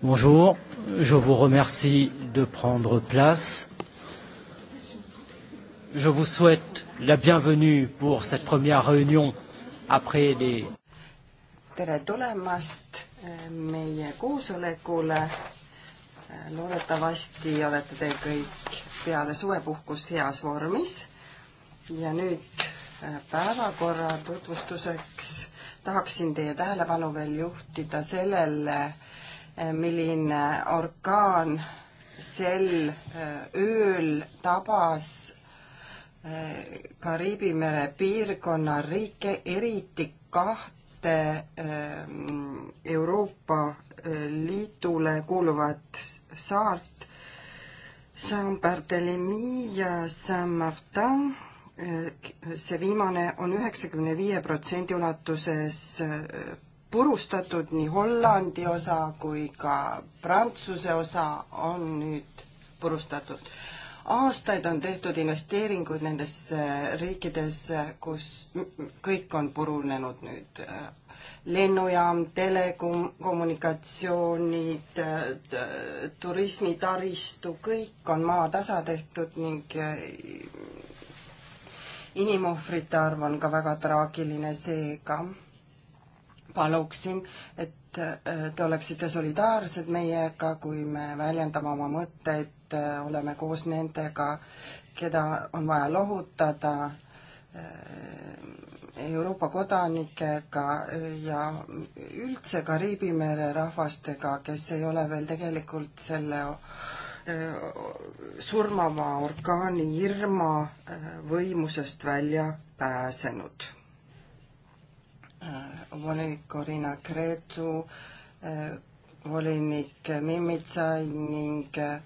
Bonjour, je vous remercie de prendre place. Je vous souhaite la bienvenue pour cette première réunion après les tere tulemast eh, meie koosolekule. Eh, loodetavasti olete te kõik peale suvepuhkust heas vormis. ja nüüd eh, päevakorra tutvustuseks tahaksin teie tähelepanu veel juhtida sellele, milline orkaan sel eh, ööl tabas eh, Kariibi mere piirkonna riike, eriti kahte eh, Euroopa Liidule kuuluvat saart, Saint-Barthélemy ja Saint-Martin see viimane on üheksakümne viie protsendi ulatuses purustatud, nii Hollandi osa kui ka Prantsuse osa on nüüd purustatud. aastaid on tehtud investeeringuid nendesse riikidesse, kus kõik on purunenud nüüd. Äh, lennujaam, telekommunikatsioonid, äh, turismitaristu, kõik on maatasa tehtud ning äh, inimohvrite arv on ka väga traagiline seega paluksin, et äh, te oleksite solidaarsed meiega, kui me väljendame oma mõtteid, äh, oleme koos nendega, keda on vaja lohutada, äh, Euroopa kodanikega ja üldse Kariibi mere rahvastega, kes ei ole veel tegelikult selle surmava orkaani Irma võimusest välja pääsenud Äh, volinik Corina Cretu, äh, volinik Mimitsa ning äh,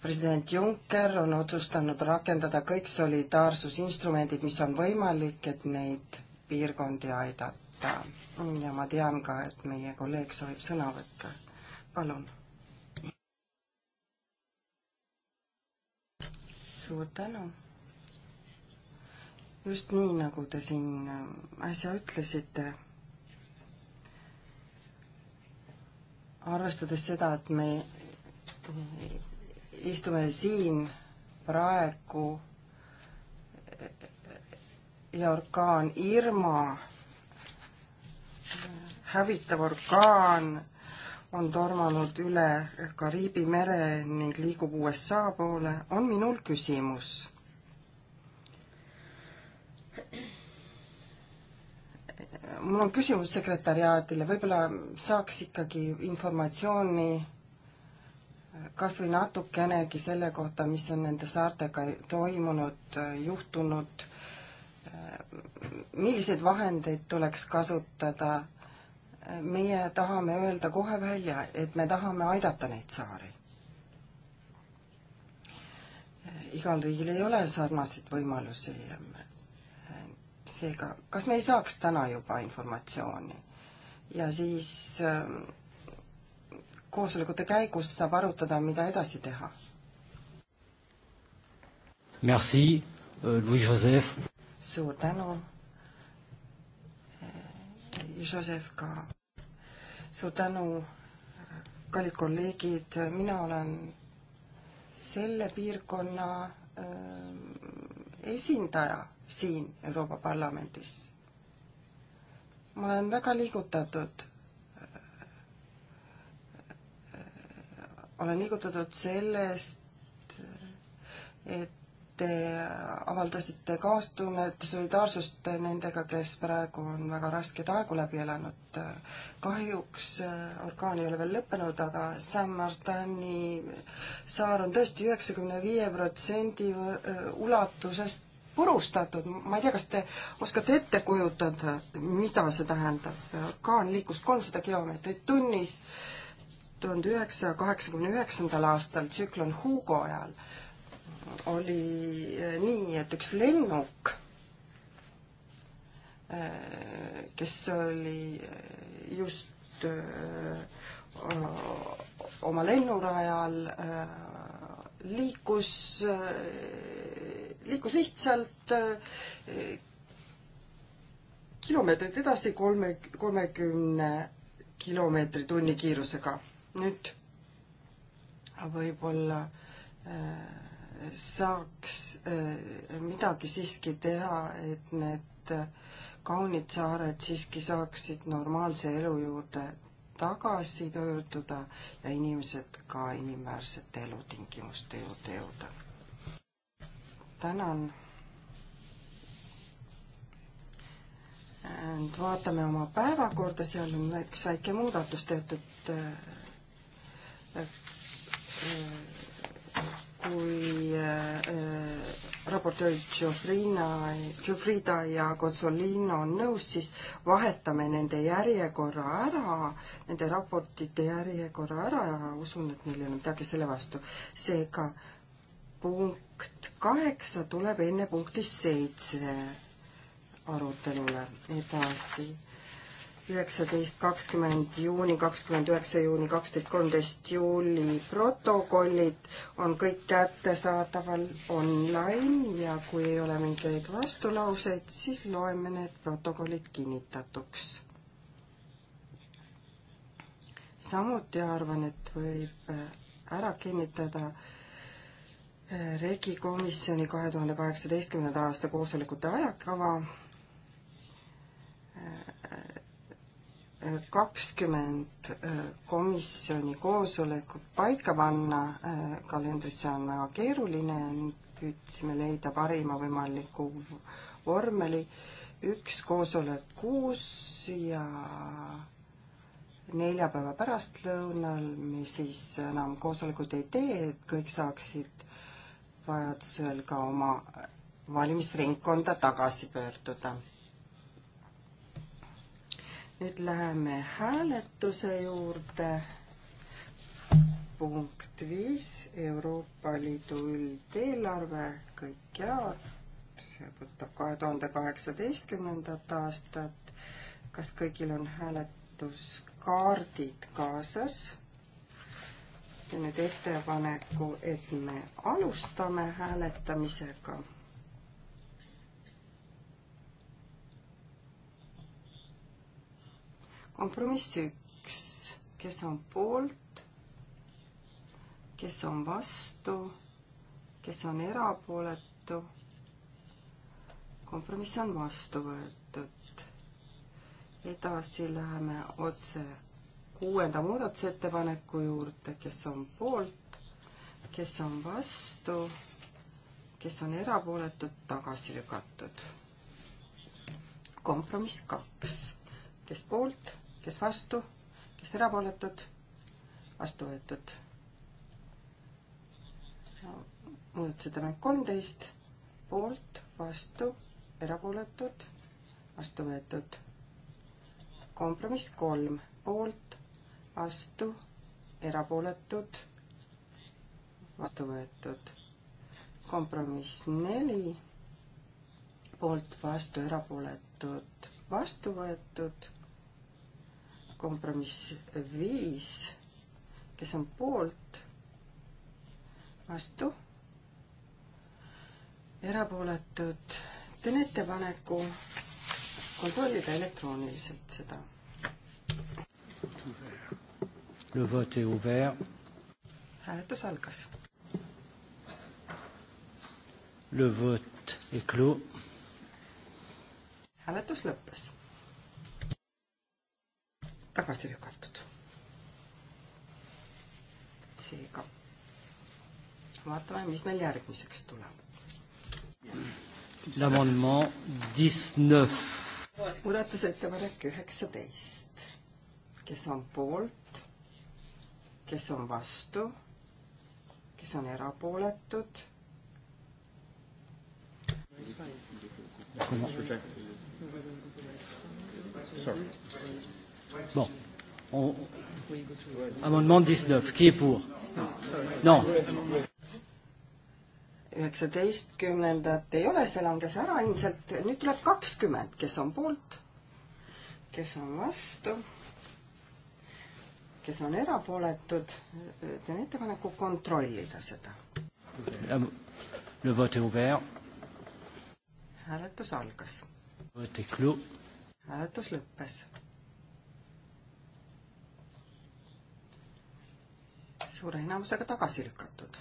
president Juncker on otsustanud rakendada kõik solidaarsusinstrumendid, mis on võimalik, et neid piirkondi aidata. ja ma tean ka, et meie kolleeg soovib sõna võtta. palun. suur tänu just nii, nagu te siin äh, äsja ütlesite. arvestades seda, et me istume siin praegu ja orkaan Irma, hävitav orkaan on tormanud üle Kariibi mere ning liigub USA poole, on minul küsimus mul on küsimus sekretäriaadile, võib-olla saaks ikkagi informatsiooni kas või natukenegi selle kohta, mis on nende saartega toimunud, juhtunud, milliseid vahendeid tuleks kasutada. meie tahame öelda kohe välja, et me tahame aidata neid saari. igal riigil ei ole sarnaseid võimalusi seega, kas me ei saaks täna juba informatsiooni? ja siis äh, koosolekute käigus saab arutada, mida edasi teha. Merci, euh, Louis-Joseph. suur tänu. Äh, Joseph ka. suur tänu, kallid kolleegid, mina olen selle piirkonna äh, esindaja siin Euroopa Parlamendis. ma olen väga liigutatud. Äh, äh, olen liigutatud sellest, et Te avaldasite kaastunnet, solidaarsust nendega, kes praegu on väga rasked aegu läbi elanud. kahjuks äh, orkaan ei ole veel lõppenud, aga San Martani saar on tõesti üheksakümne viie protsendi äh, ulatuses purustatud, ma ei tea, kas te oskate ette kujutada, mida see tähendab. orkaan liikus kolmsada kilomeetrit tunnis tuhande üheksasaja kaheksakümne üheksandal aastal tsüklon Hugo ajal oli äh, nii, et üks lennuk, äh, kes oli äh, just oma lennurajal, liikus, liikus lihtsalt kilomeetrit edasi kolme, kolmekümne kilomeetri tunnikiirusega. nüüd võib-olla äh, saaks äh, midagi siiski teha, et need kaunid saared siiski saaksid normaalse elu juurde tagasi pöörduda ja inimesed ka inimväärsete elutingimuste juurde jõuda. tänan. nüüd vaatame oma päevakorda, seal on üks väike muudatus tehtud äh, äh, kui äh, raportöör Giuffrina, Giuffrida ja Consolino on nõus, siis vahetame nende järjekorra ära, nende raportite järjekorra ära ja usun, et neil ei ole midagi selle vastu. seega punkt kaheksa tuleb enne punkti seitse arutelule edasi üheksateist, kakskümmend juuni, kakskümmend üheksa juuni, kaksteist, kolmteist juuli protokollid on kõik kättesaadaval online ja kui ei ole mingeid vastulauseid, siis loeme need protokollid kinnitatuks. samuti arvan, et võib äh, ära kinnitada äh, regikomisjoni kahe tuhande kaheksateistkümnenda aasta koosolekute ajakava kakskümmend äh, komisjoni koosolekut paika panna äh, kalendrisse on väga keeruline ja nüüd püüdsime leida parima võimaliku vormeli. üks koosolek kuus ja neljapäeva pärastlõunal me siis enam koosolekuid ei tee, et kõik saaksid vajadusel ka oma valimisringkonda tagasi pöörduda nüüd läheme hääletuse juurde. punkt viis, Euroopa Liidu üldeelarve, kõik head. see võtab kahe tuhande kaheksateistkümnendat aastat. kas kõigil on hääletuskaardid kaasas? teen nüüd ettepaneku, et me alustame hääletamisega kompromiss üks, kes on poolt, kes on vastu, kes on erapooletu. kompromiss on vastu võetud. edasi läheme otse kuuenda muudatusettepaneku juurde, kes on poolt, kes on vastu, kes on erapooletud, tagasi lükatud. kompromiss kaks, kes poolt kes vastu, kes erapooletud, vastu võetud. muudatusettepanek kolmteist, poolt, vastu, erapooletud, vastu võetud. kompromiss kolm, poolt, vastu, erapooletud, vastu võetud. kompromiss neli, poolt, vastu, erapooletud, vastu võetud kompromiss viis, kes on poolt, vastu, erapooletud. teen ettepaneku kontrollida elektrooniliselt seda. hääletus algas. hääletus lõppes tagasi lükatud. seega vaatame, mis meil järgmiseks tuleb. L'amendement dix-neuf. muudatusettepanek üheksateist. kes on poolt, kes on vastu, kes on erapooletud? Sorry. Bon. On... Amendement 19, qui est pour Non. üheksateistkümnendat ei ole, see langes ära ilmselt, nüüd tuleb kakskümmend, kes on poolt, kes on vastu, kes on erapooletud, teen ettepaneku kontrollida seda. hääletus algas. hääletus lõppes suure enamusega tagasi lükatud.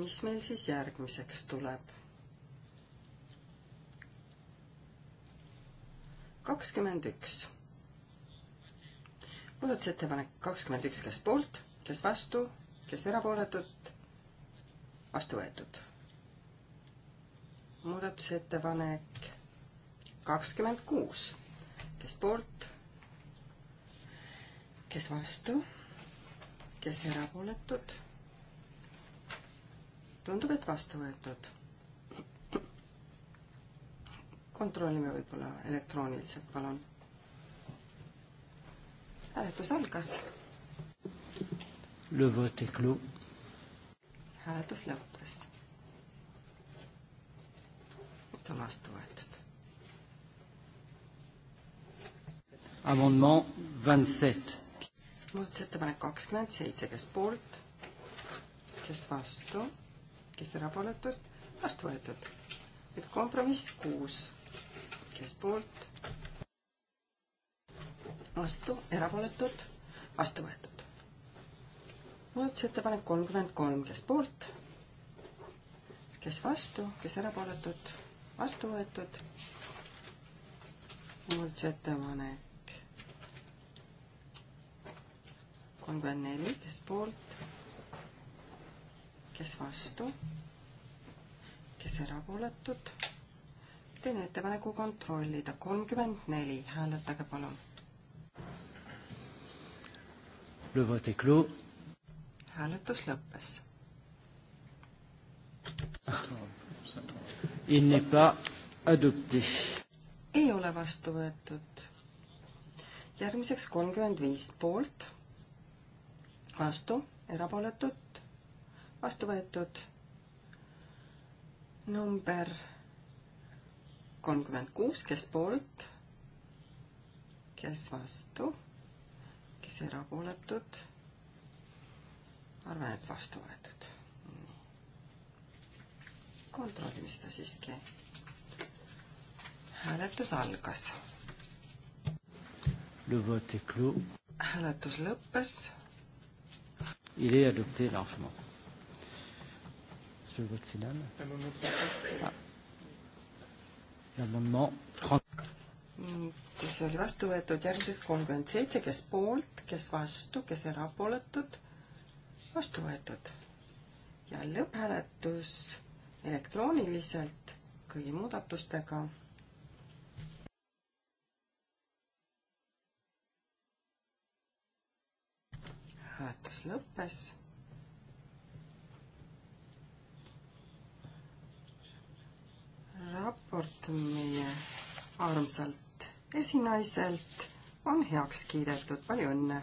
mis meil siis järgmiseks tuleb? kakskümmend üks. muudatusettepanek kakskümmend üks, kes poolt, kes vastu, kes erapooletud, vastu võetud. muudatusettepanek kakskümmend kuus, kes poolt kes vastu, kes erapooletud. tundub, et vastu võetud. kontrollime võib-olla elektrooniliselt, palun. hääletus algas. hääletus lõppes. nüüd on vastu võetud. Amendement 27 muudatusettepanek kakskümmend seitse, kes poolt, kes vastu, kes erapooletud, vastu võetud. nüüd kompromiss kuus, kes poolt, vastu, erapooletud, vastu võetud. muudatusettepanek kolmkümmend kolm, kes poolt, kes vastu, kes erapooletud, vastu võetud. muudatusettepanek kolmkümmend neli, kes poolt, kes vastu, kes erapooletud. teen ettepaneku kontrollida, kolmkümmend neli, hääletage palun. hääletus lõppes. Il n'est pas adopté. ei ole vastu võetud järgmiseks kolmkümmend viis poolt vastu, erapooletud, vastu võetud. number kolmkümmend kuus, kes poolt, kes vastu, kes erapooletud. arvan, et vastu võetud. kontrollime seda siiski. hääletus algas. hääletus lõppes Il est adopté largement. Le vote final. Ah. L'amendement 30. see oli vastu võetud järgmiseks kolmkümmend seitse, kes poolt, kes vastu, kes erapooletud, vastu võetud. ja lõpphääletus elektrooniliselt kõigi muudatustega hääletus lõppes. raport meie armsalt esinaiselt on heaks kiidetud, palju õnne.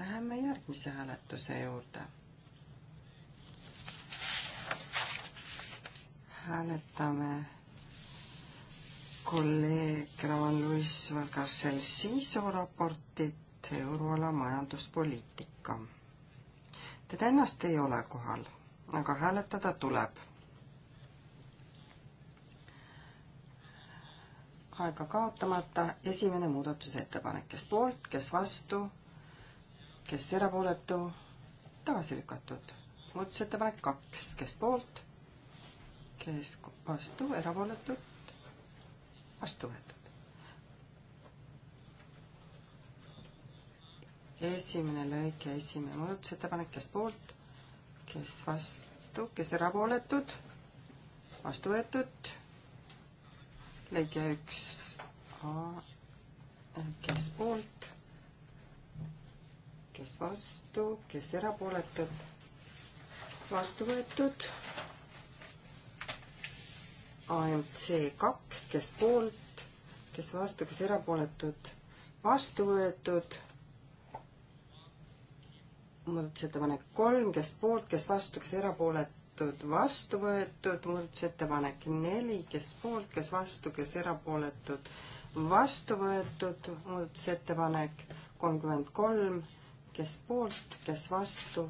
Läheme järgmise hääletuse juurde. hääletame kolleeg Ravan Luis Valgasel Siiso raportit uut euroala majanduspoliitika. Teda ennast ei ole kohal, aga hääletada tuleb. aega kaotamata esimene muudatusettepanek, kes poolt, kes vastu, kes erapooletu, tagasi lükatud. muudatusettepanek kaks, kes poolt, kes vastu, erapooletud, vastu võetud esimene lõik ja esimene muudatusettepanek, kes poolt, kes vastu, kes erapooletud, vastu võetud, lõige üks A, kes poolt, kes vastu, kes erapooletud, vastu võetud, AMC kaks, kes poolt, kes vastu, kes erapooletud, vastu võetud muudatusettepanek kolm, kes poolt, kes vastu, kes erapooletud, vastu võetud, muudatusettepanek neli, kes poolt, kes vastu, kes erapooletud, vastu võetud, muudatusettepanek kolmkümmend kolm, kes poolt, kes vastu,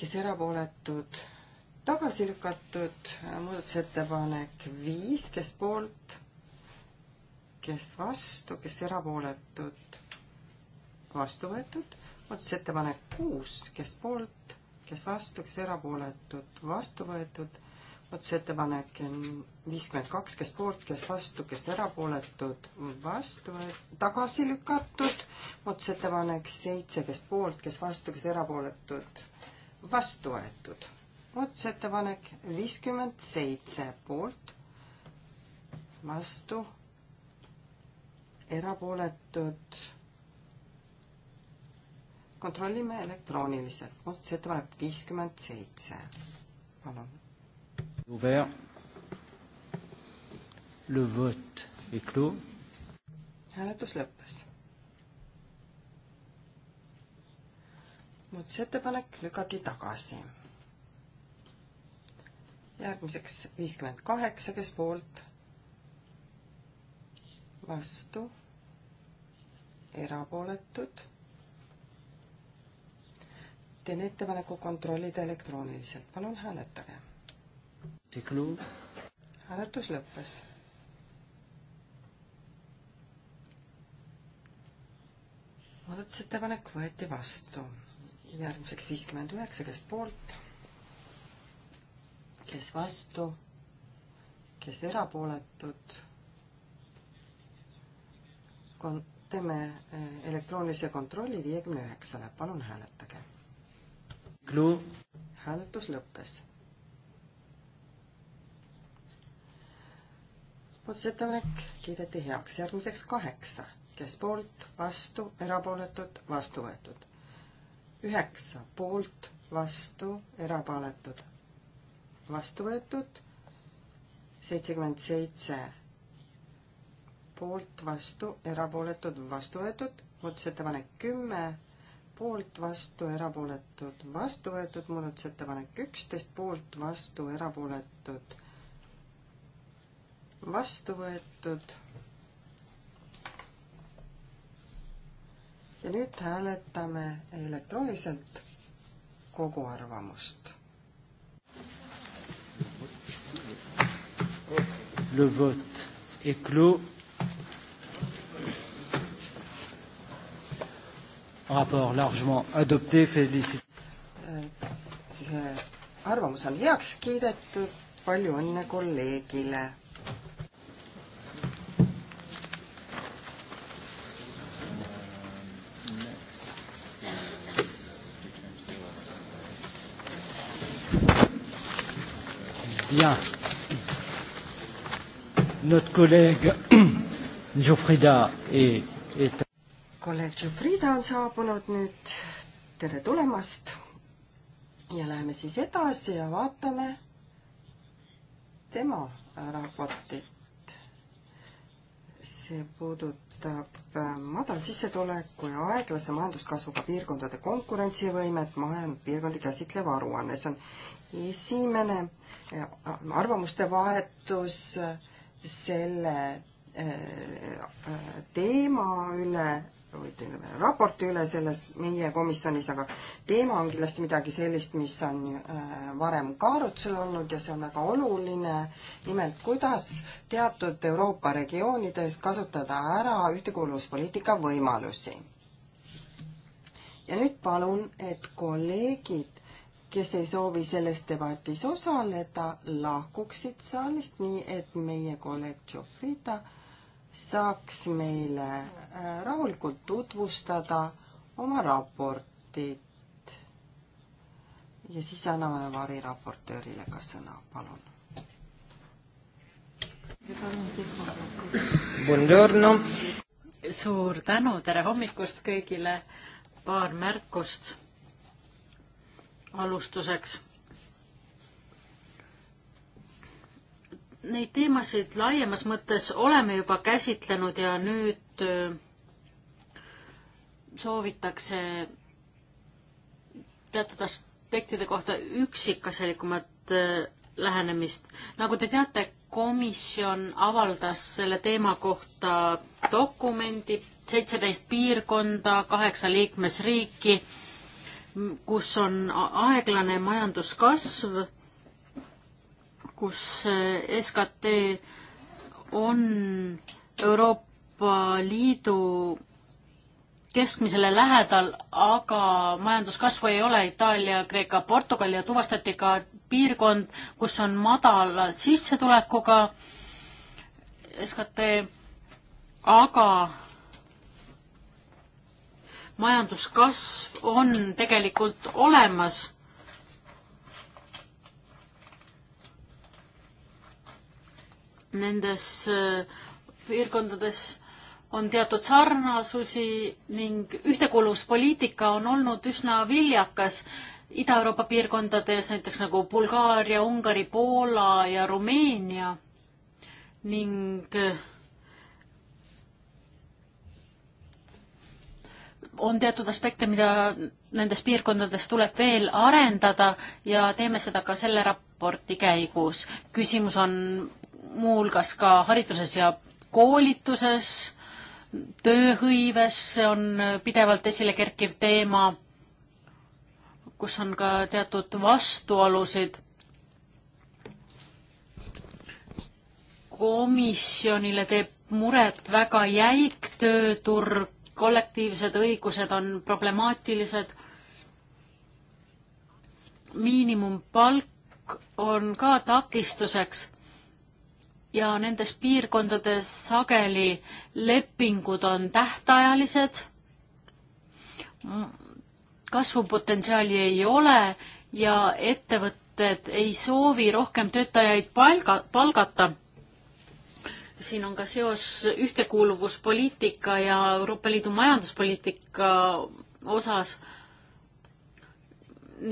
kes erapooletud, tagasi lükatud, muudatusettepanek viis, kes poolt, kes vastu, kes erapooletud, vastu võetud muudatusettepanek kuus, kes poolt, kes vastu, kes erapooletud, vastu võetud. muudatusettepanek viiskümmend kaks, kes poolt, kes vastu, kes erapooletud, vastu võetud, tagasi lükatud. muudatusettepanek seitse, kes poolt, kes vastu, kes erapooletud, vastu võetud. muudatusettepanek viiskümmend seitse, poolt, vastu, erapooletud kontrollime elektrooniliselt, muudatusettepanek viiskümmend seitse, palun. hääletus lõppes. muudatusettepanek lükati tagasi. järgmiseks viiskümmend kaheksa, kes poolt, vastu, erapooletud teen ettepaneku kontrollida elektrooniliselt, palun hääletage. hääletus lõppes. muudatusettepanek võeti vastu. järgmiseks viiskümmend üheksa, kes poolt, kes vastu, kes erapooletud. kon-, teeme eh, elektroonilise kontrolli viiekümne üheksale, palun hääletage hääletus lõppes. muudatusettepanek kiideti heaks, järgmiseks kaheksa, kes poolt, vastu, erapooletud, vastu võetud. üheksa poolt, vastu, erapooletud, vastu võetud. seitsekümmend seitse poolt, vastu, erapooletud, vastu võetud. muudatusettepanek kümme poolt, vastu, erapooletud, vastu võetud, muudatusettepanek üksteist, poolt, vastu, erapooletud, vastu võetud. ja nüüd hääletame elektrooniliselt kogu arvamust. Le vote est clos Rapport largement adopté, félicit-. Euh, see arvamus on heaks kiidetud, palju õnne kolleegile. Bien. Notre collègue Geoffrida est, est kolleeg Jufrida on saabunud nüüd, tere tulemast! ja läheme siis edasi ja vaatame tema raportit. see puudutab äh, madalsissetuleku ja aeglase majanduskasvuga piirkondade konkurentsivõimet majanduspiirkondi käsitlev aruanne. see on esimene äh, arvamuste vahetus äh, selle teema üle võtnud veel raporti üle selles meie komisjonis, aga teema on kindlasti midagi sellist, mis on äh, varem ka arutlusel olnud ja see on väga oluline. nimelt, kuidas teatud Euroopa regioonides kasutada ära ühtekuuluvuspoliitika võimalusi. ja nüüd palun, et kolleegid kes ei soovi selles debatis osaleda, lahkuksid saalist, nii et meie kolleeg Tšofrida saaks meile rahulikult tutvustada oma raportit. ja siis anname variraportöörile ka sõna, palun. Buongiorno. suur tänu, tere hommikust kõigile. paar märkust alustuseks neid teemasid laiemas mõttes oleme juba käsitlenud ja nüüd äh, soovitakse teatud aspektide kohta üksikasjalikumat äh, lähenemist. nagu te teate, komisjon avaldas selle teema kohta dokumendi, seitseteist piirkonda, kaheksa liikmesriiki, kus on aeglane majanduskasv, kus äh, SKT on Euroopa Liidu keskmisele lähedal, aga majanduskasvu ei ole Itaalia, Kreeka, Portugal ja tuvastati ka piirkond, kus on madala sissetulekuga SKT, aga majanduskasv on tegelikult olemas. Nendes äh, piirkondades on teatud sarnasusi ning ühtekuuluvuspoliitika on olnud üsna viljakas Ida-Euroopa piirkondades, näiteks nagu Bulgaaria, Ungari, Poola ja Rumeenia ning on teatud aspekte, mida nendes piirkondades tuleb veel arendada ja teeme seda ka selle raporti käigus. küsimus on muuhulgas ka hariduses ja koolituses tööhõives, see on pidevalt esile kerkiv teema, kus on ka teatud vastuolusid. komisjonile teeb muret väga jäik tööturg, kollektiivsed õigused on problemaatilised. miinimumpalk on ka takistuseks ja nendes piirkondades sageli lepingud on tähtajalised, kasvupotentsiaali ei ole ja ettevõtted ei soovi rohkem töötajaid palga, palgata. siin on ka seos ühtekuuluvuspoliitika ja Euroopa Liidu majanduspoliitika osas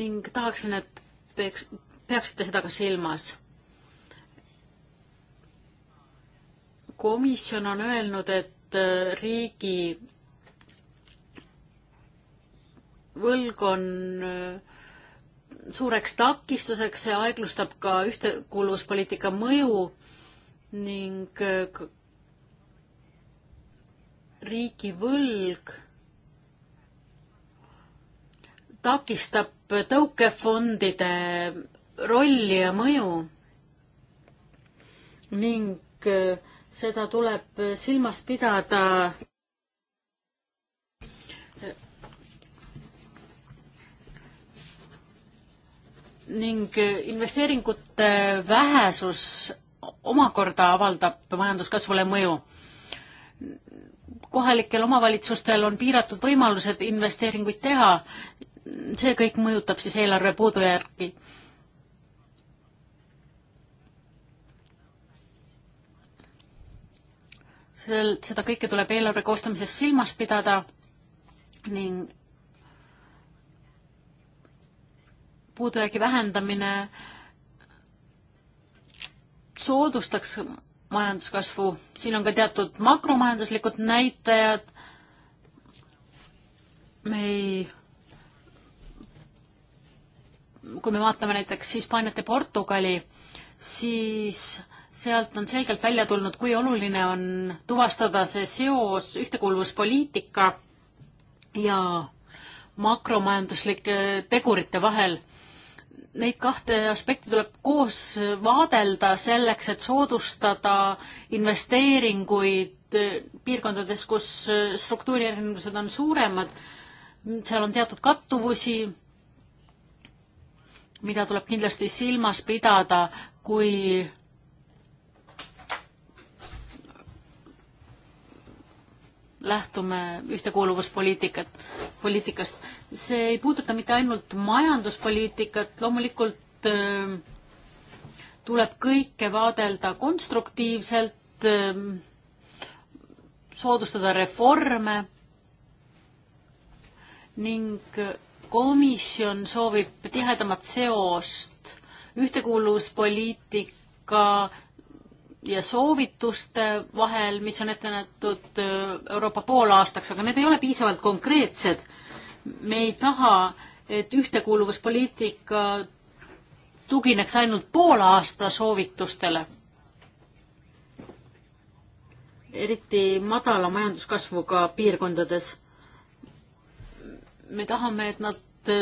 ning tahaksin, et peaks, peaksite seda ka silmas komisjon on öelnud, et äh, riigi võlg on äh, suureks takistuseks, see aeglustab ka ühtekuuluvuspoliitika mõju ning äh, riigi võlg takistab tõukefondide rolli ja mõju ning seda tuleb silmas pidada. ning investeeringute vähesus omakorda avaldab majanduskasvule mõju. kohalikel omavalitsustel on piiratud võimalused investeeringuid teha. see kõik mõjutab siis eelarve puudujärgi sel, seda kõike tuleb eelarve koostamises silmas pidada ning puudujäägi vähendamine soodustaks majanduskasvu, siin on ka teatud makromajanduslikud näitajad, me ei, kui me vaatame näiteks Hispaaniat ja Portugali, siis sealt on selgelt välja tulnud, kui oluline on tuvastada see seos ühtekuuluvuspoliitika ja makromajanduslike tegurite vahel. Neid kahte aspekti tuleb koos vaadelda selleks, et soodustada investeeringuid piirkondades, kus struktuurierinevused on suuremad, seal on teatud kattuvusi, mida tuleb kindlasti silmas pidada, kui lähtume ühtekuuluvuspoliitikat, poliitikast. see ei puuduta mitte ainult majanduspoliitikat, loomulikult äh, tuleb kõike vaadelda konstruktiivselt äh,, soodustada reforme ning komisjon soovib tihedamat seost ühtekuuluvuspoliitika ja soovituste vahel, mis on ette nähtud äh, Euroopa poolaastaks, aga need ei ole piisavalt konkreetsed. me ei taha, et ühtekuuluvuspoliitika tugineks ainult poole aasta soovitustele. eriti madala majanduskasvuga piirkondades. me tahame, et nad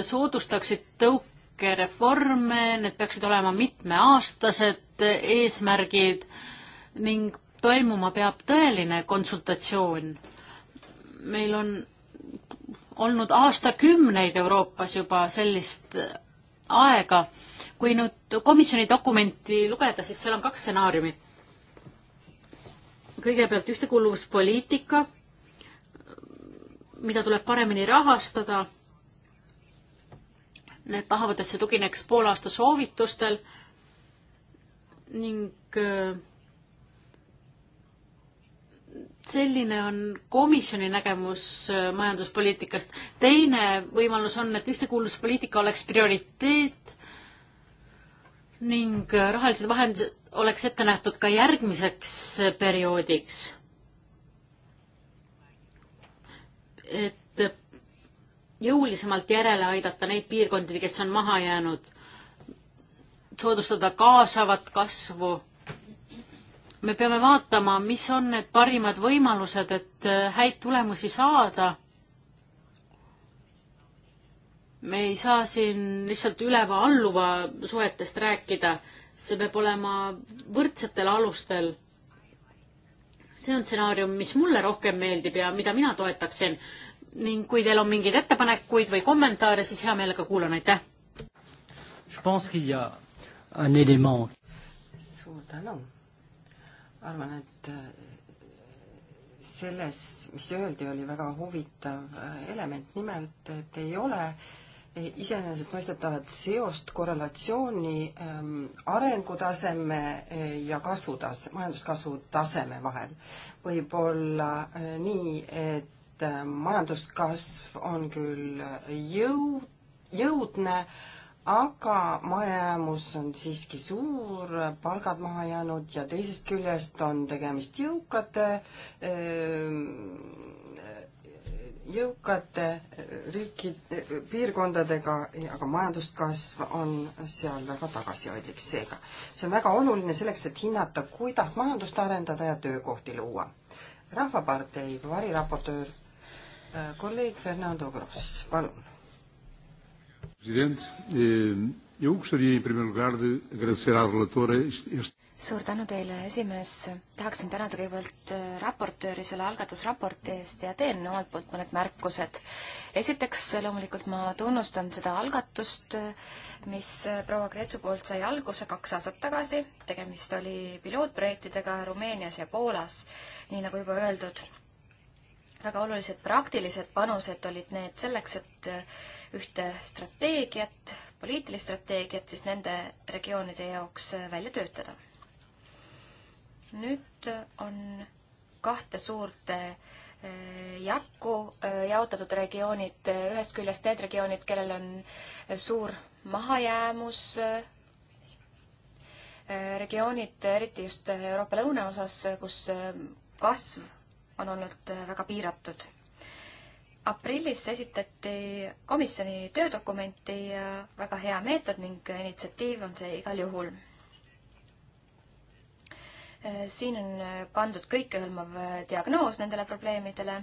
soodustaksid tõukereforme, need peaksid olema mitmeaastased, ühised eesmärgid ning toimuma peab tõeline konsultatsioon. meil on olnud aastakümneid Euroopas juba sellist aega. kui nüüd komisjoni dokumenti lugeda, siis seal on kaks stsenaariumi. kõigepealt ühtekuuluvuspoliitika, mida tuleb paremini rahastada. Need tahavad, et see tugineks poolaasta soovitustel ning äh, selline on komisjoni nägemus äh, majanduspoliitikast. teine võimalus on, et ühtekuuluvuspoliitika oleks prioriteet ning äh, rahalised vahendid oleks ette nähtud ka järgmiseks perioodiks. et jõulisemalt järele aidata neid piirkondi, kes on maha jäänud soodustada kaasavat kasvu. me peame vaatama, mis on need parimad võimalused, et äh, häid tulemusi saada. me ei saa siin lihtsalt üleva-alluva suhetest rääkida, see peab olema võrdsetel alustel. see on stsenaarium, mis mulle rohkem meeldib ja mida mina toetaksin ning kui teil on mingeid ettepanekuid või kommentaare, siis hea meelega kuulan, aitäh! Je pense qu'il y a un élément. suur tänu. arvan, et äh, selles, mis öeldi, oli väga huvitav äh, element, nimelt, et ei ole äh, iseenesestmõistetavat seost, korrelatsiooni ähm, arengutaseme ja kasvutase, majanduskasvu taseme vahel. võib olla äh, nii, et äh, majanduskasv on küll jõu, jõudne äh,, aga mahajäämus on siiski suur, palgad maha jäänud ja teisest küljest on tegemist jõukate, ehm, jõukate riiki, piirkondadega, aga majanduskasv on seal väga tagasihoidlik, seega see on väga oluline selleks, et hinnata, kuidas majandust arendada ja töökohti luua. rahvapartei variraportöör, kolleeg Fernando Gross, palun president eh,. Eu gostaria, em primeiro lugar, de agradecer à relatora este... suur tänu teile, esimees. tahaksin tänada kõigepealt eh, raportööri selle algatusraporti eest ja teen omalt poolt mõned märkused. esiteks, loomulikult ma tunnustan seda algatust, eh, mis eh, proua Kreetsu poolt sai alguse kaks aastat tagasi. tegemist oli pilootprojektidega Rumeenias ja Poolas, nii nagu juba öeldud. väga olulised praktilised panused olid need selleks, et ühte strateegiat, poliitilist strateegiat siis nende regioonide jaoks äh, välja töötada. nüüd äh, on kahte suurt äh, jakku jaotatud regioonid, ühest küljest need regioonid, kellel on suur mahajäämus, regioonid, eriti just Euroopa lõunaosas, kus kasv on olnud väga piiratud aprillis esitati komisjoni töödokumenti väga hea meetod ning initsiatiiv on see igal juhul. siin on pandud kõikehõlmav diagnoos nendele probleemidele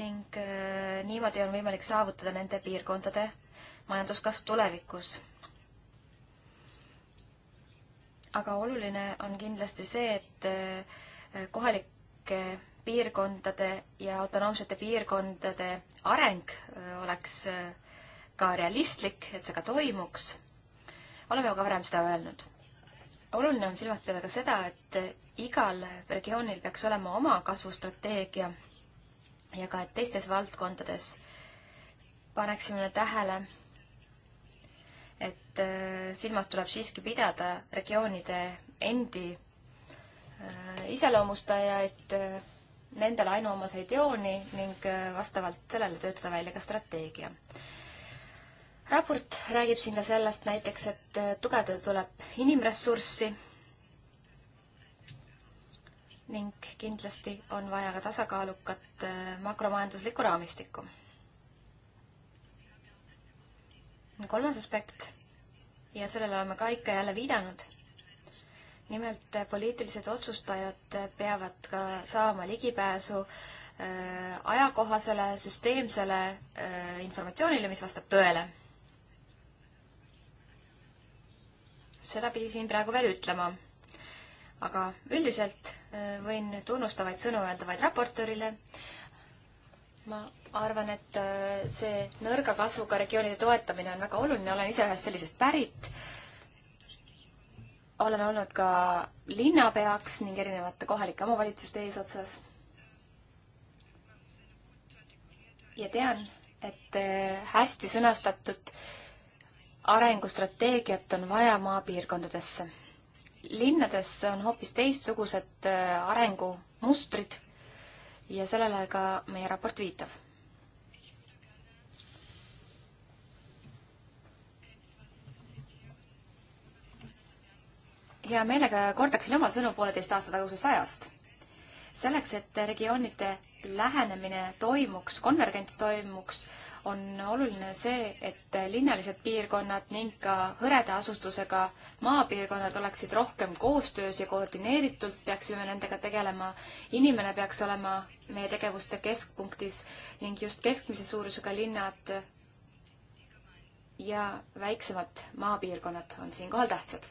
ning äh, niimoodi on võimalik saavutada nende piirkondade majanduskasv tulevikus. aga oluline on kindlasti see, et äh, kohalike piirkondade ja autonoomsete piirkondade areng äh, oleks äh, ka realistlik, et see ka toimuks. oleme ju ka varem seda öelnud. oluline on silmas pidada ka seda, et äh, igal regioonil peaks olema oma kasvustrateegia ja ka, et teistes valdkondades paneksime tähele, et silmas tuleb siiski pidada regioonide endi iseloomustajaid nendele ainuomaseid jooni ning äh, vastavalt sellele töötada välja ka strateegia. raport räägib siin ka sellest näiteks, et äh, tugevdada tuleb inimressurssi ning kindlasti on vaja ka tasakaalukat äh, makromajanduslikku raamistikku. kolmas aspekt ja sellele oleme ka ikka jälle viidanud nimelt eh, poliitilised otsustajad eh, peavad ka saama ligipääsu eh, ajakohasele süsteemsele informatsioonile, mis vastab tõele. seda pidi siin praegu veel ütlema. aga üldiselt võin tunnustavaid sõnu öelda vaid raportöörile. ma arvan, et see nõrga kasvuga regioonide toetamine on väga oluline, olen ise ühest sellisest pärit olen olnud ka linnapeaks ning erinevate kohalike omavalitsuste eesotsas. ja tean, et äh, hästi sõnastatud arengustrateegiat on vaja maapiirkondadesse. linnades on hoopis teistsugused äh, arengumustrid ja sellele ka meie raport viitab hea meelega kordaksin oma sõnu pooleteist aasta tagusest ajast. selleks, et regioonide lähenemine toimuks, konvergents toimuks, on oluline see, et linnalised piirkonnad ning ka hõreda asustusega maapiirkonnad oleksid rohkem koostöös ja koordineeritult peaksime nendega tegelema. inimene peaks olema meie tegevuste keskpunktis ning just keskmise suurusega linnad ja väiksemad maapiirkonnad on siinkohal tähtsad.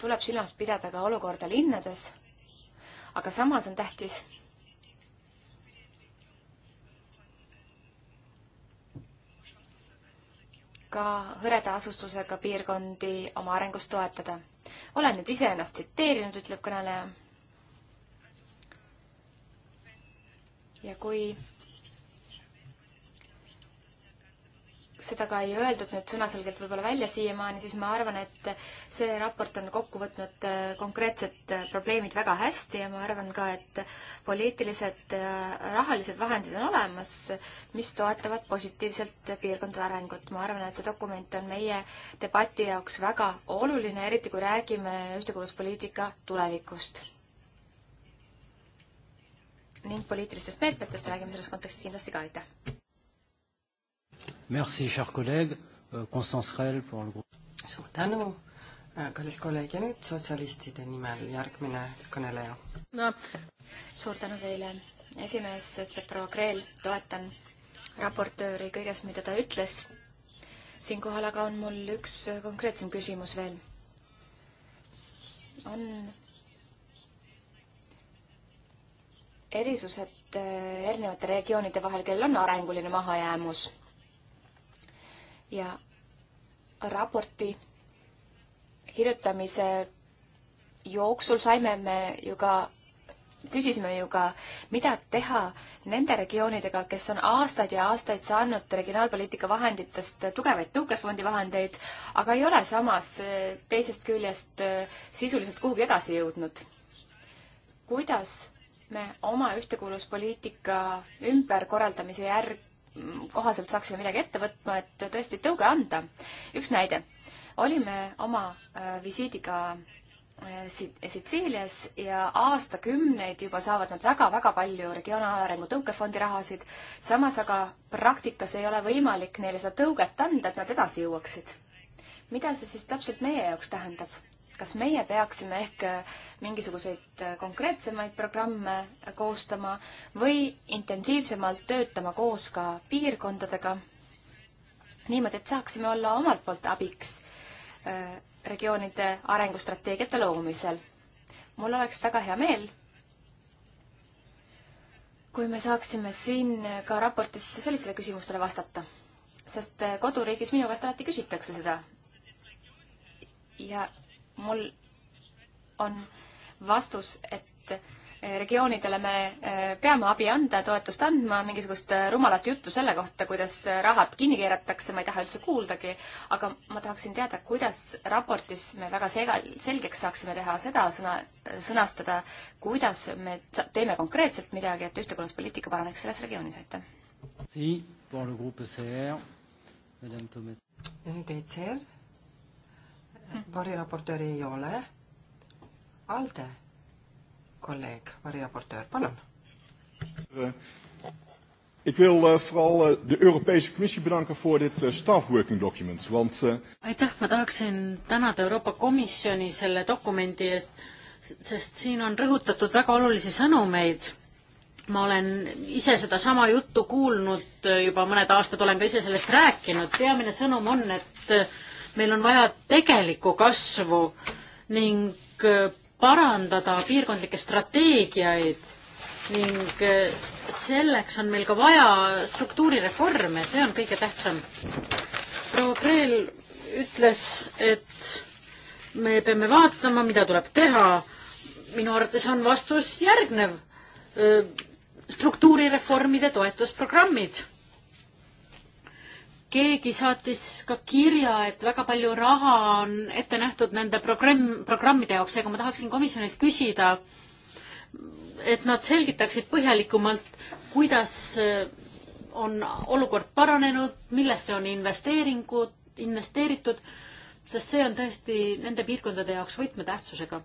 tuleb silmas pidada ka olukorda linnades, aga samas on tähtis ka hõreda asustusega piirkondi oma arengus toetada. olen nüüd iseennast tsiteerinud, ütleb kõneleja. ja kui seda ka ei öeldud nüüd sõnaselgelt võib-olla välja siiamaani, siis ma arvan, et see raport on kokku võtnud äh, konkreetsed äh, probleemid väga hästi ja ma arvan ka, et poliitilised äh, rahalised vahendid on olemas, mis toetavad positiivselt piirkondade arengut. ma arvan, et see dokument on meie debati jaoks väga oluline, eriti kui räägime ühtekuuluvuspoliitika tulevikust. ning poliitilistest meetmetest räägime selles kontekstis kindlasti ka, aitäh! Merci, cher kolleeg, euh, Konstants Rell pour le groupe. suur tänu, äh, kallis kolleeg ja nüüd sotsialistide nimel järgmine kõneleja. no suur tänu teile, esimees ütleb proua Kreel, toetan raportööri kõiges, mida ta ütles. siinkohal aga on mul üks konkreetsem küsimus veel. on erisused äh, erinevate regioonide vahel, kellel on arenguline mahajäämus ja raporti kirjutamise jooksul saime me ju ka küsisime ju ka, mida teha nende regioonidega, kes on aastaid ja aastaid saanud regionaalpoliitika vahenditest tugevaid tõukefondi vahendeid, aga ei ole samas eh, teisest küljest eh, sisuliselt kuhugi edasi jõudnud. kuidas me oma ühtekuuluvuspoliitika ümberkorraldamise järg kohaselt saaksime midagi ette võtma, et tõesti tõuge anda. üks näide. olime oma äh, visiidiga äh, Sitsiilias ja aastakümneid juba saavad nad väga-väga palju regionaalarengu tõukefondi rahasid, samas aga praktikas ei ole võimalik neile seda tõuget anda, et nad edasi jõuaksid. mida see siis täpselt meie jaoks tähendab? kas meie peaksime ehk äh, mingisuguseid äh, konkreetsemaid programme äh, koostama või intensiivsemalt töötama koos ka piirkondadega, niimoodi, et saaksime olla omalt poolt abiks regioonide arengustrateegiate loomisel. mul oleks väga hea meel, kui me saaksime siin ka raportis sellistele küsimustele vastata, sest koduriigis minu käest alati küsitakse seda. ja mul on vastus, et eh, regioonidele me eh, peame abi anda, toetust andma, mingisugust eh, rumalat juttu selle kohta, kuidas rahad kinni keeratakse, ma ei taha üldse kuuldagi, aga ma tahaksin teada, kuidas raportis me väga sega-, selgeks saaksime teha seda sõna, sõnastada, kuidas me teeme konkreetselt midagi, et ühtekuuluvuspoliitika paraneks selles regioonis, aitäh. Teid, Seer variraportööri ei ole. Alde, kolleeg, variraportöör, palun. Ik wil uh, vooral uh, de Europese Commissie bedanken voor dit uh, staff working document, want... Uh... Aitäh, ma tahaksin tänada Euroopa Komisjoni selle dokumendi eest, sest siin on rõhutatud väga olulisi sõnumeid. Ma olen ise seda sama juttu kuulnud juba mõned aastad, olen ka ise sellest rääkinud. Peamine sõnum on, et meil on vaja tegelikku kasvu ning äh, parandada piirkondlikke strateegiaid ning äh, selleks on meil ka vaja struktuurireforme, see on kõige tähtsam. proua Kreel ütles, et me peame vaatama, mida tuleb teha. minu arvates on vastus järgnev. Äh, struktuurireformide toetusprogrammid keegi saatis ka kirja, et väga palju raha on ette nähtud nende programm, programmide jaoks, seega ma tahaksin komisjonilt küsida, et nad selgitaksid põhjalikumalt, kuidas äh, on olukord paranenud, millesse on investeeringud, investeeritud, sest see on tõesti nende piirkondade jaoks võtmetähtsusega.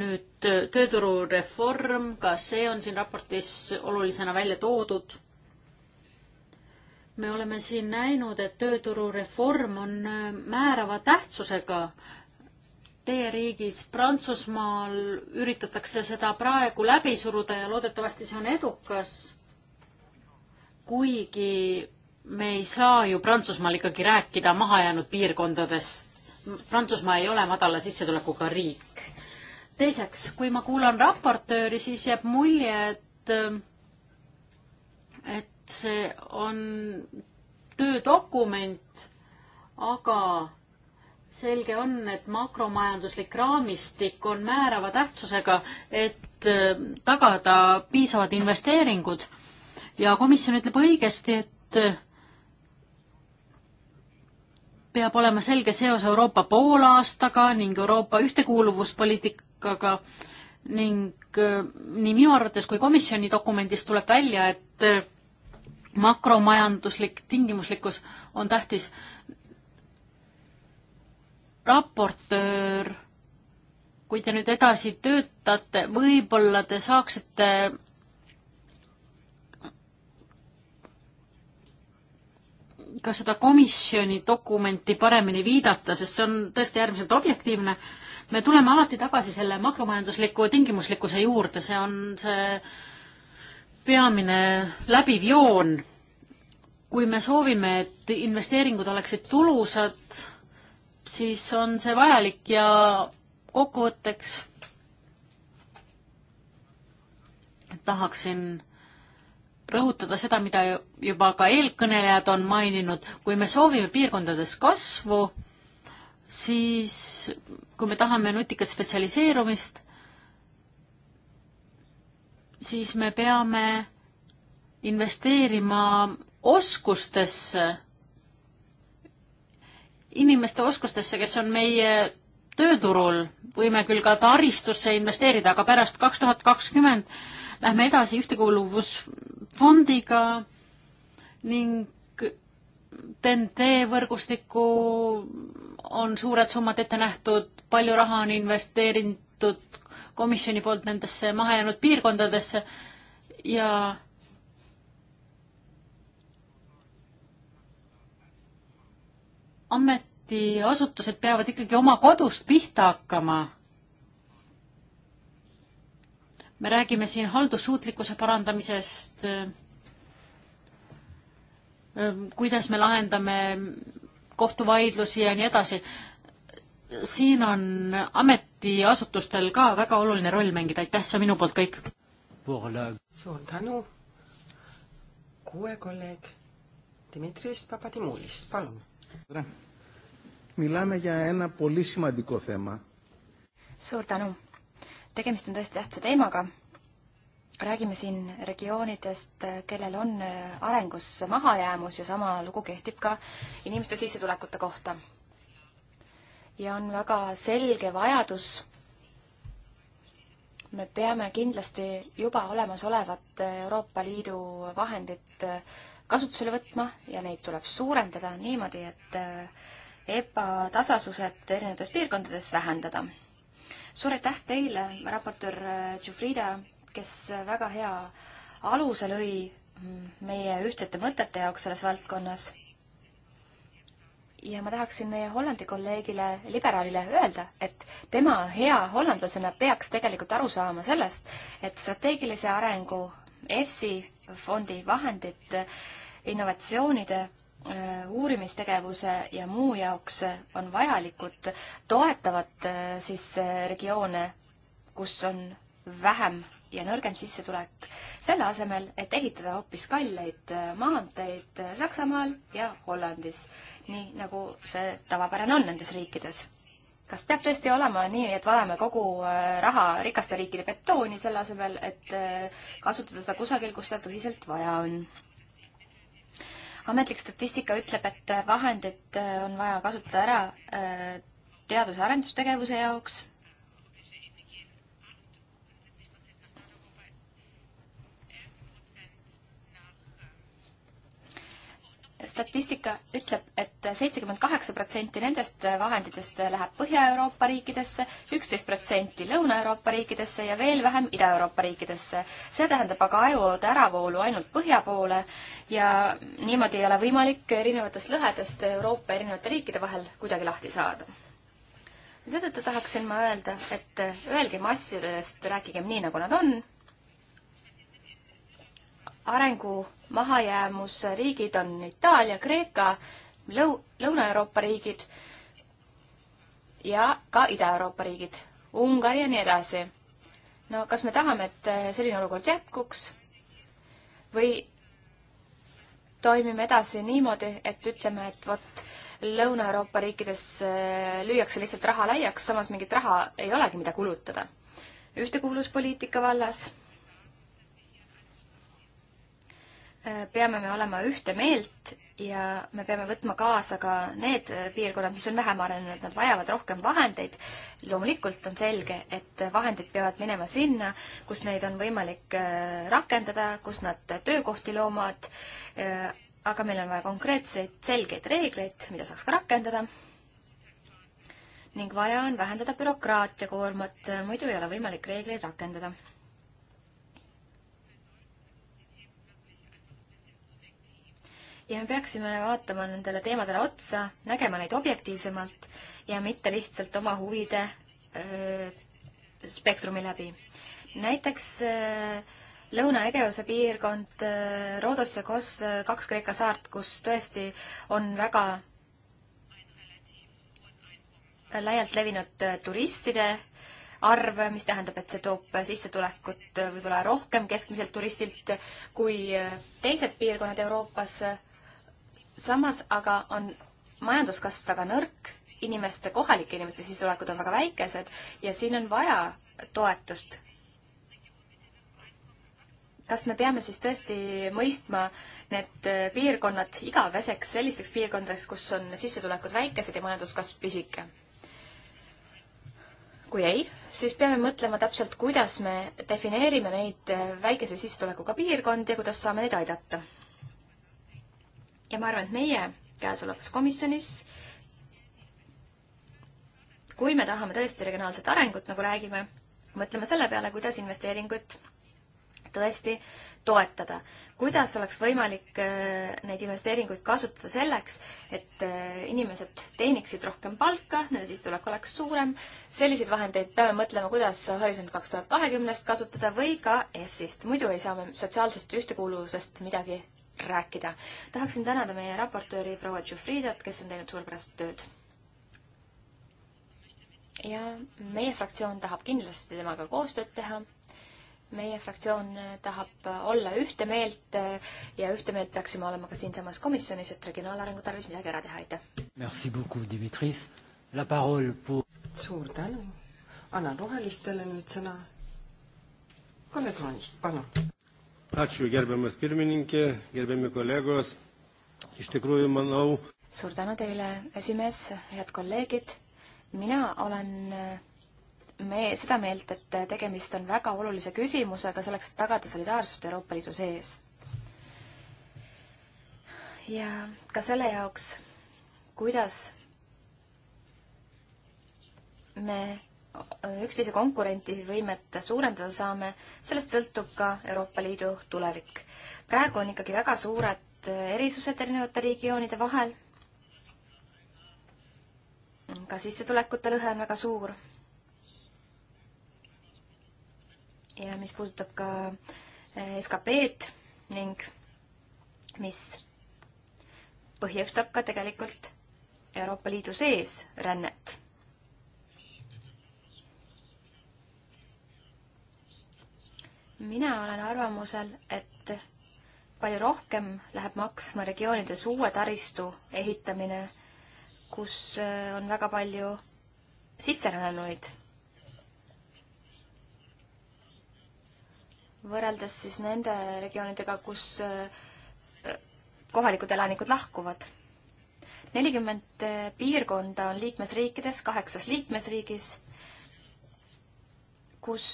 nüüd tööturureform, ka see on siin raportis olulisena välja toodud me oleme siin näinud, et tööturureform on äh, määrava tähtsusega. Teie riigis Prantsusmaal üritatakse seda praegu läbi suruda ja loodetavasti see on edukas. kuigi me ei saa ju Prantsusmaal ikkagi rääkida mahajäänud piirkondadest. Prantsusmaa ei ole madala sissetulekuga riik. teiseks, kui ma kuulan raportööri, siis jääb mulje, et äh, et see on töödokument, aga selge on, et makromajanduslik raamistik on määrava tähtsusega, et äh, tagada piisavad investeeringud ja komisjon ütleb õigesti, et äh, peab olema selge seos Euroopa poolaastaga ning Euroopa ühtekuuluvuspoliitikaga ning äh, nii minu arvates kui komisjoni dokumendist tuleb välja, et makromajanduslik tingimuslikkus on tähtis. raportöör, kui te nüüd edasi töötate, võib-olla te saaksite ka seda komisjoni dokumenti paremini viidata, sest see on tõesti äärmiselt objektiivne. me tuleme alati tagasi selle makromajandusliku tingimuslikkuse juurde, see on see äh, peamine läbiv joon. kui me soovime, et investeeringud oleksid tulusad, siis on see vajalik ja kokkuvõtteks tahaksin rõhutada seda, mida juba ka eelkõnelejad on maininud, kui me soovime piirkondades kasvu, siis kui me tahame nutikat spetsialiseerumist, siis me peame investeerima oskustesse, inimeste oskustesse, kes on meie tööturul, võime küll ka taristusse investeerida, aga pärast kaks tuhat kakskümmend lähme edasi ühtekuuluvusfondiga ning TNT võrgustikku on suured summad ette nähtud, palju raha on investeeritud komisjoni poolt nendesse mahajäänud piirkondadesse ja ametiasutused peavad ikkagi oma kodust pihta hakkama. me räägime siin haldussuutlikkuse parandamisest, kuidas me lahendame kohtuvaidlusi ja nii edasi siin on ametiasutustel ka väga oluline roll mängida, aitäh, see on minu poolt kõik. suur tänu. kuue kolleeg Dmitris Papadimulis, palun. suur tänu. tegemist on tõesti tähtsa teemaga. räägime siin regioonidest, kellel on arengus mahajäämus ja sama lugu kehtib ka inimeste sissetulekute kohta ja on väga selge vajadus. me peame kindlasti juba olemasolevat Euroopa Liidu vahendit kasutusele võtma ja neid tuleb suurendada niimoodi, et äh, ebatasasused erinevates piirkondades vähendada. suur aitäh teile, raportöör Tšufrida, äh, kes väga hea aluse lõi mm, meie ühtsete mõtete jaoks selles valdkonnas ja ma tahaksin meie Hollandi kolleegile, liberaalile öelda, et tema hea hollandlasena peaks tegelikult aru saama sellest, et strateegilise arengu EFSI fondi vahendid innovatsioonide äh, uurimistegevuse ja muu jaoks on vajalikud, toetavad äh, siis äh, regioone, kus on vähem ja nõrgem sissetulek, selle asemel, et ehitada hoopis kalleid maanteid Saksamaal ja Hollandis nii nagu see tavapärane on nendes riikides. kas peab tõesti olema nii, et valame kogu äh, raha rikaste riikide betooni selle asemel, et äh, kasutada seda kusagil, kus seda tõsiselt vaja on? ametlik statistika ütleb, et vahendid äh, on vaja kasutada ära teadus- ja arendustegevuse jaoks statistika ütleb et, et seitsekümmend kaheksa protsenti nendest vahenditest läheb Põhja-Euroopa riikidesse, üksteist protsenti Lõuna-Euroopa riikidesse ja veel vähem Ida-Euroopa riikidesse. see tähendab aga ajuvoode äravoolu ainult põhja poole ja niimoodi ei ole võimalik erinevatest lõhedest Euroopa erinevate riikide vahel kuidagi lahti saada seetõttu tahaksin ma öelda, et öelgem asjadest, rääkigem nii, nagu nad on arengu mahajäämusriigid on Itaalia, Kreeka, Lõu-, Lõuna-Euroopa riigid ja ka Ida-Euroopa riigid, Ungari ja nii edasi. no kas me tahame, et selline olukord jätkuks või toimime edasi niimoodi, et ütleme, et vot Lõuna-Euroopa riikides äh, lüüakse lihtsalt raha laiaks, samas mingit raha ei olegi, mida kulutada. ühtekuuluvuspoliitika vallas peame me olema ühte meelt ja me peame võtma kaasa ka need äh, piirkonnad, mis on vähem arenenud, nad vajavad rohkem vahendeid. loomulikult on selge, et vahendid peavad minema sinna, kus neid on võimalik äh, rakendada, kus nad töökohti loomad, äh, aga meil on vaja konkreetseid selgeid reegleid, mida saaks ka rakendada. ning vaja on vähendada bürokraatia koormat, muidu ei ole võimalik reegleid rakendada ja me peaksime vaatama nendele teemadele otsa, nägema neid objektiivsemalt ja mitte lihtsalt oma huvide öö, spektrumi läbi. näiteks öö, Lõuna-Egeuse piirkond, Rhodos ja Kos, kaks Kreeka saart, kus tõesti on väga laialt levinud turistide arv, mis tähendab, et see toob sissetulekut võib-olla rohkem keskmiselt turistilt kui teised piirkonnad Euroopas samas aga on majanduskasv väga nõrk, inimeste, kohalike inimeste sissetulekud on väga väikesed ja siin on vaja toetust. kas me peame siis tõesti mõistma need piirkonnad igaveseks sellisteks piirkondadeks, kus on sissetulekud väikesed ja majanduskasv pisike? kui ei, siis peame mõtlema täpselt, kuidas me defineerime neid väikese sissetulekuga piirkondi ja kuidas saame neid aidata ja ma arvan, et meie käesolevas komisjonis kui me tahame tõesti regionaalset arengut, nagu räägime, mõtleme selle peale, kuidas investeeringuid tõesti toetada. kuidas oleks võimalik äh, neid investeeringuid kasutada selleks, et äh, inimesed teeniksid rohkem palka, nende sissetulek oleks suurem. selliseid vahendeid peame mõtlema, kuidas Horisont kaks tuhat kahekümnest kasutada või ka EFSist, muidu ei saa me sotsiaalsest ühtekuuluvusest midagi rääkida. tahaksin tänada meie raportööri proua Tšufridat, kes on teinud suurepärast tööd. ja meie fraktsioon tahab kindlasti temaga koostööd teha meie fraktsioon tahab olla ühte meelt ja ühte meelt peaksime olema ka siinsamas komisjonis, et regionaalarengu tarvis midagi ära teha, aitäh. Merci beaucoup, Dimitris. La parole pour. suur tänu. annan rohelistele nüüd sõna. Kalle Kroonist, palun. Ačiū gerbiamas pirmininkė, gerbiami kolegos. Iš tikrųjų, manau. suur tänu teile, esimees, head kolleegid. mina olen me seda meelt, et tegemist on väga olulise küsimusega selleks, et tagada solidaarsust Euroopa Liidu sees. ja ka selle jaoks, kuidas me üksteise konkurentivõimet suurendada saame, sellest sõltub ka Euroopa Liidu tulevik. praegu on ikkagi väga suured erisused erinevate regioonide vahel. ka sissetulekute lõhe on väga suur. ja mis puudutab ka eh, SKP-d ning mis põhjustab ka tegelikult Euroopa Liidu sees rännet mina olen arvamusel, et palju rohkem läheb maksma regioonides uue taristu ehitamine, kus äh, on väga palju sisserännanuid. võrreldes siis nende regioonidega, kus äh, äh, kohalikud elanikud lahkuvad. nelikümmend piirkonda on liikmesriikides, kaheksas liikmesriigis, kus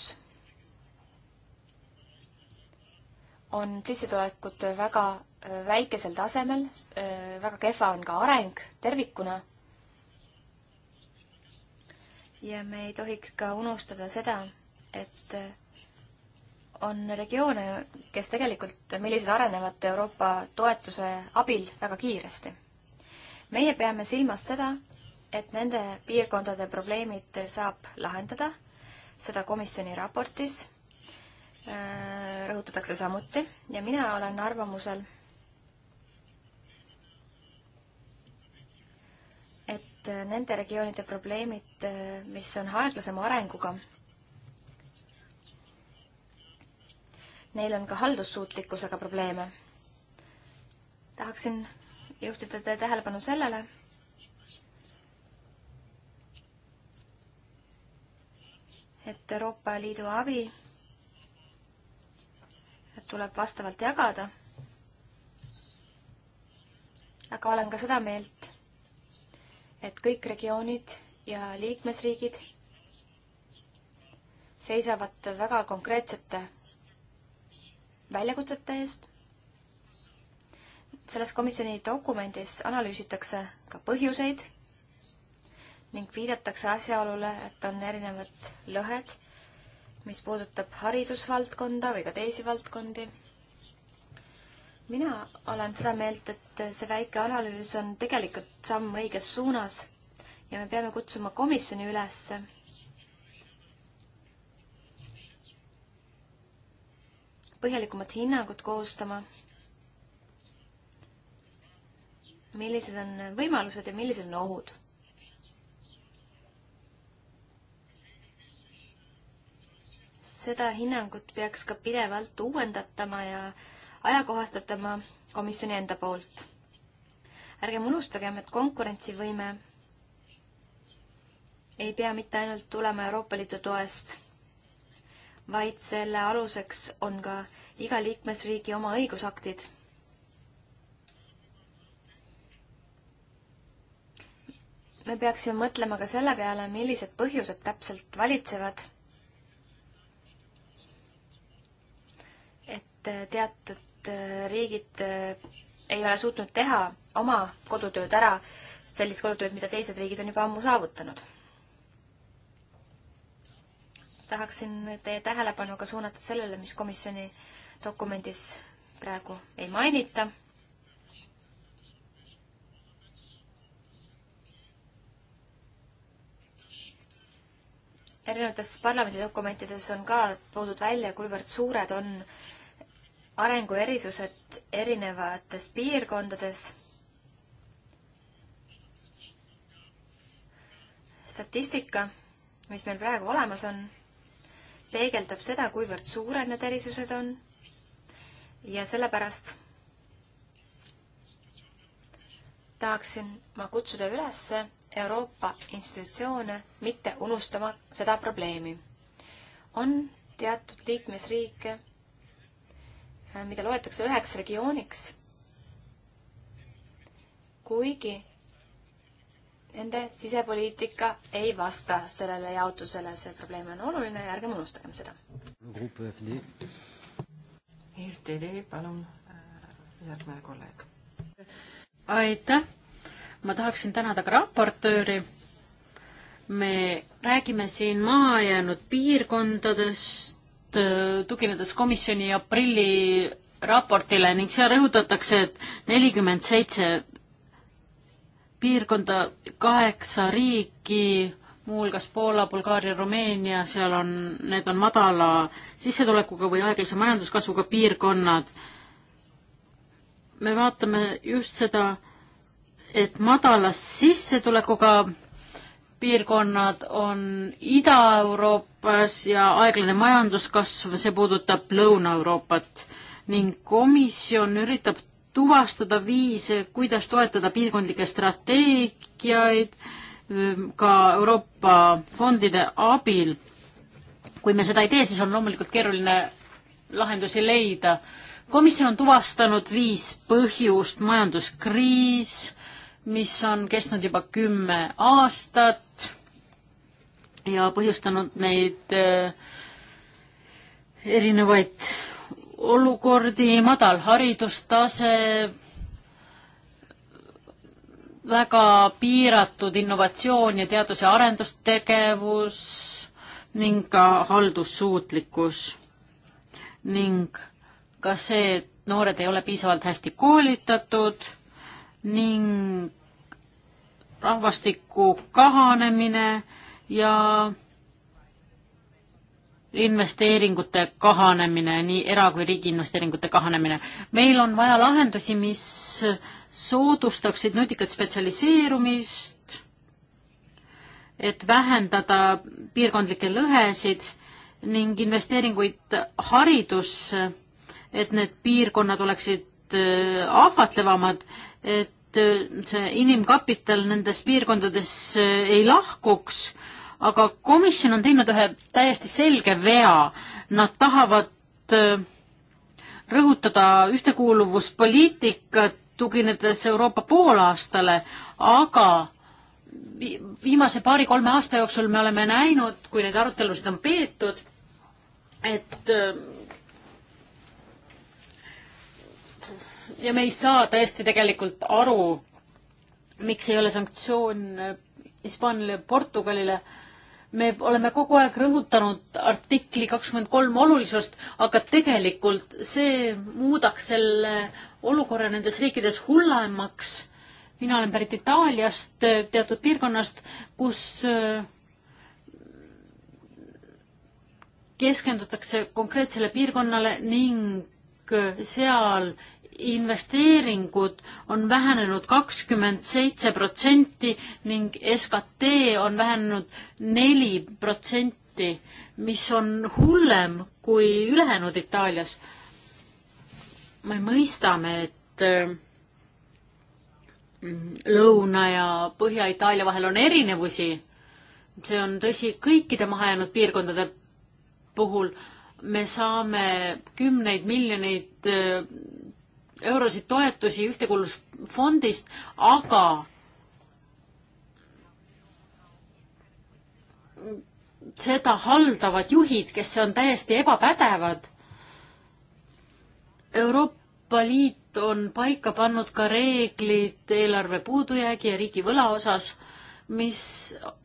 on sissetulekud väga äh, väikesel tasemel, äh, väga kehva on ka areng tervikuna. ja me ei tohiks ka unustada seda, et äh, on regioone, kes tegelikult, millised arenevad Euroopa toetuse abil väga kiiresti. meie peame silmas seda, et nende piirkondade probleemid saab lahendada, seda komisjoni raportis rõhutatakse samuti ja mina olen arvamusel, et nende regioonide probleemid, mis on aeglasema arenguga, neil on ka haldussuutlikkusega probleeme. tahaksin juhtida teie tähelepanu sellele, et Euroopa Liidu abi tuleb vastavalt jagada. aga olen ka seda meelt, et kõik regioonid ja liikmesriigid seisavad väga konkreetsete väljakutsete eest. selles komisjoni dokumendis analüüsitakse ka põhjuseid ning viidatakse asjaolule, et on erinevad lõhed mis puudutab haridusvaldkonda või ka teisi valdkondi. mina olen seda meelt, et see väike analüüs on tegelikult samm õiges suunas ja me peame kutsuma komisjoni üles põhjalikumat hinnangut koostama. millised on võimalused ja millised on ohud seda hinnangut peaks ka pidevalt uuendatama ja ajakohastatama komisjoni enda poolt. ärgem unustagem, et konkurentsivõime ei pea mitte ainult tulema Euroopa Liidu toest, vaid selle aluseks on ka iga liikmesriigi oma õigusaktid. me peaksime mõtlema ka selle peale, millised põhjused täpselt valitsevad Äh, teatud äh, riigid äh, ei ole suutnud teha oma kodutööd ära, sellist kodutööd, mida teised riigid on juba ammu saavutanud. tahaksin teie tähelepanu ka suunata sellele, mis komisjoni dokumendis praegu ei mainita erinevates parlamendidokumentides on ka toodud välja, kuivõrd suured on arenguerisused erinevates piirkondades. statistika, mis meil praegu olemas on, peegeldab seda, kuivõrd suured need erisused on ja sellepärast tahaksin ma kutsuda üles Euroopa institutsioone mitte unustama seda probleemi. on teatud liikmesriike, Äh, mida loetakse üheks regiooniks, kuigi nende sisepoliitika ei vasta sellele jaotusele, see probleem on oluline ja ärgem unustagem seda. FTD, palun, äh, järgmine kolleeg. aitäh, ma tahaksin tänada ka raportööri me räägime siin mahajäänud piirkondadest, Äh, tuginedes komisjoni aprilli raportile ning seal rõhutatakse, et nelikümmend seitse piirkonda, kaheksa riiki, muuhulgas Poola, Bulgaaria, Rumeenia, seal on, need on madala sissetulekuga või aeglase majanduskasvuga piirkonnad. me vaatame just seda, et madala sissetulekuga piirkonnad on Ida-Euroopas ja aeglane majanduskasv, see puudutab Lõuna-Euroopat ning komisjon üritab tuvastada viise, kuidas toetada piirkondlikke strateegiaid ehm, ka Euroopa fondide abil. kui me seda ei tee, siis on loomulikult keeruline lahendusi leida. komisjon on tuvastanud viis põhjust, majanduskriis, mis on kestnud juba kümme aastat ja põhjustanud neid äh, erinevaid olukordi, madal haridustase, väga piiratud innovatsioon ja teadus- ja arendustegevus ning ka haldussuutlikkus ning ka see, et noored ei ole piisavalt hästi koolitatud ning rahvastiku kahanemine ja investeeringute kahanemine, nii era- kui riigiinvesteeringute kahanemine. meil on vaja lahendusi, mis soodustaksid nutikat spetsialiseerumist, et vähendada piirkondlikke lõhesid ning investeeringuid haridusse, et need piirkonnad oleksid äh, ahvatlevamad et äh, see inimkapital nendes piirkondades äh, ei lahkuks, aga komisjon on teinud ühe täiesti selge vea. Nad tahavad äh, rõhutada ühtekuuluvuspoliitikat, tuginedes Euroopa poolaastale, aga viimase paari-kolme aasta jooksul me oleme näinud, kui neid arutelusid on peetud, et ja me ei saa tõesti tegelikult aru, miks ei ole sanktsioon Hispaaniale ja Portugalile. me oleme kogu aeg rõhutanud artikli kakskümmend kolm olulisust, aga tegelikult see muudaks selle olukorra nendes riikides hullemaks. mina olen pärit Itaaliast, teatud piirkonnast, kus äh, keskendutakse konkreetsele piirkonnale ning äh, seal investeeringud on vähenenud kakskümmend seitse protsenti ning SKT on vähenenud neli protsenti, mis on hullem kui ülejäänud Itaalias. me mõistame, et mm, Lõuna ja Põhja-Itaalia vahel on erinevusi. see on tõsi kõikide mahajäänud piirkondade puhul me saame kümneid miljoneid eurosid toetusi ühtekuuluvusfondist, aga seda haldavad juhid, kes on täiesti ebapädevad. Euroopa Liit on paika pannud ka reeglid eelarve puudujäägi ja riigi võla osas, mis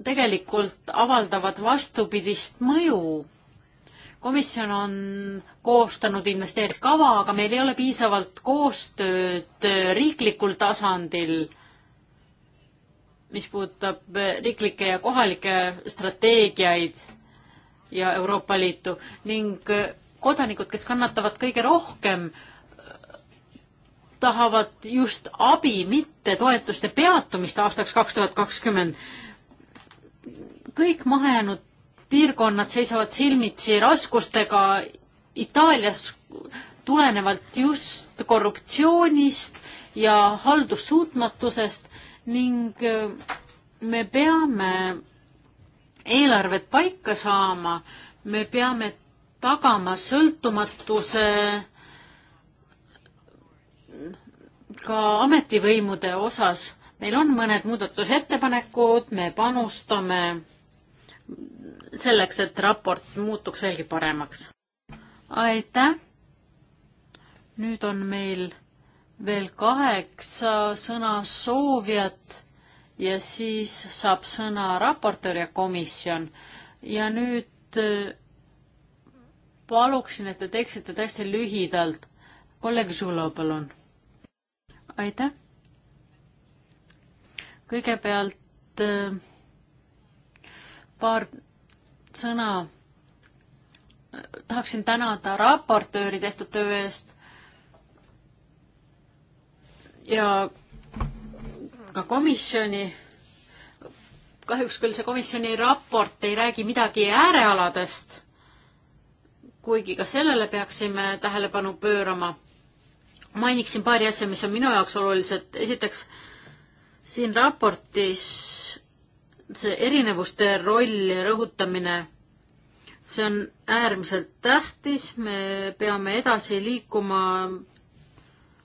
tegelikult avaldavad vastupidist mõju komisjon on koostanud investeerimiskava, aga meil ei ole piisavalt koostööd äh, riiklikul tasandil, mis puudutab äh, riiklikke ja kohalikke strateegiaid ja Euroopa Liitu ning äh, kodanikud, kes kannatavad kõige rohkem, tahavad just abi, mitte toetuste peatumist aastaks kaks tuhat kakskümmend. kõik mahajäänud piirkonnad seisavad silmitsi raskustega Itaalias tulenevalt just korruptsioonist ja haldussuutmatusest ning äh, me peame eelarvet paika saama, me peame tagama sõltumatuse ka ametivõimude osas. meil on mõned muudatusettepanekud, me panustame selleks, et raport muutuks veelgi paremaks. aitäh! nüüd on meil veel kaheksa sõnasoovijat ja siis saab sõna raportöör ja komisjon. ja nüüd äh, paluksin, et te teeksite täiesti lühidalt. kolleeg Žulo, palun. aitäh. kõigepealt äh, paar sõna. tahaksin tänada raportööri tehtud töö eest ja ka komisjoni. kahjuks küll see komisjoni raport ei räägi midagi äärealadest, kuigi ka sellele peaksime tähelepanu pöörama. mainiksin paari asja, mis on minu jaoks olulised. esiteks, siin raportis see erinevuste rolli rõhutamine, see on äärmiselt tähtis, me peame edasi liikuma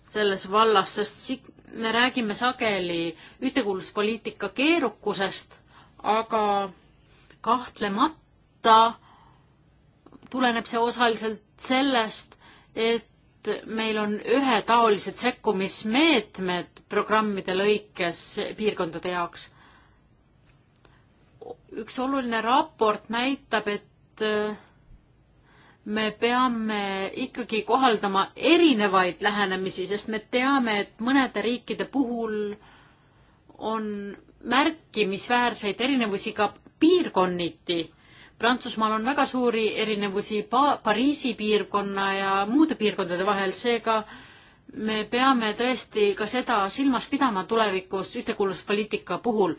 selles vallas, sest me räägime sageli ühtekuuluvuspoliitika keerukusest, aga kahtlemata tuleneb see osaliselt sellest, et meil on ühetaolised sekkumismeetmed programmide lõikes piirkondade jaoks üks oluline raport näitab, et äh, me peame ikkagi kohaldama erinevaid lähenemisi, sest me teame, et mõnede riikide puhul on märkimisväärseid erinevusi ka piirkonniti. Prantsusmaal on väga suuri erinevusi pa Pariisi piirkonna ja muude piirkondade vahel, seega me peame tõesti ka seda silmas pidama tulevikus ühtekuuluvuspoliitika puhul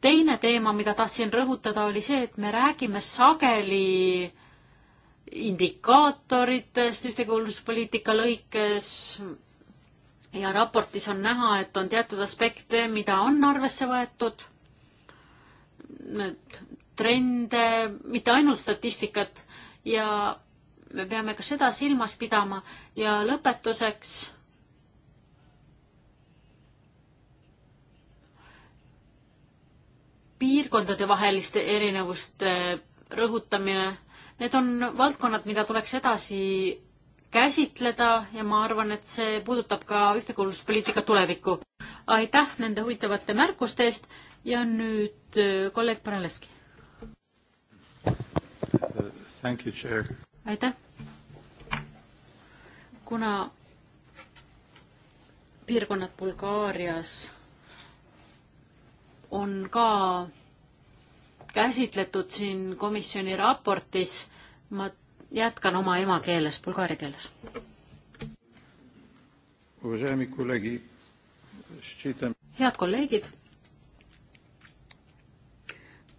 teine teema, mida tahtsin rõhutada, oli see, et me räägime sageli indikaatoritest ühtekuuluvuspoliitika lõikes ja raportis on näha, et on teatud aspekte, mida on arvesse võetud, need trende, mitte ainult statistikat ja me peame ka seda silmas pidama ja lõpetuseks piirkondade vaheliste erinevuste rõhutamine, need on valdkonnad, mida tuleks edasi käsitleda ja ma arvan, et see puudutab ka ühtekuuluvuspoliitika tulevikku. aitäh nende huvitavate märkuste eest ja nüüd äh, kolleeg Paraleski. aitäh. kuna piirkonnad Bulgaarias on ka käsitletud siin komisjoni raportis. ma jätkan oma emakeeles, bulgaari keeles. head kolleegid,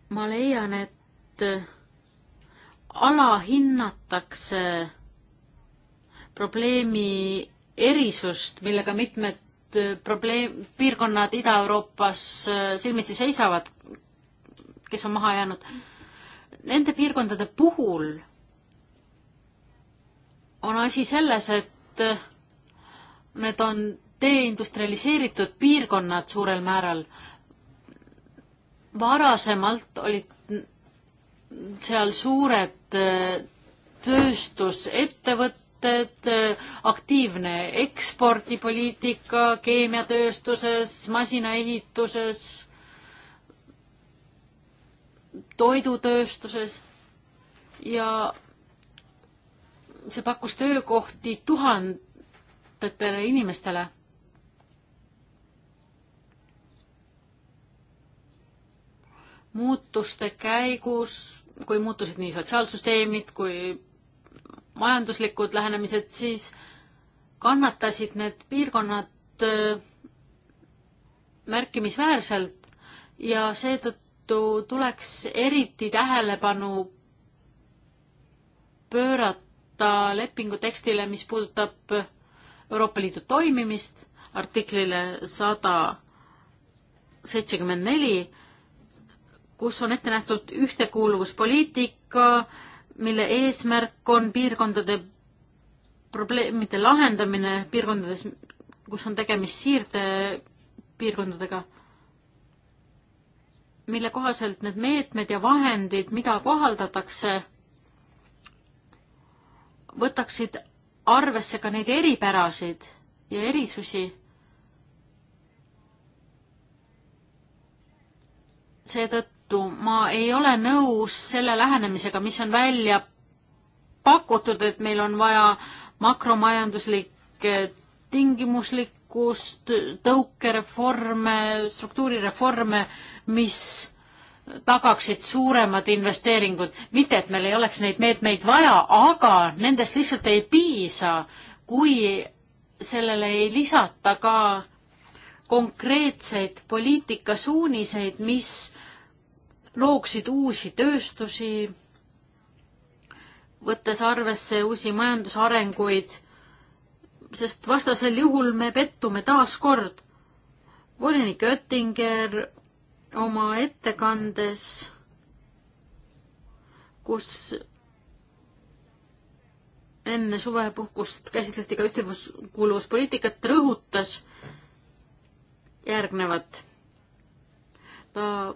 ma leian, et alahinnatakse probleemi erisust, millega mitmed Äh, probleem, piirkonnad Ida-Euroopas äh, silmitsi seisavad, kes on maha jäänud. Nende piirkondade puhul on asi selles, et äh, need on deindustrialiseeritud piirkonnad suurel määral. varasemalt olid seal suured tööstusettevõtted, tooted, aktiivne ekspordipoliitika keemiatööstuses, masinaehituses, toidutööstuses ja see pakkus töökohti tuhandetele inimestele. muutuste käigus, kui muutusid nii sotsiaalsüsteemid kui majanduslikud lähenemised, siis kannatasid need piirkonnad märkimisväärselt ja seetõttu tuleks eriti tähelepanu pöörata lepingutekstile, mis puudutab Euroopa Liidu toimimist, artiklile sada seitsekümmend neli, kus on ette nähtud ühtekuuluvuspoliitika, mille eesmärk on piirkondade probleemide lahendamine piirkondades, kus on tegemist siirdepiirkondadega, mille kohaselt need meetmed ja vahendid, mida kohaldatakse, võtaksid arvesse ka neid eripärasid ja erisusi. seetõttu tõttu ma ei ole nõus selle lähenemisega, mis on välja pakutud, et meil on vaja makromajanduslikke tingimuslikkust, tõukereforme, struktuurireforme, mis tagaksid suuremad investeeringud. mitte, et meil ei oleks neid meetmeid vaja, aga nendest lihtsalt ei piisa, kui sellele ei lisata ka konkreetseid poliitikasuuniseid, mis äh, looksid uusi tööstusi, võttes arvesse uusi majandusarenguid, sest vastasel juhul me pettume taas kord. volinik Oettinger oma ettekandes, kus enne suvepuhkust käsitleti ka ühtekuuluvuspoliitikat, rõhutas järgnevat. ta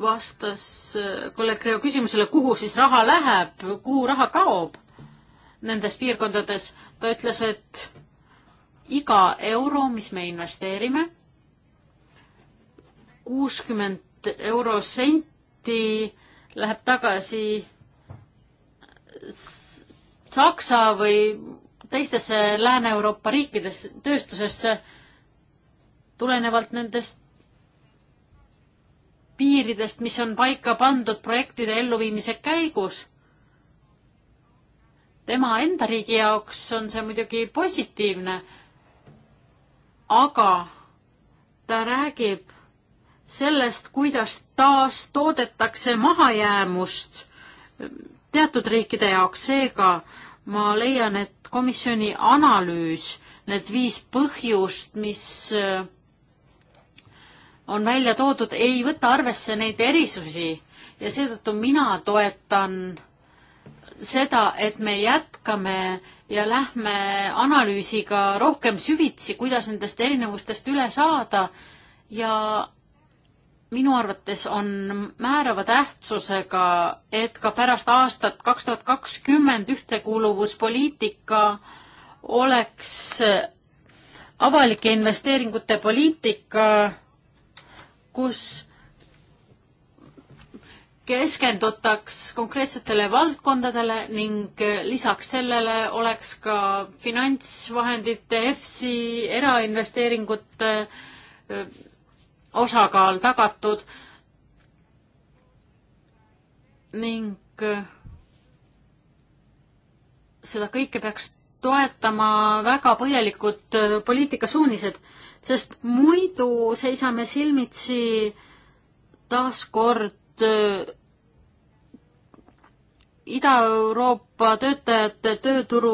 vastas äh, kolleeg Reo küsimusele, kuhu siis raha läheb, kuhu raha kaob nendes piirkondades. ta ütles, et iga euro, mis me investeerime, kuuskümmend eurosenti läheb tagasi Saksa või teistesse Lääne-Euroopa riikides tööstusesse tulenevalt nendest piiridest, mis on paika pandud projektide elluviimise käigus. tema enda riigi jaoks on see muidugi positiivne, aga ta räägib sellest, kuidas taastoodetakse mahajäämust teatud riikide jaoks, seega ma leian, et komisjoni analüüs, need viis põhjust, mis on välja toodud, ei võta arvesse neid erisusi ja seetõttu mina toetan seda, et me jätkame ja lähme analüüsiga rohkem süvitsi, kuidas nendest erinevustest üle saada ja minu arvates on määrava tähtsusega, et ka pärast aastat kaks tuhat kakskümmend ühtekuuluvuspoliitika oleks avalike investeeringute poliitika kus keskendutaks konkreetsetele valdkondadele ning lisaks sellele oleks ka finantsvahendite, EFSI, erainvesteeringute osakaal tagatud ning seda kõike peaks toetama väga põhjalikud poliitikasuunised sest muidu seisame silmitsi taaskord äh, Ida-Euroopa töötajate tööturu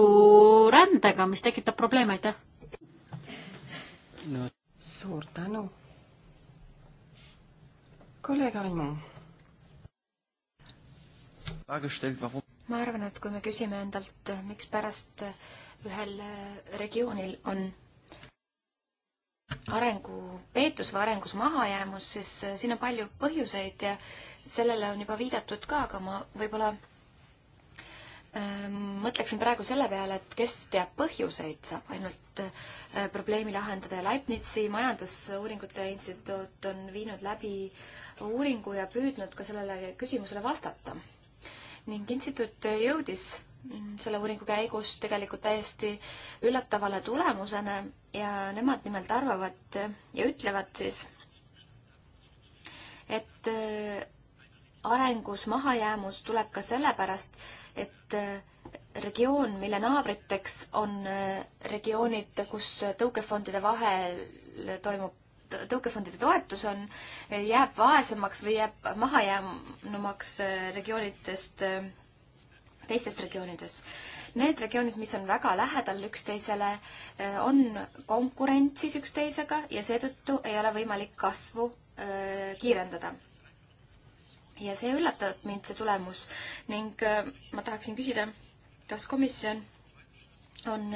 rändega, mis tekitab probleeme, aitäh no.! suur tänu! kolleeg Aimo. ma arvan, et kui me küsime endalt, mikspärast ühel regioonil on arengu peetus või arengus mahajäämus, siis äh, siin on palju põhjuseid ja sellele on juba viidatud ka, aga ma võib-olla ähm, mõtleksin praegu selle peale, et kes teab põhjuseid, saab ainult äh, probleemi lahendada ja Leibnizi Majandusuuringute Instituut on viinud läbi uuringu ja püüdnud ka sellele küsimusele vastata. ning instituut jõudis selle uuringu käigus tegelikult täiesti üllatavale tulemusena ja nemad nimelt arvavad ja ütlevad siis, et äh, arengus mahajäämus tuleb ka sellepärast, et äh, regioon, mille naabriteks on äh, regioonid, kus tõukefondide vahel toimub, tõukefondide toetus on, jääb vaesemaks või jääb mahajäänumaks regioonidest teistes regioonides. Need regioonid, mis on väga lähedal üksteisele, eh, on konkurentsis üksteisega ja seetõttu ei ole võimalik kasvu eh, kiirendada ja see üllatab mind, see tulemus. ning eh, ma tahaksin küsida, kas komisjon on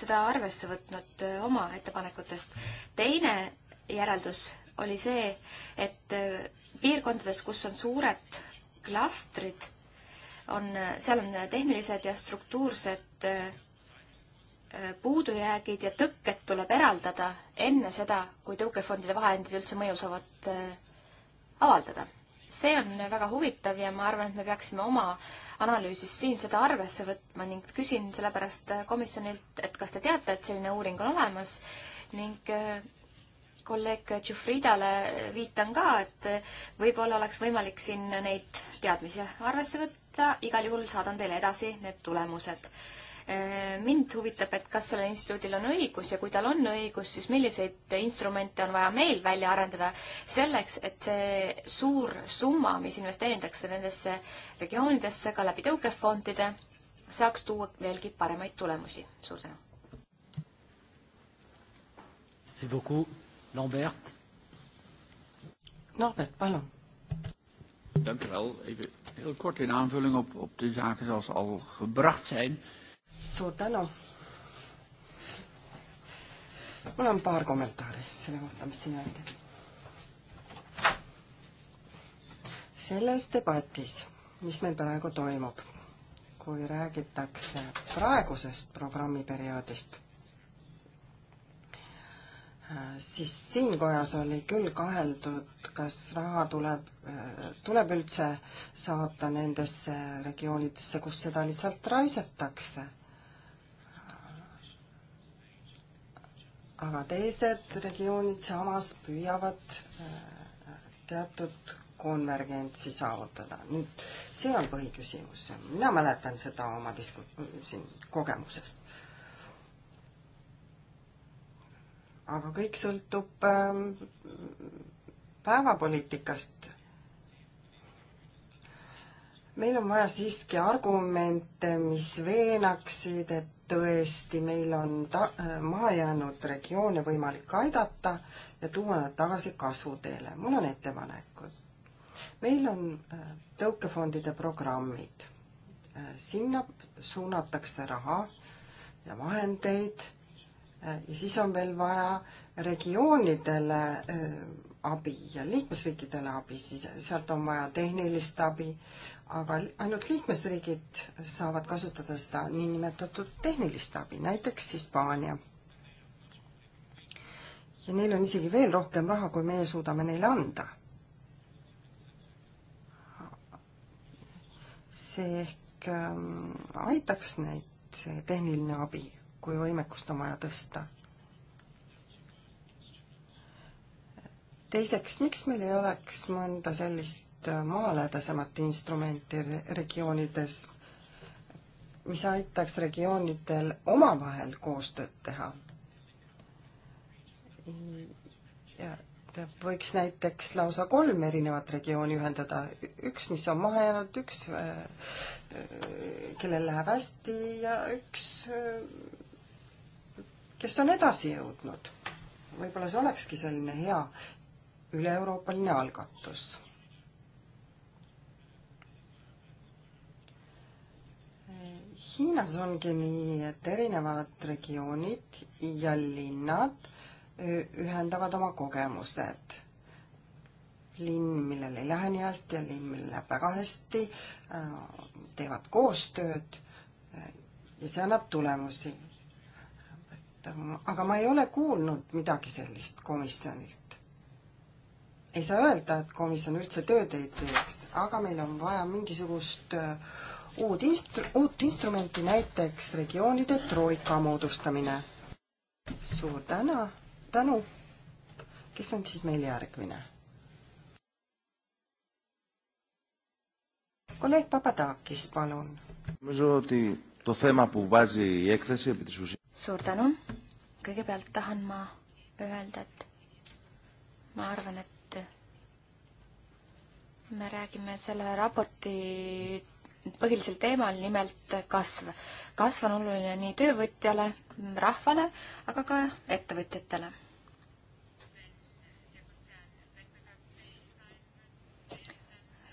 seda arvesse võtnud oma ettepanekutest? teine järeldus oli see, et piirkondades, kus on suured klastrid, on, seal on tehnilised ja struktuursed äh, puudujäägid ja tõkked tuleb eraldada enne seda, kui tõukefondide vahendid üldse mõju saavad äh, avaldada. see on väga huvitav ja ma arvan, et me peaksime oma analüüsis siin seda arvesse võtma ning küsin sellepärast äh, komisjonilt, et kas te teate, et selline uuring on olemas ning kolleeg Tšufridale viitan ka, et võib-olla oleks võimalik siin neid teadmisi arvesse võtta teada, igal juhul saadan teile edasi need tulemused. Äh, mind huvitab, et kas sellel instituudil on õigus ja kui tal on õigus, siis milliseid instrumente on vaja meil välja arendada selleks, et see suur summa, mis investeeritakse nendesse regioonidesse ka läbi tõukefondide, saaks tuua veelgi paremaid tulemusi. suur tänu. Merci beaucoup, Lambert. Norbert, palun. Dank u wel. Even Heel kort in aanvulling op, op de zaken zoals al gebracht zijn. suur tänu. mul on paar kommentaari selle kohta, mis siin öeldi. selles debatis, mis meil praegu toimub, kui räägitakse praegusest programmiperioodist Äh, siis siin kojas oli küll kaheldud, kas raha tuleb, äh, tuleb üldse saata nendesse regioonidesse, kus seda lihtsalt raisatakse. aga teised regioonid samas püüavad äh, teatud konvergentsi saavutada. nüüd see on põhiküsimus, mina mäletan seda oma disku-, siin kogemusest aga kõik sõltub ähm, päevapoliitikast. meil on vaja siiski argumente, mis veenaksid, et tõesti meil on ta-, äh, mahajäänud regioone võimalik aidata ja tuua nad tagasi kasvuteele. mul on ettepanekud. meil on äh, tõukefondide programmid. Äh, sinna suunatakse raha ja vahendeid Äh, ja siis on veel vaja regioonidele äh, abi ja liikmesriikidele abi, siis sealt on vaja tehnilist abi, aga ainult liikmesriigid saavad kasutada seda niinimetatud tehnilist abi, näiteks Hispaania. ja neil on isegi veel rohkem raha, kui meie suudame neile anda. see ehk ähm, aitaks neid, see tehniline abi kui võimekust on vaja tõsta. teiseks, miks meil ei oleks mõnda sellist maalähedasemat instrumenti regioonides, mis aitaks regioonidel omavahel koostööd teha? ja võiks näiteks lausa kolm erinevat regiooni ühendada, üks, mis on maha jäänud, üks, äh, äh, kellel läheb hästi ja üks, äh, kes on edasi jõudnud. võib-olla see olekski selline hea üle-euroopaline algatus. Hiinas ongi nii, et erinevad regioonid ja linnad ühendavad oma kogemused. linn, millel ei lähe nii hästi ja linn, millel läheb väga hästi, äh, teevad koostööd äh, ja see annab tulemusi aga ma ei ole kuulnud midagi sellist komisjonilt. ei saa öelda, et komisjon üldse tööd ei teeks, aga meil on vaja mingisugust äh, uut instru-, uut instrumenti, näiteks regioonide troika moodustamine. suur täna, tänu. kes on siis meil järgmine? kolleeg Papadakis, palun. Νομίζω ότι το θέμα που βάζει η έκθεση επί της ουσίας suur tänu. kõigepealt tahan ma öelda, et ma arvan, et me räägime selle raporti põhilisel teemal, nimelt kasv. kasv on oluline nii töövõtjale, rahvale, aga ka ettevõtjatele.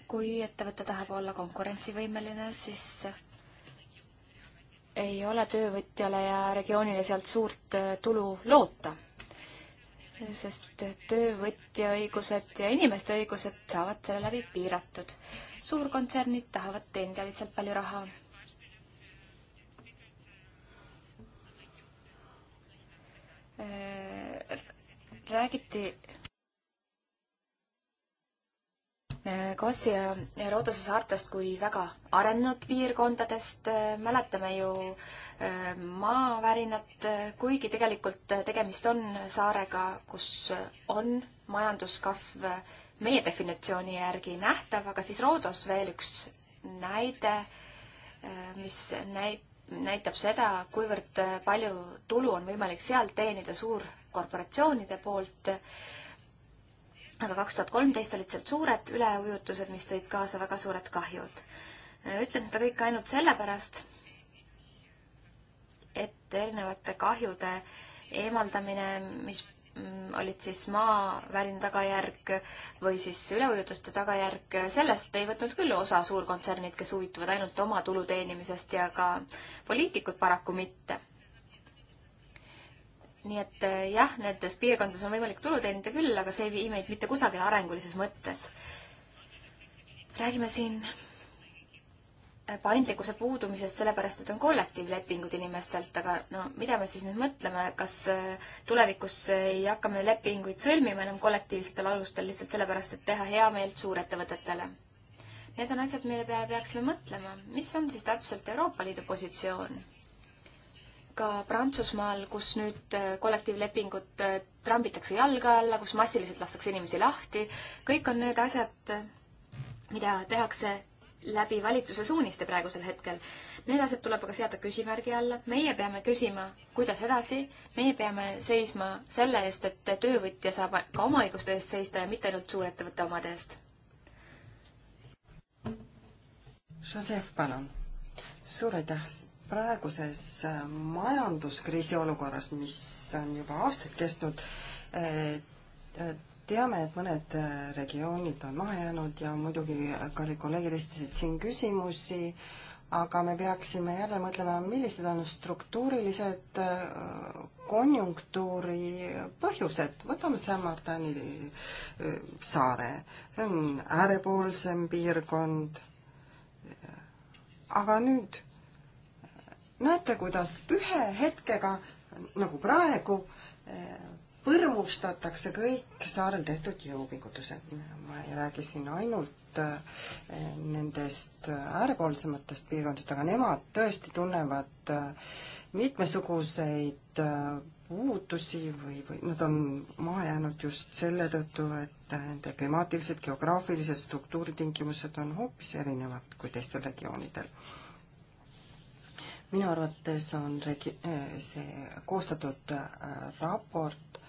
kui ettevõte tahab olla konkurentsivõimeline, siis ei ole töövõtjale ja regioonile sealt suurt äh, tulu loota. sest töövõtja õigused ja inimeste õigused saavad selle läbi piiratud. suurkontsernid tahavad teenida lihtsalt palju raha. Äh, räägiti Kossia ja Rootose saartest kui väga arenenud piirkondadest, äh, mäletame ju äh, maavärinat, äh, kuigi tegelikult tegemist on saarega, kus on majanduskasv meie definitsiooni järgi nähtav, aga siis Roodos veel üks näide, mis näit-, näitab seda, kuivõrd palju tulu on võimalik seal teenida suurkorporatsioonide poolt aga kaks tuhat kolmteist olid sealt suured üleujutused, mis tõid kaasa väga suured kahjud. ütlen seda kõike ainult sellepärast, et erinevate kahjude eemaldamine, mis mm, olid siis maavärina tagajärg või siis üleujutuste tagajärg, sellest ei võtnud küll osa suurkontsernid, kes huvituvad ainult oma tulu teenimisest ja ka poliitikud paraku mitte nii et äh, jah, nendes piirkondades on võimalik tulu teenida küll, aga see ei vii meid mitte kusagile arengulises mõttes. räägime siin äh, paindlikkuse puudumisest, sellepärast et on kollektiivlepingud inimestelt, aga no mida me siis nüüd mõtleme, kas äh, tulevikus ei hakka me lepinguid sõlmima enam kollektiivsetel alustel lihtsalt sellepärast, et teha heameelt suurettevõtetele? Need on asjad, mille peale peaksime mõtlema. mis on siis täpselt Euroopa Liidu positsioon? ka Prantsusmaal, kus nüüd äh, kollektiivlepingut äh, trambitakse jalge alla, kus massiliselt lastakse inimesi lahti, kõik on need asjad, äh, mida tehakse läbi valitsuse suuniste praegusel hetkel. Need asjad tuleb aga seada küsimärgi alla, meie peame küsima, kuidas edasi, meie peame seisma selle eest, et töövõtja saab ka oma õiguste eest seista ja mitte ainult suurettevõtte omade eest. Joseph, palun. suur aitäh praeguses äh, majanduskriisi olukorras, mis on juba aastaid kestnud, äh, äh, teame, et mõned regioonid on maha jäänud ja muidugi kallid kolleegid esitasid siin küsimusi, aga me peaksime jälle mõtlema, millised on struktuurilised konjunktuuri põhjused. võtame Samardani saare, see on äärepoolsem piirkond. aga nüüd näete, kuidas ühe hetkega, nagu praegu, eh, põrmustatakse kõik saarel tehtud jõupingutused. ma ei räägi siin ainult eh, nendest äärepoolsematest piirkondadest, aga nemad tõesti tunnevad eh, mitmesuguseid puudusi või, või nad on maha jäänud just selle tõttu, et nende klimaatilised, geograafilised struktuuritingimused on hoopis erinevad kui teistel regioonidel minu arvates on regi-, eh, see koostatud eh, raport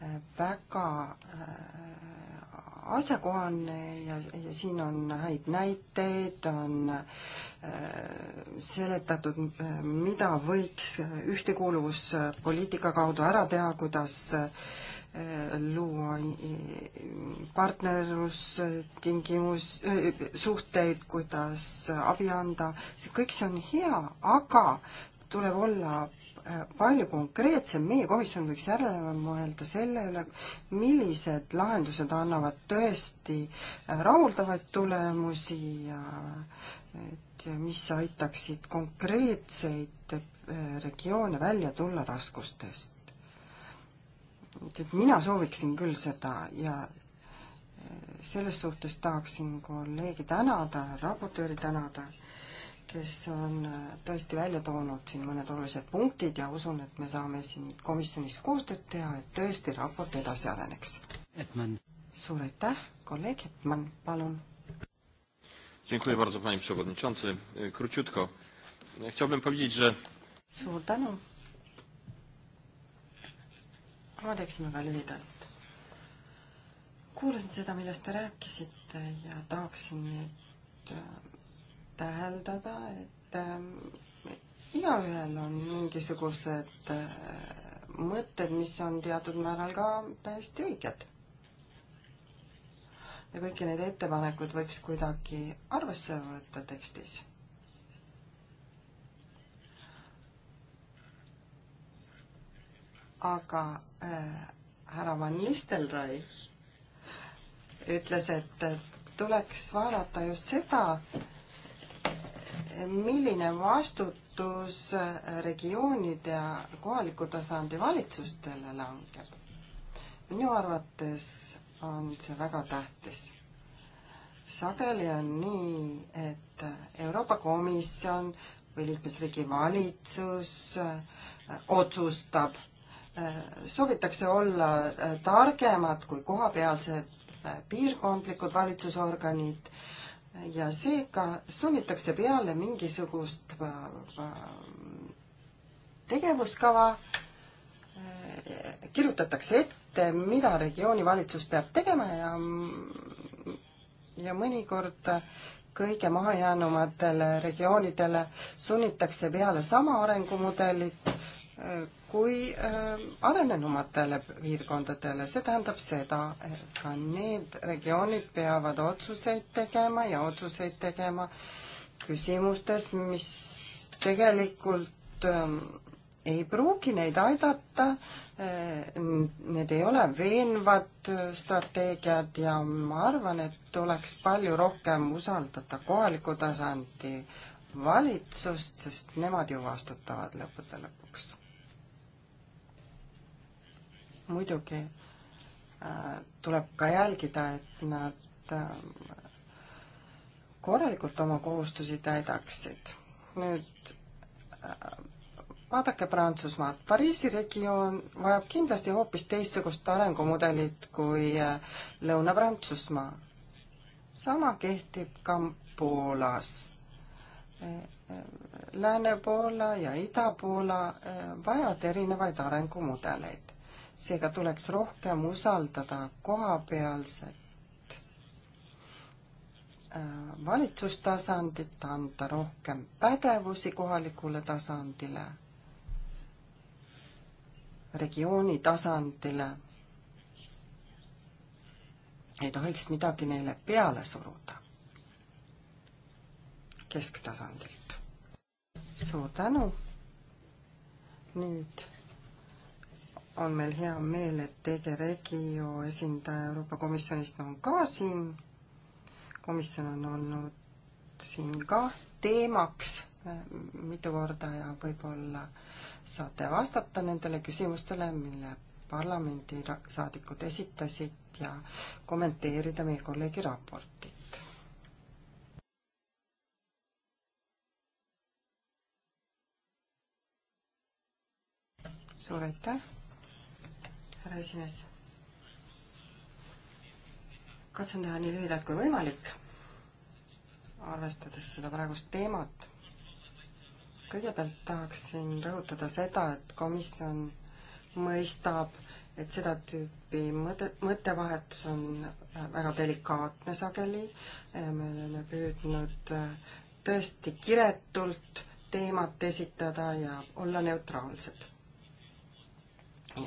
eh, väga asjakohane ja, ja siin on häid näiteid, on seletatud, mida võiks ühtekuuluvuspoliitika kaudu ära teha, kuidas äh, luua partnerlustingimus, suhteid, kuidas abi anda, see kõik see on hea, aga tuleb olla äh, palju konkreetsem, meie komisjon võiks järele mõelda selle üle, millised lahendused annavad tõesti äh, rahuldavaid tulemusi ja et mis aitaksid konkreetseid äh, regioone välja tulla raskustest et mina sooviksin küll seda ja eh, selles suhtes tahaksin kolleegi tänada, raportööri tänada, kes on eh, tõesti välja toonud siin mõned olulised punktid ja usun, et me saame siin komisjonis koostööd teha, et tõesti raport edasi areneks. Edman. suur aitäh, kolleeg Edman, palun. Dziękuję bardzo panie przewodniczący. E, króciutko. Chciałbym powiedzieć, że suur tänu ma teeksin väga lühidalt. kuulasin seda, millest te rääkisite ja tahaksin nüüd äh, täheldada, et äh, igaühel on mingisugused äh, mõtted, mis on teatud määral ka täiesti õiged. ja kõiki neid ettepanekuid võiks kuidagi arvesse võtta tekstis aga äh, härra Van Nistelrooy ütles, et tuleks vaadata just seda, milline vastutus äh, regioonide ja kohaliku tasandi valitsustele langeb. minu arvates on see väga tähtis sageli on nii, et äh, Euroopa Komisjon või liikmesriigi valitsus otsustab soovitakse olla äh, targemad kui kohapealsed äh, piirkondlikud valitsusorganid ja seega sunnitakse peale mingisugust äh, tegevuskava, kirjutatakse ette, mida regiooni valitsus peab tegema ja ja mõnikord kõige mahajäänumatele regioonidele sunnitakse peale sama arengumudelit, kui äh, arenenumatele piirkondadele, see tähendab seda, et ka need regioonid peavad otsuseid tegema ja otsuseid tegema küsimustes, mis tegelikult ähm, ei pruugi neid aidata, äh, need ei ole veenvad äh, strateegiad ja ma arvan, et tuleks palju rohkem usaldada kohaliku tasandi valitsust, sest nemad ju vastutavad lõppude lõpuks muidugi äh, tuleb ka jälgida, et nad äh, korralikult oma kohustusi täidaksid. nüüd äh, vaadake Prantsusmaad, Pariisi regioon vajab kindlasti hoopis teistsugust arengumudelit kui Lõuna-Prantsusmaa. sama kehtib ka Poolas. Lääne-Poola ja Ida-Poola vajavad erinevaid arengumudeleid seega tuleks rohkem usaldada kohapealset äh, valitsustasandit, anda rohkem pädevusi kohalikule tasandile, regiooni tasandile. ei tohiks midagi neile peale suruda kesktasandilt. suur tänu. nüüd on meil hea meel, et TG Regio esindaja Euroopa Komisjonist on ka siin. komisjon on olnud siin ka teemaks äh, mitu korda ja võib-olla saate vastata nendele küsimustele, mille parlamendi saadikud esitasid ja kommenteerida meie kolleegi raportit. suur aitäh! härra esimees. katsun teha nii lühidalt kui võimalik, arvestades seda praegust teemat. kõigepealt tahaksin rõhutada seda, et komisjon mõistab, et seda tüüpi mõte, mõttevahetus on väga delikaatne sageli. me oleme püüdnud tõesti kiretult teemat esitada ja olla neutraalsed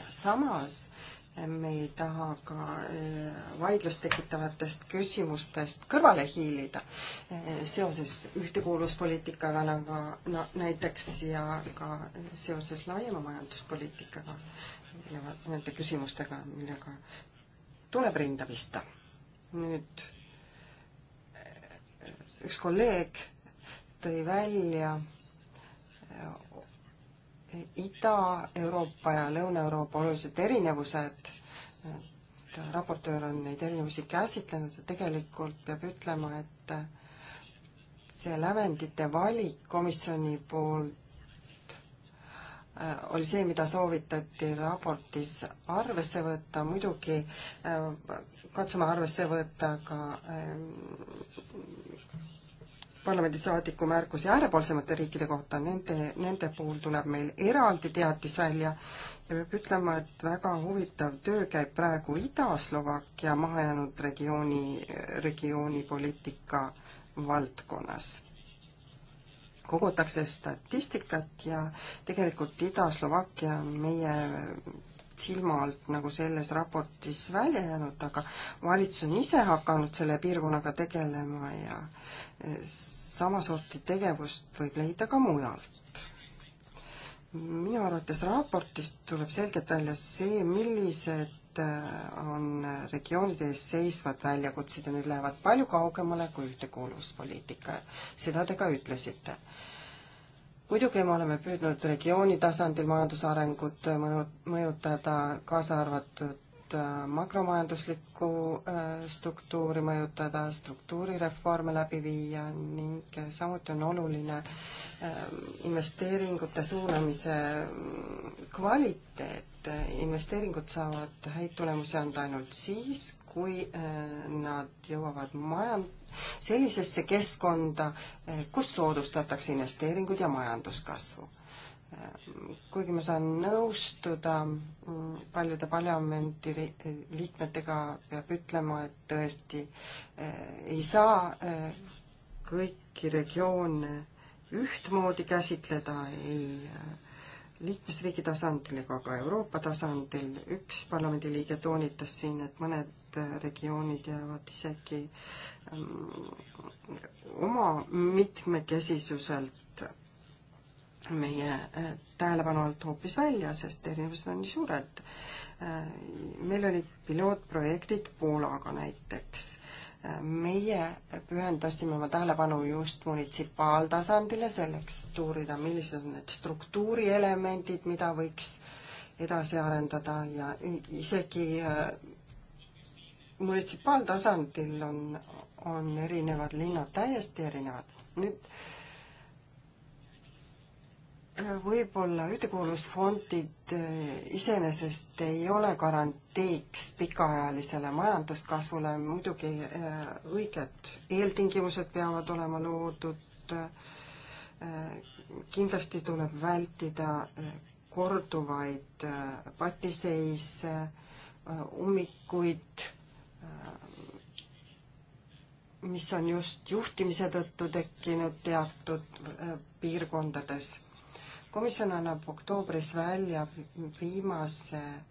samas eh, me ei taha ka eh, vaidlust tekitavatest küsimustest kõrvale hiilida eh, seoses ühtekuuluvuspoliitikaga nagu no, näiteks ja ka seoses laiema majanduspoliitikaga ja nende küsimustega, millega tuleb rinda pista. nüüd üks kolleeg tõi välja Ida-Euroopa ja Lõuna-Euroopa olulised erinevused, et raportöör on neid erinevusi käsitlenud ja tegelikult peab ütlema, et see lävendite valik komisjoni poolt äh, oli see, mida soovitati raportis arvesse võtta, muidugi äh, katsume arvesse võtta ka äh, parlamendisaadiku märkusi äärepoolsemate riikide kohta, nende, nende puhul tuleb meil eraldi teatis välja ja peab ütlema, et väga huvitav töö käib praegu Ida-Slovakkia mahajäänud regiooni, regioonipoliitika valdkonnas. kogutakse statistikat ja tegelikult Ida-Slovakkia on meie silma alt nagu selles raportis välja jäänud, aga valitsus on ise hakanud selle piirkonnaga tegelema ja sama sorti tegevust võib leida ka mujalt. minu arvates raportist tuleb selgelt välja see, millised äh, on regioonide ees seisvad väljakutsed ja need lähevad palju kaugemale kui ühtekuuluvuspoliitika. seda te ka ütlesite. muidugi me oleme püüdnud regiooni tasandil majandusarengut mõjutada, kaasa arvatud Äh, makromajanduslikku äh, struktuuri mõjutada, struktuurireforme läbi viia ning äh, samuti on oluline investeeringute suunamise mm, kvaliteet. investeeringud saavad häid tulemusi anda ainult siis, kui nad jõuavad majand-, sellisesse keskkonda, kus soodustatakse investeeringuid ja majanduskasvu kuigi ma saan nõustuda mm, paljude parlamendi liikmetega, peab ütlema, et tõesti eh, ei saa eh, kõiki regioone ühtmoodi käsitleda ei eh, liikmesriigi tasandil ega ka Euroopa tasandil. üks parlamendiliige toonitas siin, et mõned regioonid jäävad isegi mm, oma mitmekesisuselt meie äh, tähelepanu alt hoopis välja, sest erinevused on nii suured. Äh, meil olid pilootprojektid Poolaga näiteks. Äh, meie pühendasime oma tähelepanu just munitsipaaltasandile selleks, et uurida, millised on need struktuurielemendid, mida võiks edasi arendada ja isegi munitsipaaltasandil on, on erinevad linnad täiesti erinevad. nüüd äh, võib-olla ühtekuuluvusfondid eh, iseenesest ei ole garanteeks pikaajalisele majanduskasvule, muidugi eh, õiged eeltingimused peavad olema loodud, eh, kindlasti tuleb vältida korduvaid patiseise, ummikuid, mis on just juhtimise tõttu tekkinud teatud piirkondades komisjon annab oktoobris välja viimase äh,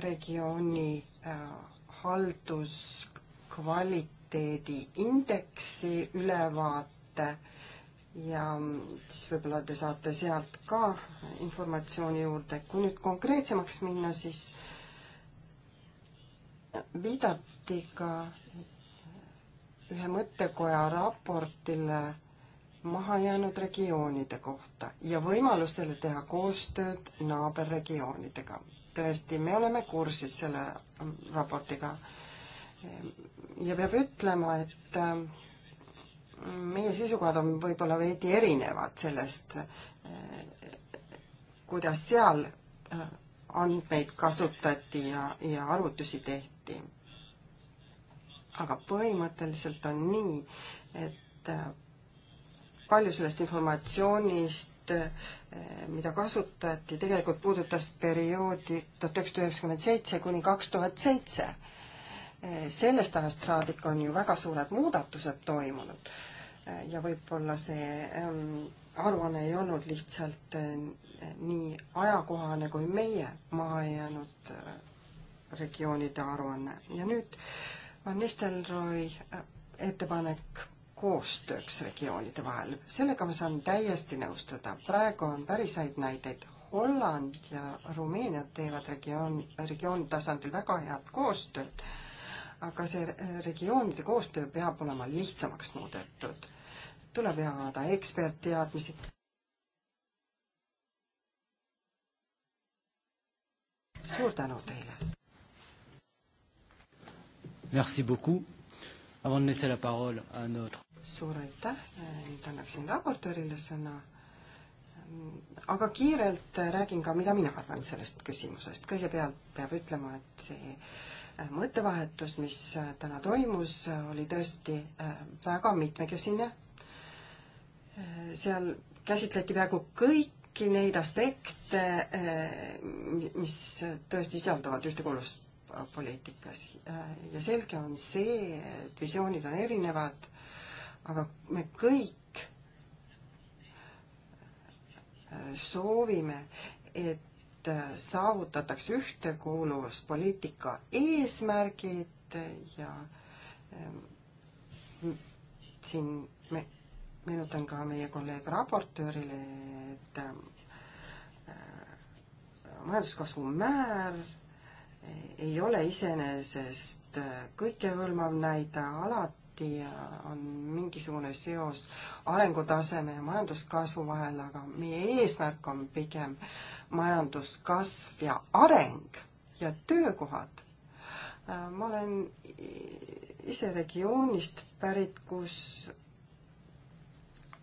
regiooni äh, halduskvaliteedi indeksi ülevaate ja mm, siis võib-olla te saate sealt ka informatsiooni juurde. kui nüüd konkreetsemaks minna, siis viidati ka ühe mõttekoja raportile mahajäänud regioonide kohta ja võimalusele teha koostööd naaberregioonidega. tõesti, me oleme kursis selle mm, raportiga. ja peab ütlema, et mm, meie seisukohad on võib-olla veidi erinevad sellest, kuidas seal äh, andmeid kasutati ja, ja arvutusi tehti. aga põhimõtteliselt on nii, et äh, palju sellest informatsioonist, eh, mida kasutati, tegelikult puudutas perioodi tuhat üheksasada üheksakümmend seitse kuni kaks tuhat seitse. Eh, sellest ajast saadik on ju väga suured muudatused toimunud eh, ja võib-olla see ehm, aruanne ei olnud lihtsalt nii ajakohane kui meie mahajäänud regioonide aruanne ja nüüd Van Nistelrooy ettepanek koostööks regioonide vahel. sellega ma saan täiesti nõustuda. praegu on päris häid näiteid. Holland ja Rumeenia teevad regioon, regiooni tasandil väga head koostööd, aga see regioonide koostöö peab olema lihtsamaks muudetud. tuleb jagada ekspertteadmisi. suur tänu teile! Merci beaucoup avant de laisser la parole à notre. suur aitäh, nüüd annaksin raportöörile sõna. aga kiirelt räägin ka, mida mina arvan sellest küsimusest. kõigepealt peab ütlema, et see mõttevahetus, mis täna toimus, oli tõesti äh, väga mitmekesine. seal käsitleti peaaegu kõiki neid aspekte, äh, mis tõesti sisalduvad ühtekuuluvust poliitikas äh, ja selge on see, et visioonid on erinevad, aga me kõik äh, soovime, et äh, saavutatakse ühtekuuluvuspoliitika eesmärgid ja ähm, siin me, meenutan ka meie kolleeg raportöörile, et majanduskasvu määr ei ole iseenesest äh, kõikehõlmav näide, alati äh, on mingisugune seos arengutaseme ja majanduskasvu vahel, aga meie eesmärk on pigem majanduskasv ja areng ja töökohad. Äh, ma olen ise regioonist pärit, kus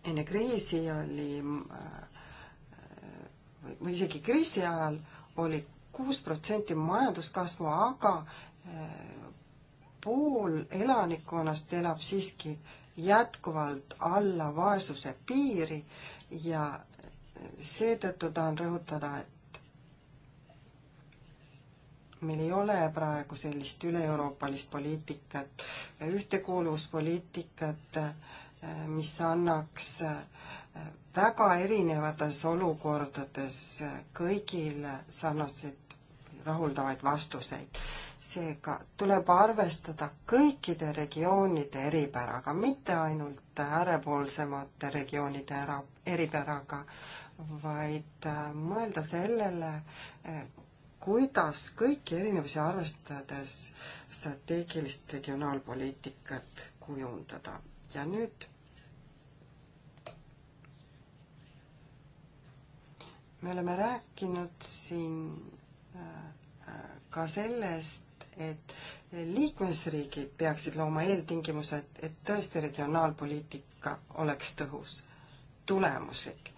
enne kriisi oli või isegi kriisi ajal oli kuus protsenti majanduskasvu, aga eh, pool elanikkonnast elab siiski jätkuvalt alla vaesuse piiri ja seetõttu tahan rõhutada, et meil ei ole praegu sellist üle-euroopalist poliitikat, ühtekuuluvuspoliitikat, eh, mis annaks eh, väga erinevates olukordades kõigile sarnaseid rahuldavaid vastuseid. seega tuleb arvestada kõikide regioonide eripäraga, mitte ainult äärepoolsemate regioonide ära, eripäraga, vaid äh, mõelda sellele, äh, kuidas kõiki erinevusi arvestades strateegilist regionaalpoliitikat kujundada. ja nüüd me oleme rääkinud siin Äh, äh, ka sellest, et liikmesriigid peaksid looma eeltingimused, et tõesti regionaalpoliitika oleks tõhus, tulemuslik.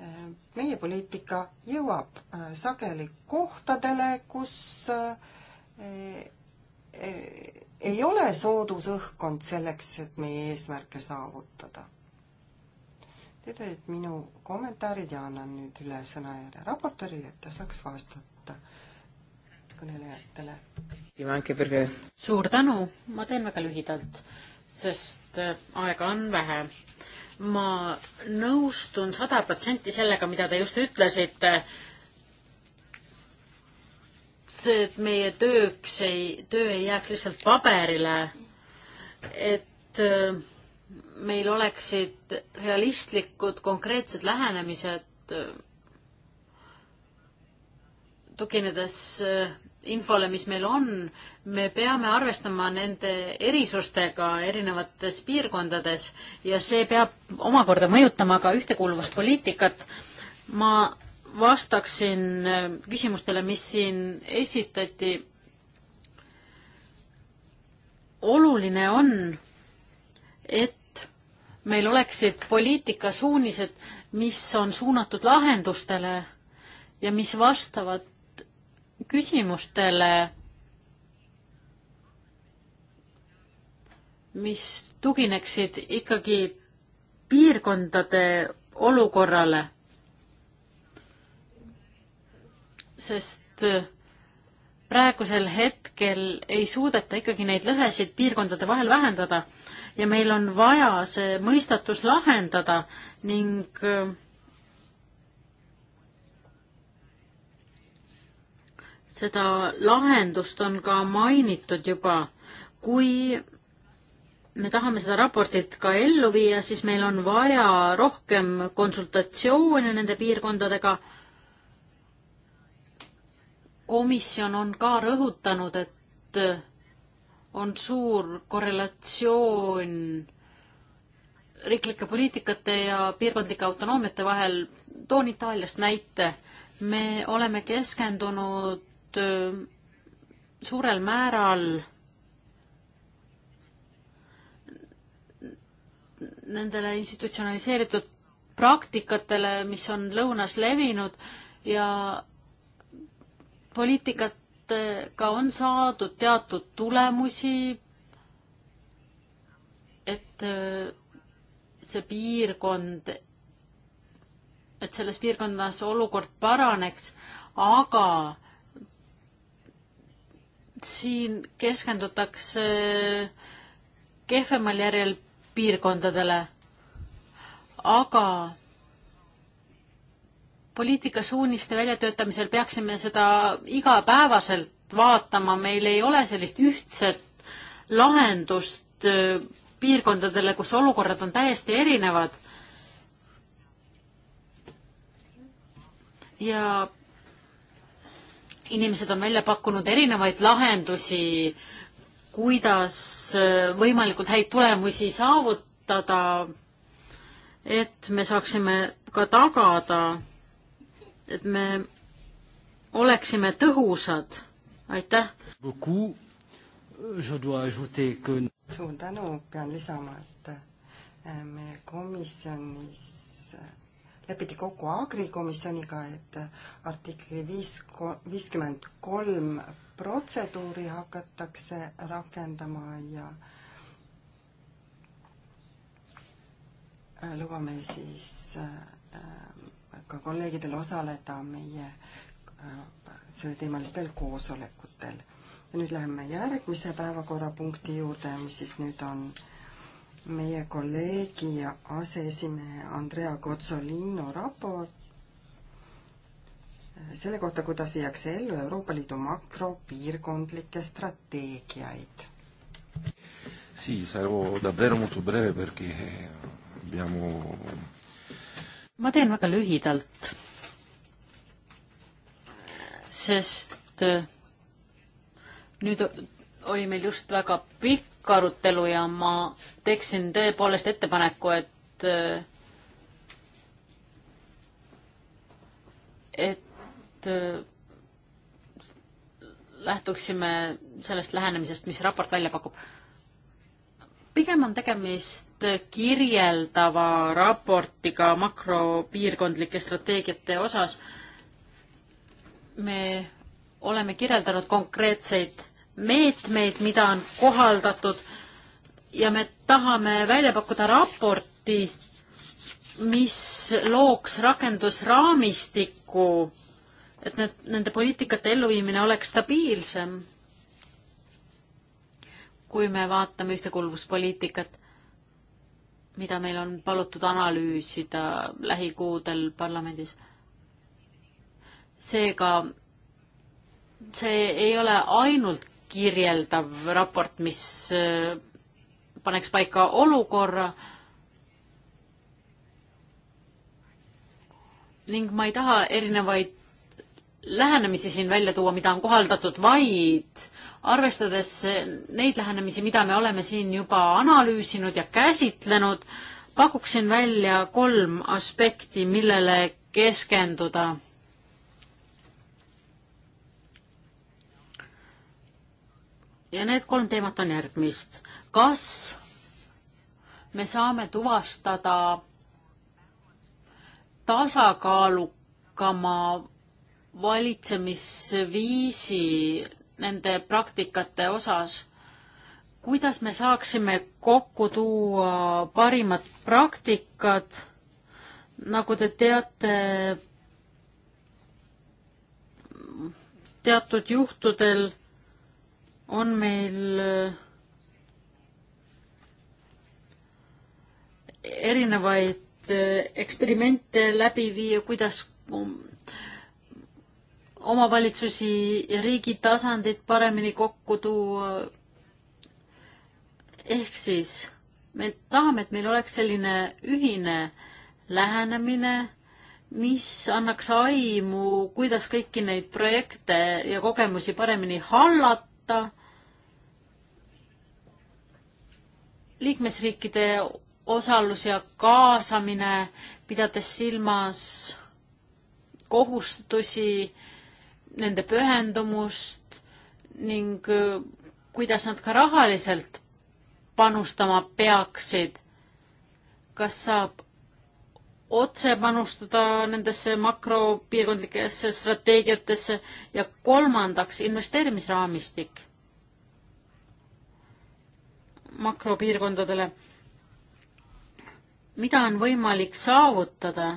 Äh, meie poliitika jõuab sageli kohtadele, kus ei ole soodus õhkkond selleks, et meie eesmärke saavutada. Need olid minu kommentaarid ja annan nüüd üle sõnajärje raportöörile, et ta saaks vastata võtta kõnelejatele. suur tänu, ma teen väga lühidalt, sest äh, aega on vähe. ma nõustun sada protsenti sellega, mida te just ütlesite. see, et meie tööks ei, töö ei jääks lihtsalt paberile. et äh, meil oleksid realistlikud konkreetsed lähenemised äh, tuginedes äh, infole, mis meil on, me peame arvestama nende erisustega erinevates piirkondades ja see peab omakorda mõjutama ka ühtekuuluvuspoliitikat. ma vastaksin äh, küsimustele, mis siin esitati. oluline on, et meil oleksid poliitikasuunised, mis on suunatud lahendustele ja mis vastavad küsimustele, mis tugineksid ikkagi piirkondade olukorrale. sest äh, praegusel hetkel ei suudeta ikkagi neid lõhesid piirkondade vahel vähendada ja meil on vaja see mõistatus lahendada ning äh, seda lahendust on ka mainitud juba. kui me tahame seda raportit ka ellu viia, siis meil on vaja rohkem konsultatsioone nende piirkondadega. komisjon on ka rõhutanud, et on suur korrelatsioon riiklike poliitikate ja piirkondlike autonoomiate vahel. toon Itaaliast näite. me oleme keskendunud seotud äh, suurel määral nendele institutsionaliseeritud praktikatele, mis on lõunas levinud ja poliitikatega on saadud teatud tulemusi, et äh, see piirkond, et selles piirkonnas olukord paraneks, aga siin keskendutakse kehvemal järjel piirkondadele, aga poliitikasuuniste väljatöötamisel peaksime seda igapäevaselt vaatama, meil ei ole sellist ühtset lahendust äh, piirkondadele, kus olukorrad on täiesti erinevad. ja inimesed on välja pakkunud erinevaid lahendusi, kuidas äh, võimalikult häid tulemusi saavutada, et me saaksime ka tagada, et me oleksime tõhusad. aitäh! suur tänu, pean lisama, et äh, meie komisjonis lepiti kokku agrikomisjoniga, et artikli viis, viiskümmend kolm protseduuri hakatakse rakendama ja lubame siis äh, ka kolleegidel osaleda meie äh, selleteemalistel koosolekutel. ja nüüd läheme järgmise päevakorrapunkti juurde, mis siis nüüd on meie kolleegi ja aseesimehe Andrea Cozzolino raport selle kohta, kuidas viiakse ellu Euroopa Liidu makropiirkondlikke strateegiaid. Sì, sarò davvero molto breve perché abbiamo... ma teen väga lühidalt, sest nüüd oli meil just väga pikk pikka arutelu ja ma teeksin tõepoolest ettepaneku, et et lähtuksime sellest lähenemisest, mis raport välja pakub. pigem on tegemist kirjeldava raportiga makropiirkondlike strateegiate osas. me oleme kirjeldanud konkreetseid meetmeid, mida on kohaldatud ja me tahame välja pakkuda raporti, mis looks rakendusraamistiku, et need, nende poliitikate elluviimine oleks stabiilsem. kui me vaatame ühtekuuluvuspoliitikat, mida meil on palutud analüüsida lähikuudel parlamendis. seega see ei ole ainult kirjeldav raport, mis äh, paneks paika olukorra ning ma ei taha erinevaid lähenemisi siin välja tuua, mida on kohaldatud, vaid arvestades neid lähenemisi, mida me oleme siin juba analüüsinud ja käsitlenud, pakuksin välja kolm aspekti, millele keskenduda ja need kolm teemat on järgmist. kas me saame tuvastada tasakaalukama valitsemisviisi nende praktikate osas, kuidas me saaksime kokku tuua parimad praktikad, nagu te teate, teatud juhtudel on meil äh, erinevaid äh, eksperimente läbi viia, kuidas um, omavalitsusi ja riigi tasandit paremini kokku tuua. ehk siis me tahame, et meil oleks selline ühine lähenemine, mis annaks aimu, kuidas kõiki neid projekte ja kogemusi paremini hallata liikmesriikide osalus ja kaasamine, pidades silmas kohustusi, nende pühendumust ning äh, kuidas nad ka rahaliselt panustama peaksid. kas saab otse panustada nendesse makropiirkondlikesse strateegiatesse ja kolmandaks investeerimisraamistik makropiirkondadele. mida on võimalik saavutada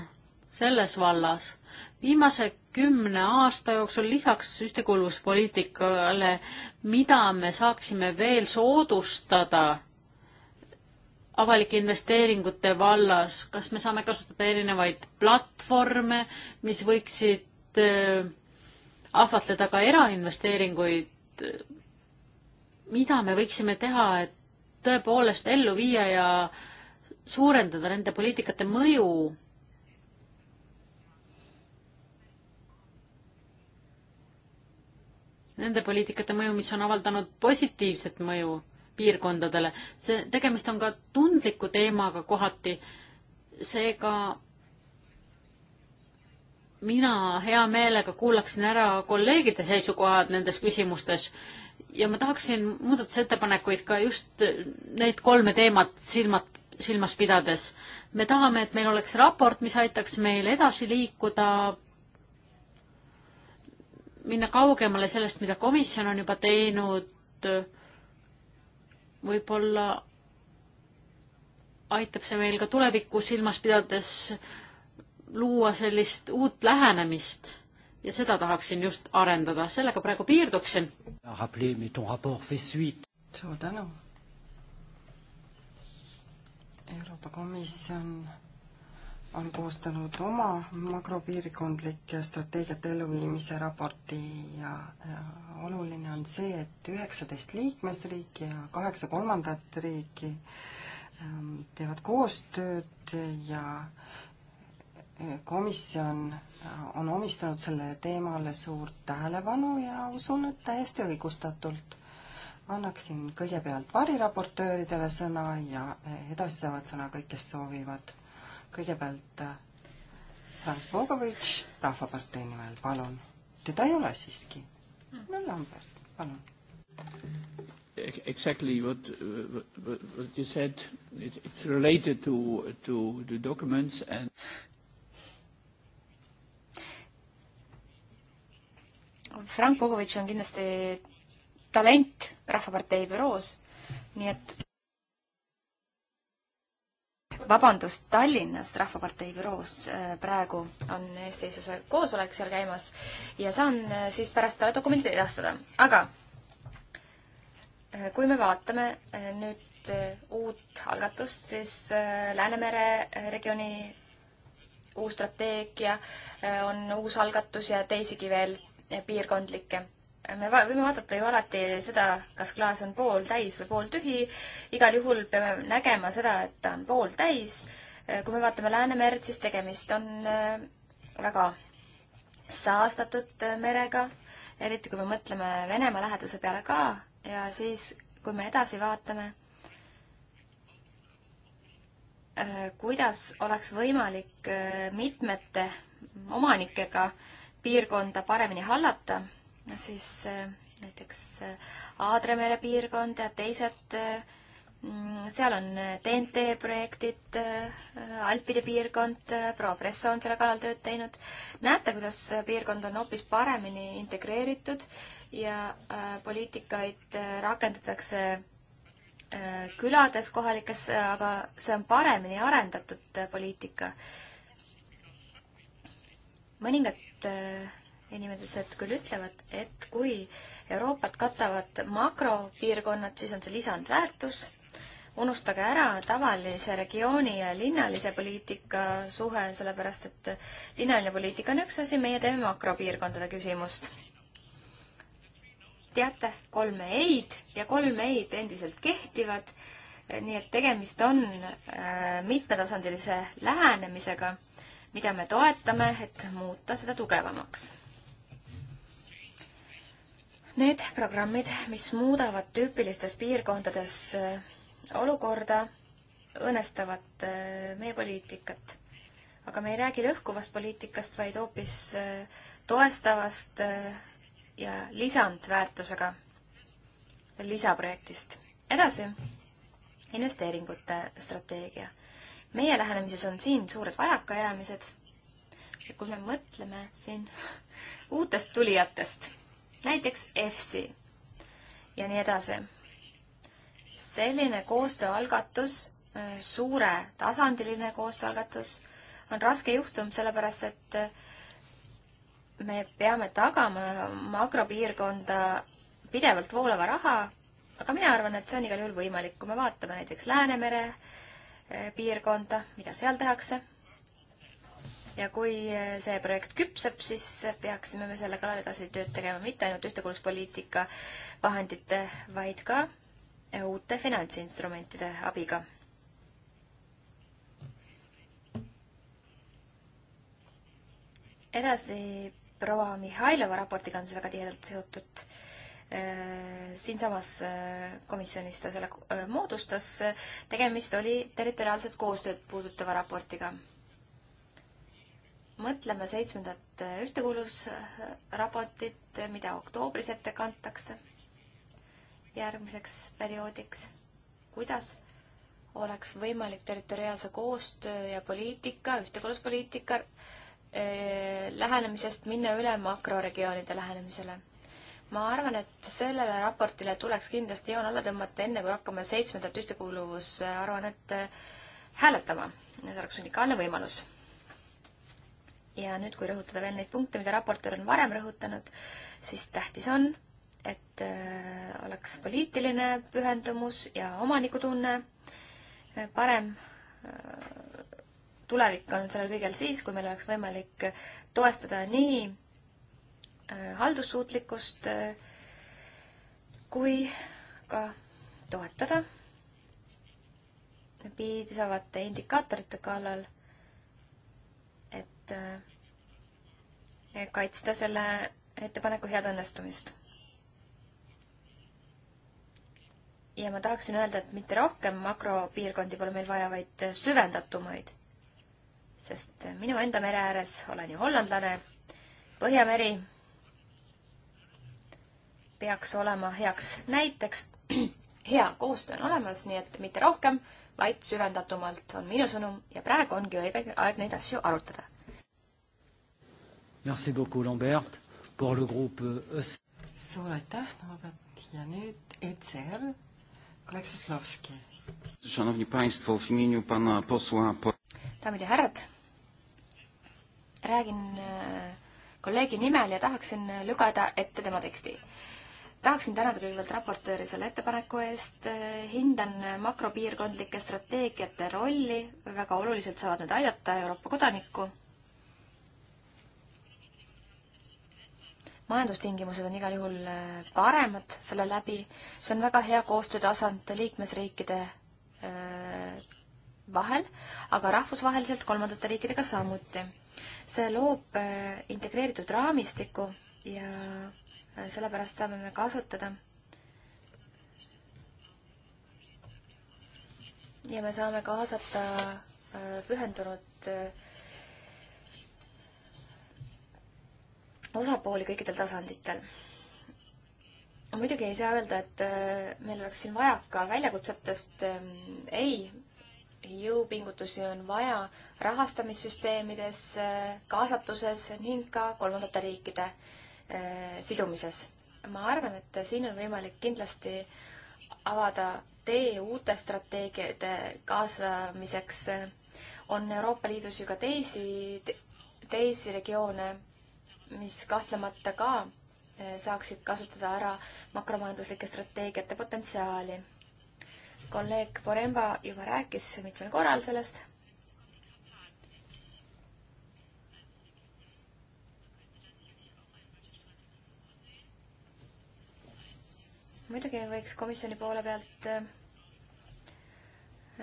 selles vallas? viimase kümne aasta jooksul lisaks ühtekuuluvuspoliitikale, mida me saaksime veel soodustada avalike investeeringute vallas, kas me saame kasutada erinevaid platvorme, mis võiksid äh, ahvatleda ka erainvesteeringuid? mida me võiksime teha, et tõepoolest ellu viia ja suurendada nende poliitikate mõju nende poliitikate mõju, mis on avaldanud positiivset mõju piirkondadele. see, tegemist on ka tundliku teemaga kohati, seega mina hea meelega kuulaksin ära kolleegide seisukohad nendes küsimustes ja ma tahaksin muudatusettepanekuid ka just need kolme teemat silmad, silmas pidades. me tahame, et meil oleks raport, mis aitaks meil edasi liikuda, minna kaugemale sellest, mida komisjon on juba teinud, võib-olla aitab see meil ka tulevikku silmas pidades luua sellist uut lähenemist ja seda tahaksin just arendada, sellega praegu piirduksin. suur tänu. Euroopa Komisjon on koostanud oma makropiirkondlike strateegiate elluviimise raporti ja, ja oluline on see, et üheksateist liikmesriiki ja kaheksa kolmandat riiki ähm, teevad koostööd ja äh, komisjon äh, on omistanud sellele teemale suurt tähelepanu ja usun, et täiesti õigustatult. annaksin kõigepealt variraportööridele sõna ja äh, edasi saavad sõna kõik, kes soovivad. kõigepealt äh, Frank Bogovitš Rahvapartei nimel, palun. teda ei ole siiski. no Lambert, palun. Exactly what, what, what you said. It, it's related to, to the documents and Frank Bogovitš on kindlasti talent Rahvapartei büroos, nii et vabandust, Tallinnas Rahvapartei büroos äh, praegu on eesseisvuse koosolek seal käimas ja saan äh, siis pärast talle dokumendid edastada, aga äh, kui me vaatame nüüd uut algatust, siis Läänemere regiooni uus strateegia on uus algatus ja teisigi veel piirkondlikke. me võime vaadata ju alati seda, kas klaas on pooltäis või pooltühi. igal juhul peame nägema seda, et ta on pooltäis. kui me vaatame Läänemerd, siis tegemist on äh, väga saastatud äh, merega, eriti kui me mõtleme Venemaa läheduse peale ka ja siis, kui me edasi vaatame äh, kuidas oleks võimalik mitmete omanikega äh, piirkonda paremini hallata, siis eh, näiteks eh, Aadremere piirkond ja teised, eh, mm, seal on TNT projektid, Alpide piirkond, Progresso on selle kallal tööd teinud. näete, kuidas piirkond on hoopis paremini integreeritud ja poliitikaid rakendatakse külades kohalikes, aga see on paremini arendatud poliitika. mõningad et äh, inimesed küll ütlevad, et kui Euroopat katavad makropiirkonnad, siis on see lisandväärtus. unustage ära tavalise regiooni ja linnalise poliitika suhe, sellepärast et linnaline poliitika on üks asi, meie teeme makropiirkondade küsimust. teate, kolme ei-d ja kolm ei-d endiselt kehtivad, nii et tegemist on äh, mitmetasandilise lähenemisega mida me toetame, et muuta seda tugevamaks. Need programmid, mis muudavad tüüpilistes piirkondades äh, olukorda, õõnestavad äh, meie poliitikat. aga me ei räägi lõhkuvast poliitikast, vaid hoopis äh, toestavast ja lisandväärtusega lisaprojektist. edasi, investeeringute strateegia meie lähenemises on siin suured vajakajäämised. kui me mõtleme siin uutest tulijatest, näiteks EFSI ja nii edasi. selline koostööalgatus, äh, suure tasandiline koostööalgatus, on raske juhtum, sellepärast et äh, me peame tagama makropiirkonda pidevalt voolava raha, aga mina arvan, et see on igal juhul võimalik, kui me vaatame näiteks Läänemere äh, Eh, piirkonda, mida seal tehakse. ja kui eh, see projekt küpseb, siis peaksime me selle kallal edasi tööd tegema, mitte ainult ühtekuuluvuspoliitika vahendite, vaid ka eh, uute finantsinstrumentide abiga. edasi proua Mihhailova raportiga on see väga tihedalt seotud Äh, siinsamas äh, komisjonis ta selle äh, moodustas. tegemist oli territoriaalset koostööd puudutava raportiga. mõtleme seitsmendat ühtekuuluvusraportit, mida oktoobris ette kantakse järgmiseks perioodiks. kuidas oleks võimalik territoriaalse koostöö ja poliitika, ühtekuuluvuspoliitika lähenemisest minna üle makroregioonide lähenemisele ma arvan, et sellele raportile tuleks kindlasti joon alla tõmmata, enne kui hakkame seitsmendat ühtekuuluvusaruannet äh, hääletama. see oleks unikaalne võimalus. ja nüüd, kui rõhutada veel neid punkte, mida raportöör on varem rõhutanud, siis tähtis on, et äh, oleks poliitiline pühendumus ja omanikutunne äh, parem tulevik on sellel kõigel siis, kui meil oleks võimalik toestada nii Äh, haldussuutlikkust äh, kui ka toetada piisavate indikaatorite kallal, et äh, kaitsta selle ettepaneku head õnnestumist. ja ma tahaksin öelda, et mitte rohkem makropiirkondi pole meil vaja, vaid süvendatumaid. sest minu enda mere ääres olen ju hollandlane, Põhjameri peaks olema heaks näiteks. hea koostöö on olemas, nii et mitte rohkem, vaid süvendatumalt on minu sõnum ja praegu ongi õige aeg neid asju arutada. Merci beaucoup, Lambert, pour le groupe EC. suur aitäh, Norbert, ja nüüd ECR, Oleg Soslovski. daamid ja härrad, räägin äh, kolleegi nimel ja tahaksin lugeda ette tema teksti tahaksin tänada kõigepealt raportööri selle ettepaneku eest, hindan makropiirkondlike strateegiate rolli, väga oluliselt saavad need aidata Euroopa kodanikku. majandustingimused on igal juhul äh, paremad selle läbi, see on väga hea koostöötasand liikmesriikide äh, vahel, aga rahvusvaheliselt kolmandate riikidega samuti. see loob äh, integreeritud raamistiku ja sellepärast saame me kasutada. ja me saame kaasata äh, pühendunud äh, osapooli kõikidel tasanditel. muidugi ei saa öelda, et äh, meil oleks siin vajaka väljakutsetest, ähm, ei, jõupingutusi on vaja rahastamissüsteemides, kaasatuses ning ka kolmandate riikide äh, Äh, sidumises. ma arvan, et siin on võimalik kindlasti avada tee uute strateegiate kaasamiseks. on Euroopa Liidus ju ka teisi, teisi regioone, mis kahtlemata ka äh, saaksid kasutada ära makromajanduslike strateegiate potentsiaali. kolleeg Poremba juba rääkis mitmel korral sellest muidugi võiks komisjoni poole pealt äh,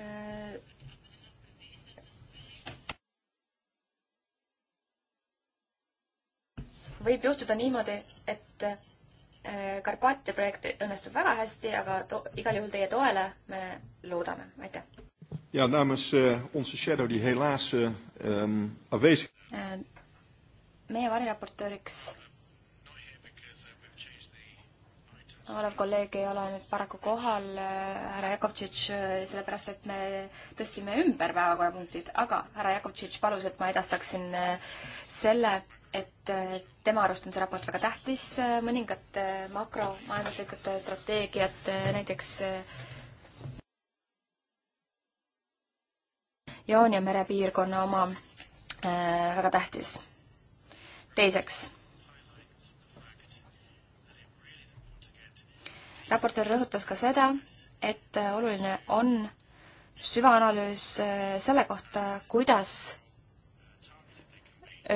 äh, võib juhtuda niimoodi, et äh, Karpaatia projekt õnnestub väga hästi, aga to, igal juhul teie toele me loodame, aitäh. ja namens uh, onze shadow die helaas uh, um, afwezig. meie variraportööriks olev kolleeg ei ole nüüd paraku kohal, äh, härra Jakovtšitš, äh, sellepärast et me tõstsime ümber päevakorrapunktid, aga härra Jakovtšitš palus, et ma edastaksin äh, selle, et tema arust on see raport väga tähtis, mõningad makromajanduslikud strateegiad, näiteks Joonia merepiirkonna oma, väga tähtis. teiseks raportöör rõhutas ka seda, et äh, oluline on süvaanalüüs äh, selle kohta, kuidas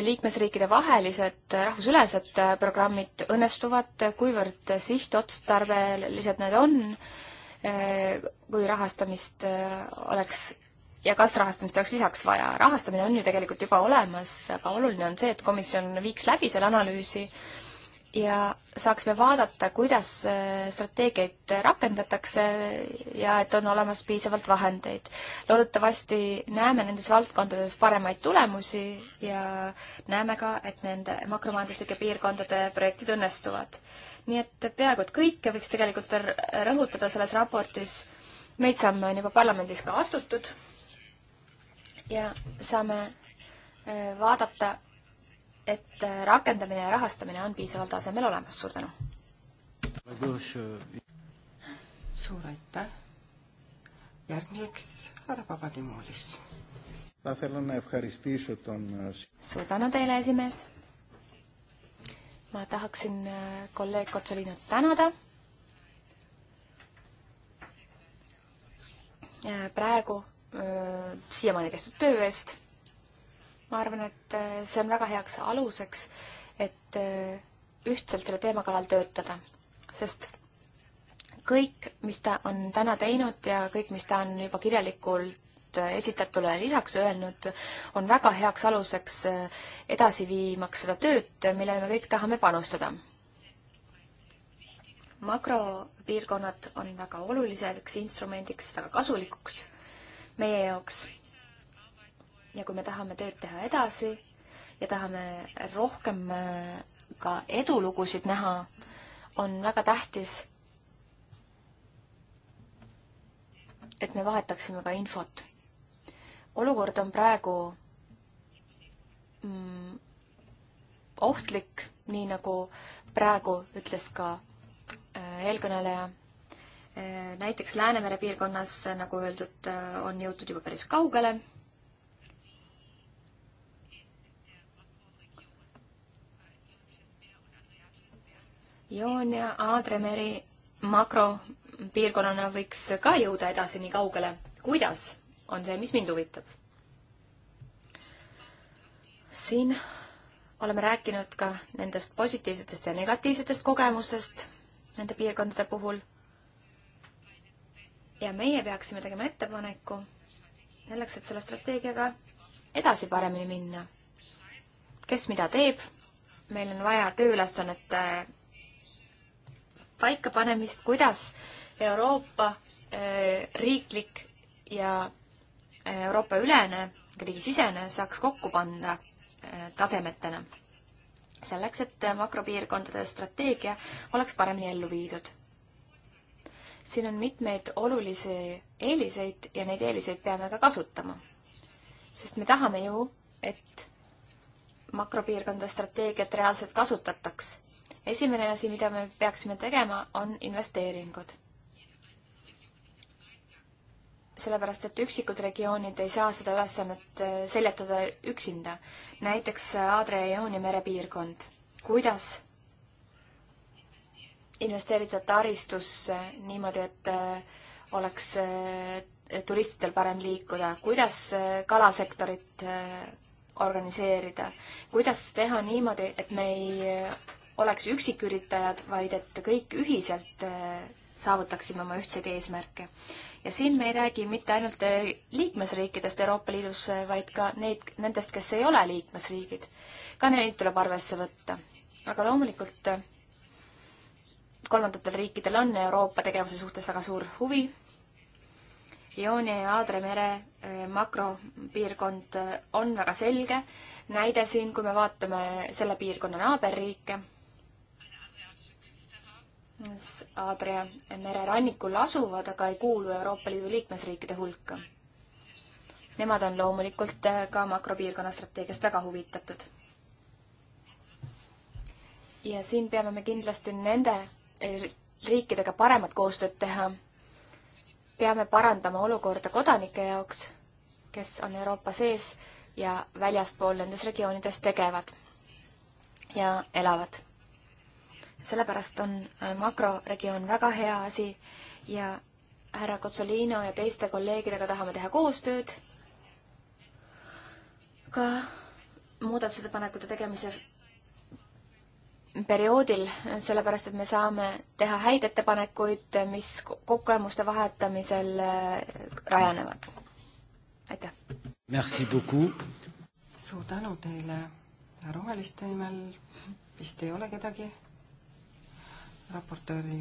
liikmesriikide vahelised rahvusülesed äh, programmid õnnestuvad, kuivõrd sihtotstarbelised need on, kui rahastamist oleks ja kas rahastamist oleks lisaks vaja. rahastamine on ju tegelikult juba olemas, aga oluline on see, et komisjon viiks läbi selle analüüsi äh, ja saaksime vaadata, kuidas äh, strateegiaid rakendatakse ja et on olemas piisavalt vahendeid. loodetavasti näeme nendes valdkondades paremaid tulemusi ja näeme ka, et nende makromajanduslike piirkondade projektid õnnestuvad. nii et peaaegu et kõike võiks tegelikult rõhutada selles raportis. Neid samme on juba parlamendis ka astutud ja saame äh, vaadata, et rakendamine ja rahastamine on piisaval tasemel olemas, suur tänu! suur aitäh! järgmiseks härra Papadimoolis. suur tänu teile, esimees! ma tahaksin kolleeg Kotšolinat tänada. Äh, praegu äh, siiamaani tehtud töö eest ma arvan, et äh, see on väga heaks aluseks, et äh, ühtselt selle teema kallal töötada, sest kõik, mis ta on täna teinud ja kõik, mis ta on juba kirjalikult äh, esitatule lisaks öelnud, on väga heaks aluseks edasi viimaks seda tööd, millele me kõik tahame panustada. makropiirkonnad on väga oluliseks instrumendiks, väga kasulikuks meie jaoks ja kui me tahame tööd teha edasi ja tahame rohkem äh, ka edulugusid näha, on väga tähtis, et me vahetaksime ka infot. olukord on praegu mm, ohtlik, nii nagu praegu ütles ka äh, eelkõneleja äh, näiteks Läänemere piirkonnas, nagu öeldud, on jõutud juba päris kaugele Joonia, Aadremeri makropiirkonnana võiks ka jõuda edasi nii kaugele. kuidas, on see, mis mind huvitab. siin oleme rääkinud ka nendest positiivsetest ja negatiivsetest kogemustest nende piirkondade puhul. ja meie peaksime tegema ettepaneku selleks, et selle strateegiaga edasi paremini minna. kes mida teeb, meil on vaja tööülesannete paikapanemist, kuidas Euroopa eh, riiklik ja eh, Euroopa ülene, riigisisene saaks kokku panna eh, tasemetena. selleks, et makropiirkondade strateegia oleks paremini ellu viidud. siin on mitmeid olulisi eeliseid ja neid eeliseid peame ka kasutama. sest me tahame ju, et makropiirkondade strateegiat reaalselt kasutataks esimene asi, mida me peaksime tegema, on investeeringud. sellepärast, et üksikud regioonid ei saa seda ülesannet äh, seljatada üksinda. näiteks Aadria ja Joonia mere piirkond. kuidas investeerida taristusse niimoodi, et äh, oleks äh, turistidel parem liikuda, kuidas kalasektorit organiseerida, kuidas teha niimoodi, et me ei oleks üksiküritajad, vaid et kõik ühiselt äh, saavutaksime oma ühtseid eesmärke. ja siin me ei räägi mitte ainult äh, liikmesriikidest Euroopa Liidus, äh, vaid ka neid, nendest, kes ei ole liikmesriigid. ka neid tuleb arvesse võtta. aga loomulikult kolmandatel riikidel on Euroopa tegevuse suhtes väga suur huvi. Ioonia ja Aadre mere makropiirkond on väga selge näide siin, kui me vaatame selle piirkonna naaberriike Adria mererannikul asuvad, aga ei kuulu Euroopa Liidu liikmesriikide hulka. Nemad on loomulikult äh, ka makropiirkonna strateegiast väga huvitatud. ja siin peame me kindlasti nende riikidega paremat koostööd teha. peame parandama olukorda kodanike jaoks, kes on Euroopa sees ja väljaspool nendes regioonides tegevad ja elavad sellepärast on äh, makroregioon väga hea asi ja härra Kotsolino ja teiste kolleegidega tahame teha koostööd ka muudatusettepanekute tegemise perioodil, sellepärast et me saame teha häid ettepanekuid, mis kogemuste vahetamisel äh, rajanevad. aitäh! suur tänu teile roheliste nimel, vist ei ole kedagi raportööri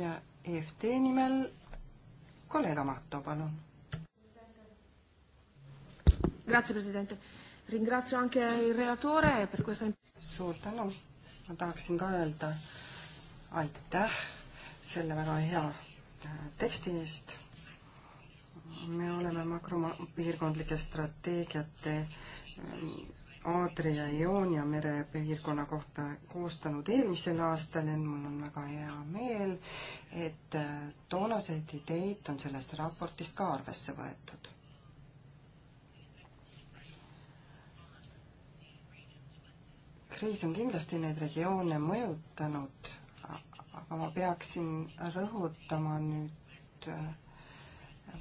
ja EFT nimel kolleeg Amato, palun. suur tänu, ma tahaksin ka öelda aitäh selle väga hea äh, teksti eest. me oleme makropiirkondlike strateegiate äh, Aadria ja Ioonia merepiirkonna kohta koostanud eelmisel aastal ja mul on väga hea meel, et äh, toonaseid ideid on selles raportis ka arvesse võetud. kriis on kindlasti neid regioone mõjutanud, aga ma peaksin rõhutama nüüd äh,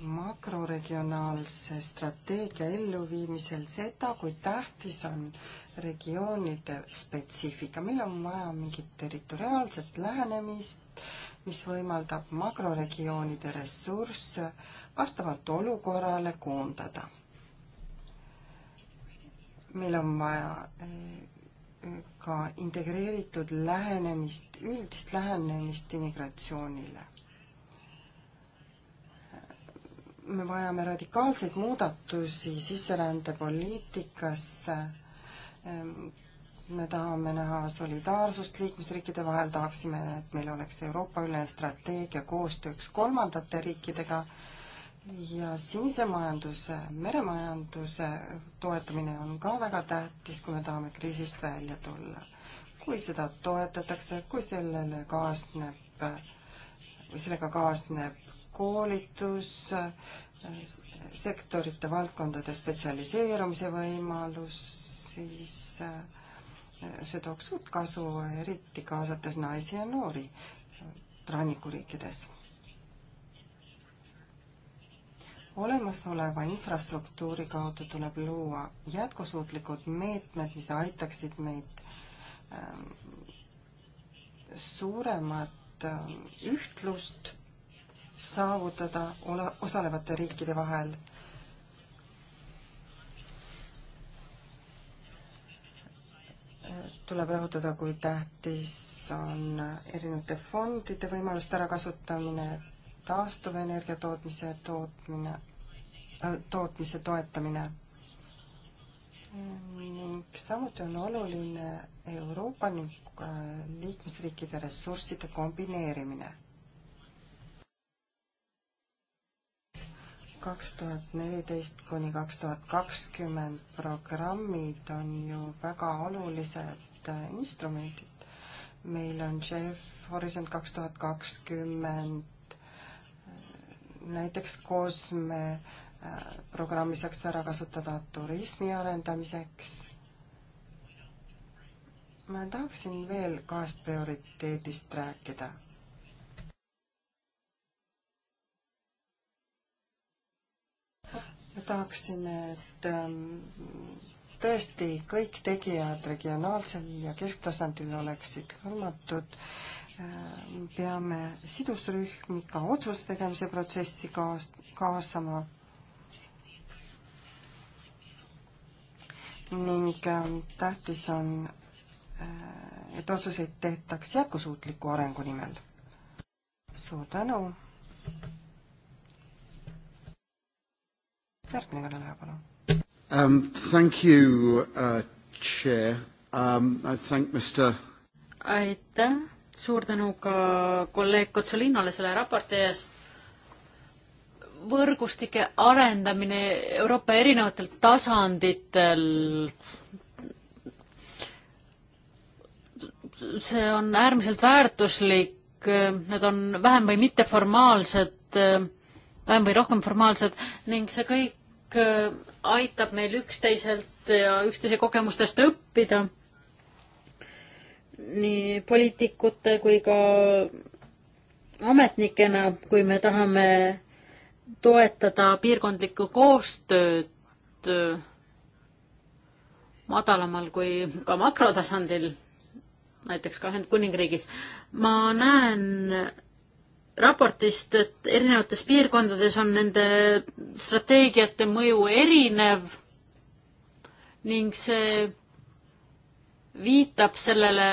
makroregionaalse strateegia elluviimisel seda, kui tähtis on regioonide spetsiifika. meil on vaja mingit territoriaalset lähenemist, mis võimaldab makroregioonide ressursse vastavalt olukorrale koondada. meil on vaja eh, ka integreeritud lähenemist, üldist lähenemist immigratsioonile me vajame radikaalseid muudatusi sisserändepoliitikasse. Ehm, me tahame näha solidaarsust liikmesriikide vahel, tahaksime, et meil oleks Euroopa-ülene strateegia koostööks kolmandate riikidega ja sinise majanduse, meremajanduse toetamine on ka väga tähtis, kui me tahame kriisist välja tulla. kui seda toetatakse, kui sellele kaasneb või sellega kaasneb koolitus, sektorite, valdkondade spetsialiseerumise võimalus, siis äh, see tooks suurt kasu, eriti kaasates naisi ja noori rannikuriikides. olemasoleva infrastruktuuri kaudu tuleb luua jätkusuutlikud meetmed, mis aitaksid meid ähm, suuremat ähm, ühtlust saavutada ole, osalevate riikide vahel. tuleb rõhutada, kui tähtis on erinevate fondide võimaluste ärakasutamine, taastuvenergia tootmise tootmine, äh, tootmise toetamine ning samuti on oluline Euroopa ning äh, liikmesriikide ressursside kombineerimine kaks tuhat neliteist kuni kaks tuhat kakskümmend programmid on ju väga olulised äh, instrumendid. meil on JEF, Horisont kaks tuhat kakskümmend, äh, näiteks COSME äh, programmi saaks ära kasutada turismi arendamiseks. ma tahaksin veel kahest prioriteedist rääkida tahaksime, et ähm, tõesti kõik tegijad regionaalsel ja kesktasandil oleksid hõlmatud. Äh, peame sidusrühmi ka otsuse tegemise protsessi kaas-, kaasama. ning ähm, tähtis on, äh, et otsuseid tehtaks jätkusuutliku arengu nimel. suur tänu! järgmine kõneleja, palun um,. Thank you uh,, chair um,. I thank Mr. aitäh, suur tänu ka kolleeg Kotsolinnale selle raporti eest. võrgustike arendamine Euroopa erinevatel tasanditel see on äärmiselt väärtuslik, need on vähem või mitteformaalsed vähem või rohkem formaalsed ning see kõik äh, aitab meil üksteiselt ja üksteise kogemustest õppida. nii poliitikute kui ka ametnikena, kui me tahame toetada piirkondlikku koostööd äh, madalamal kui ka makrotasandil, näiteks ka Ühendkuningriigis, ma näen raportist, et erinevates piirkondades on nende strateegiate mõju erinev ning see viitab sellele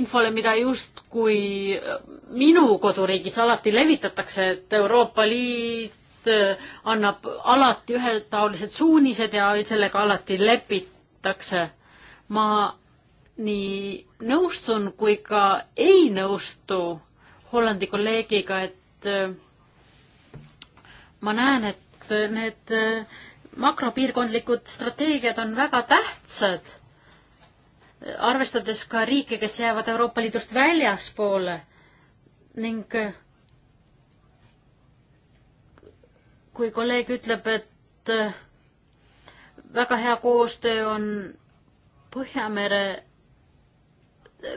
infole, mida justkui minu koduriigis alati levitatakse, et Euroopa Liit äh, annab alati ühetaolised suunised ja sellega alati lepitakse. ma nii nõustun kui ka ei nõustu Hollandi kolleegiga, et äh, ma näen, et need äh, makropiirkondlikud strateegiad on väga tähtsad, arvestades ka riike, kes jäävad Euroopa Liidust väljaspoole ning äh, kui kolleeg ütleb, et väga hea koostöö on Põhjamere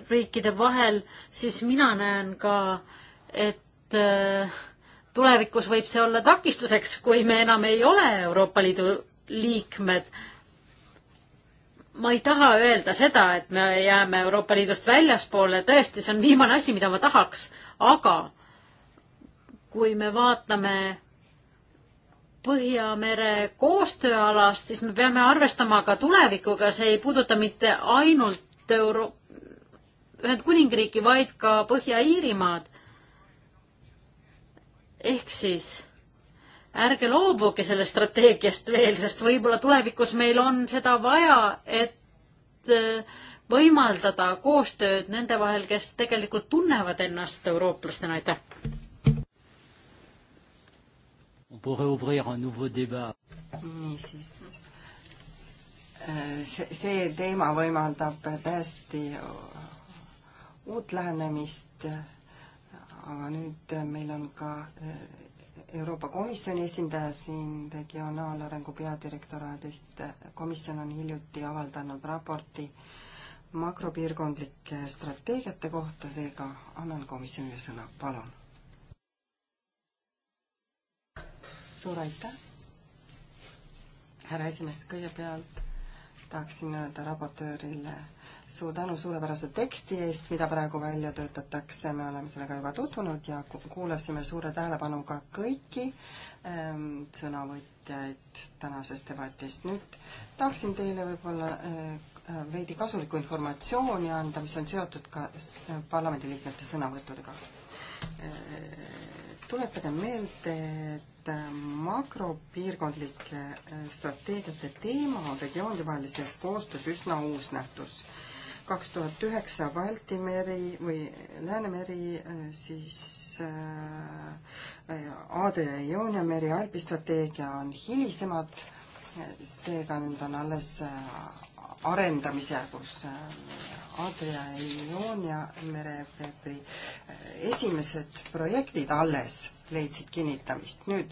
riikide vahel, siis mina näen ka, et äh, tulevikus võib see olla takistuseks, kui me enam ei ole Euroopa Liidu liikmed. ma ei taha öelda seda, et me jääme Euroopa Liidust väljaspoole, tõesti, see on viimane asi, mida ma tahaks, aga kui me vaatame Põhjamere koostööalast, siis me peame arvestama ka tulevikuga, see ei puuduta mitte ainult Euroopa Ühendkuningriiki, vaid ka Põhja-Iirimaad. ehk siis ärge loobuge sellest strateegiast veel, sest võib-olla tulevikus meil on seda vaja, et äh, võimaldada koostööd nende vahel, kes tegelikult tunnevad ennast eurooplastena, aitäh! niisiis, äh, see, see teema võimaldab täiesti uut lähenemist, aga nüüd meil on ka eh, Euroopa Komisjoni esindaja siin Regionaalarengu peadirektoraadist. komisjon on hiljuti avaldanud raporti makropiirkondlike strateegiate kohta, seega annan komisjonile sõna, palun. suur aitäh, härra esimees, kõigepealt tahaksin öelda raportöörile suur tänu suurepärase teksti eest, mida praegu välja töötatakse, me oleme sellega juba tutvunud ja kuulasime suure tähelepanuga kõiki ähm, sõnavõtjaid tänases debatis. nüüd tahaksin teile võib-olla äh, veidi kasulikku informatsiooni anda, mis on seotud ka parlamendiliikmete sõnavõttudega äh,. tuletagem meelde, et äh, makropiirkondlike äh, strateegiate teema on regioonides koostöös üsna uus nähtus kaks tuhat üheksa Baltimeri või Läänemeri, äh, siis äh, Aadria ja Joonia meri albistrateegia on hilisemad, seega need on alles äh, arendamisjärgus. Aadria ja Joonia merepebri esimesed projektid alles leidsid kinnitamist. nüüd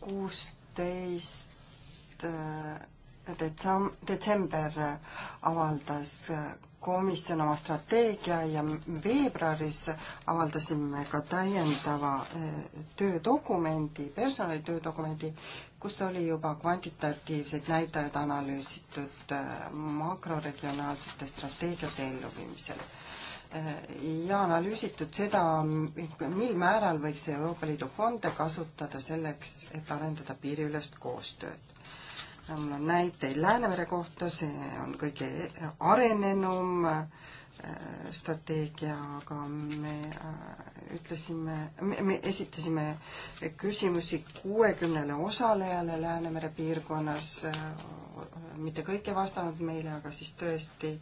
kuusteist 16 detsam-, detsember äh, avaldas äh, komisjon oma strateegia ja veebruaris avaldasime ka täiendava äh, töödokumendi, personali töödokumendi, kus oli juba kvantitatiivseid näitajaid analüüsitud makroregionaalsete strateegiate elluviimisel. ja analüüsitud seda, mil määral võiks Euroopa Liidu fonde kasutada selleks, et arendada piiriülest koostööd mul on näiteid Läänemere kohta, see on kõige arenenum äh, strateegia, aga me äh, ütlesime, me esitasime küsimusi kuuekümnele osalejale Läänemere piirkonnas, äh, mitte kõik ei vastanud meile, aga siis tõesti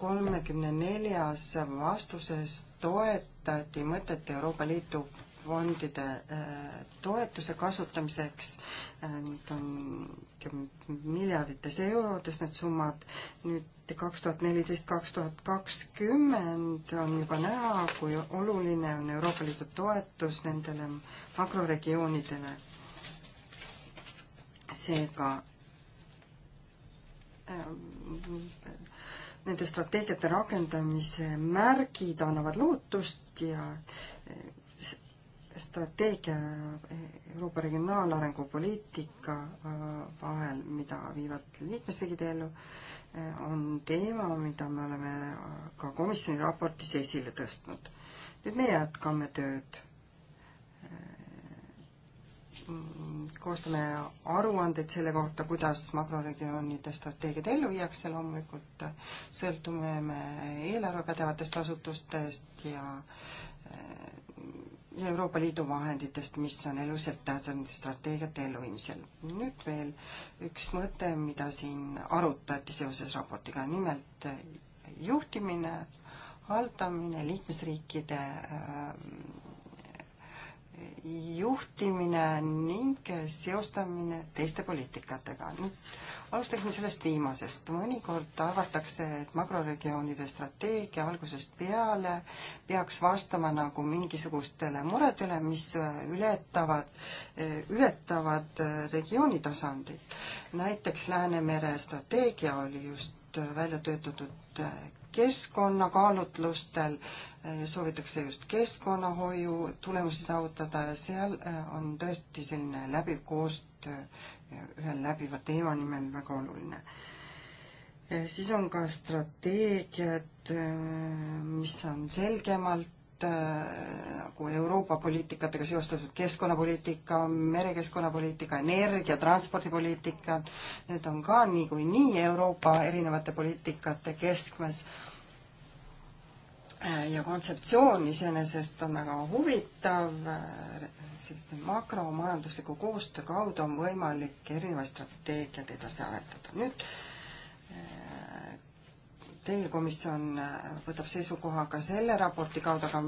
kolmekümne neljas vastuses toetati mõtet Euroopa Liitu fondide äh, toetuse kasutamiseks. Äh, need on miljardites eurodes, need summad. nüüd kaks tuhat neliteist, kaks tuhat kakskümmend on juba näha, kui oluline on Euroopa Liidu toetus nendele makroregioonidele. seega äh, nende strateegiate rakendamise märgid annavad lootust ja strateegia Euroopa regionaalarengu poliitika äh, vahel, mida viivad liikmesriigid ellu, äh, on teema, mida me oleme äh, ka komisjoni raportis esile tõstnud. nüüd me jätkame tööd. Mm, koostame aruandeid selle kohta, kuidas makroregioonide strateegiad ellu viiakse, loomulikult sõltume me eelarvepädevatest asutustest ja Euroopa Liidu vahenditest, mis on eluliselt tähtsad nende strateegiate elluviimisel. nüüd veel üks mõte, mida siin arutati seoses raportiga, nimelt juhtimine, haldamine, liikmesriikide äh, juhtimine ning seostamine teiste poliitikatega. nüüd alustaksin sellest viimasest. mõnikord arvatakse, et makroregioonide strateegia algusest peale peaks vastama nagu mingisugustele muredele, mis äh, ületavad, äh, ületavad äh, regiooni tasandit. näiteks Läänemere strateegia oli just välja töötatud keskkonnakaalutlustel, soovitakse just keskkonnahoiu tulemusi saavutada ja seal on tõesti selline läbiv koostöö ühe läbiva teema nimel väga oluline. Eh, siis on ka strateegiad, eh, mis on selgemalt eh, nagu Euroopa poliitikatega seostatud keskkonnapoliitika, merekeskkonnapoliitika, energia, transpordipoliitika, need on ka niikuinii nii Euroopa erinevate poliitikate keskmes ja kontseptsioon iseenesest on väga huvitav, sest makromajandusliku koostöö kaudu on võimalik erinevaid strateegiaid edasi arendada. nüüd äh, teie komisjon äh, võtab seisukoha ka selle raporti kaudu, aga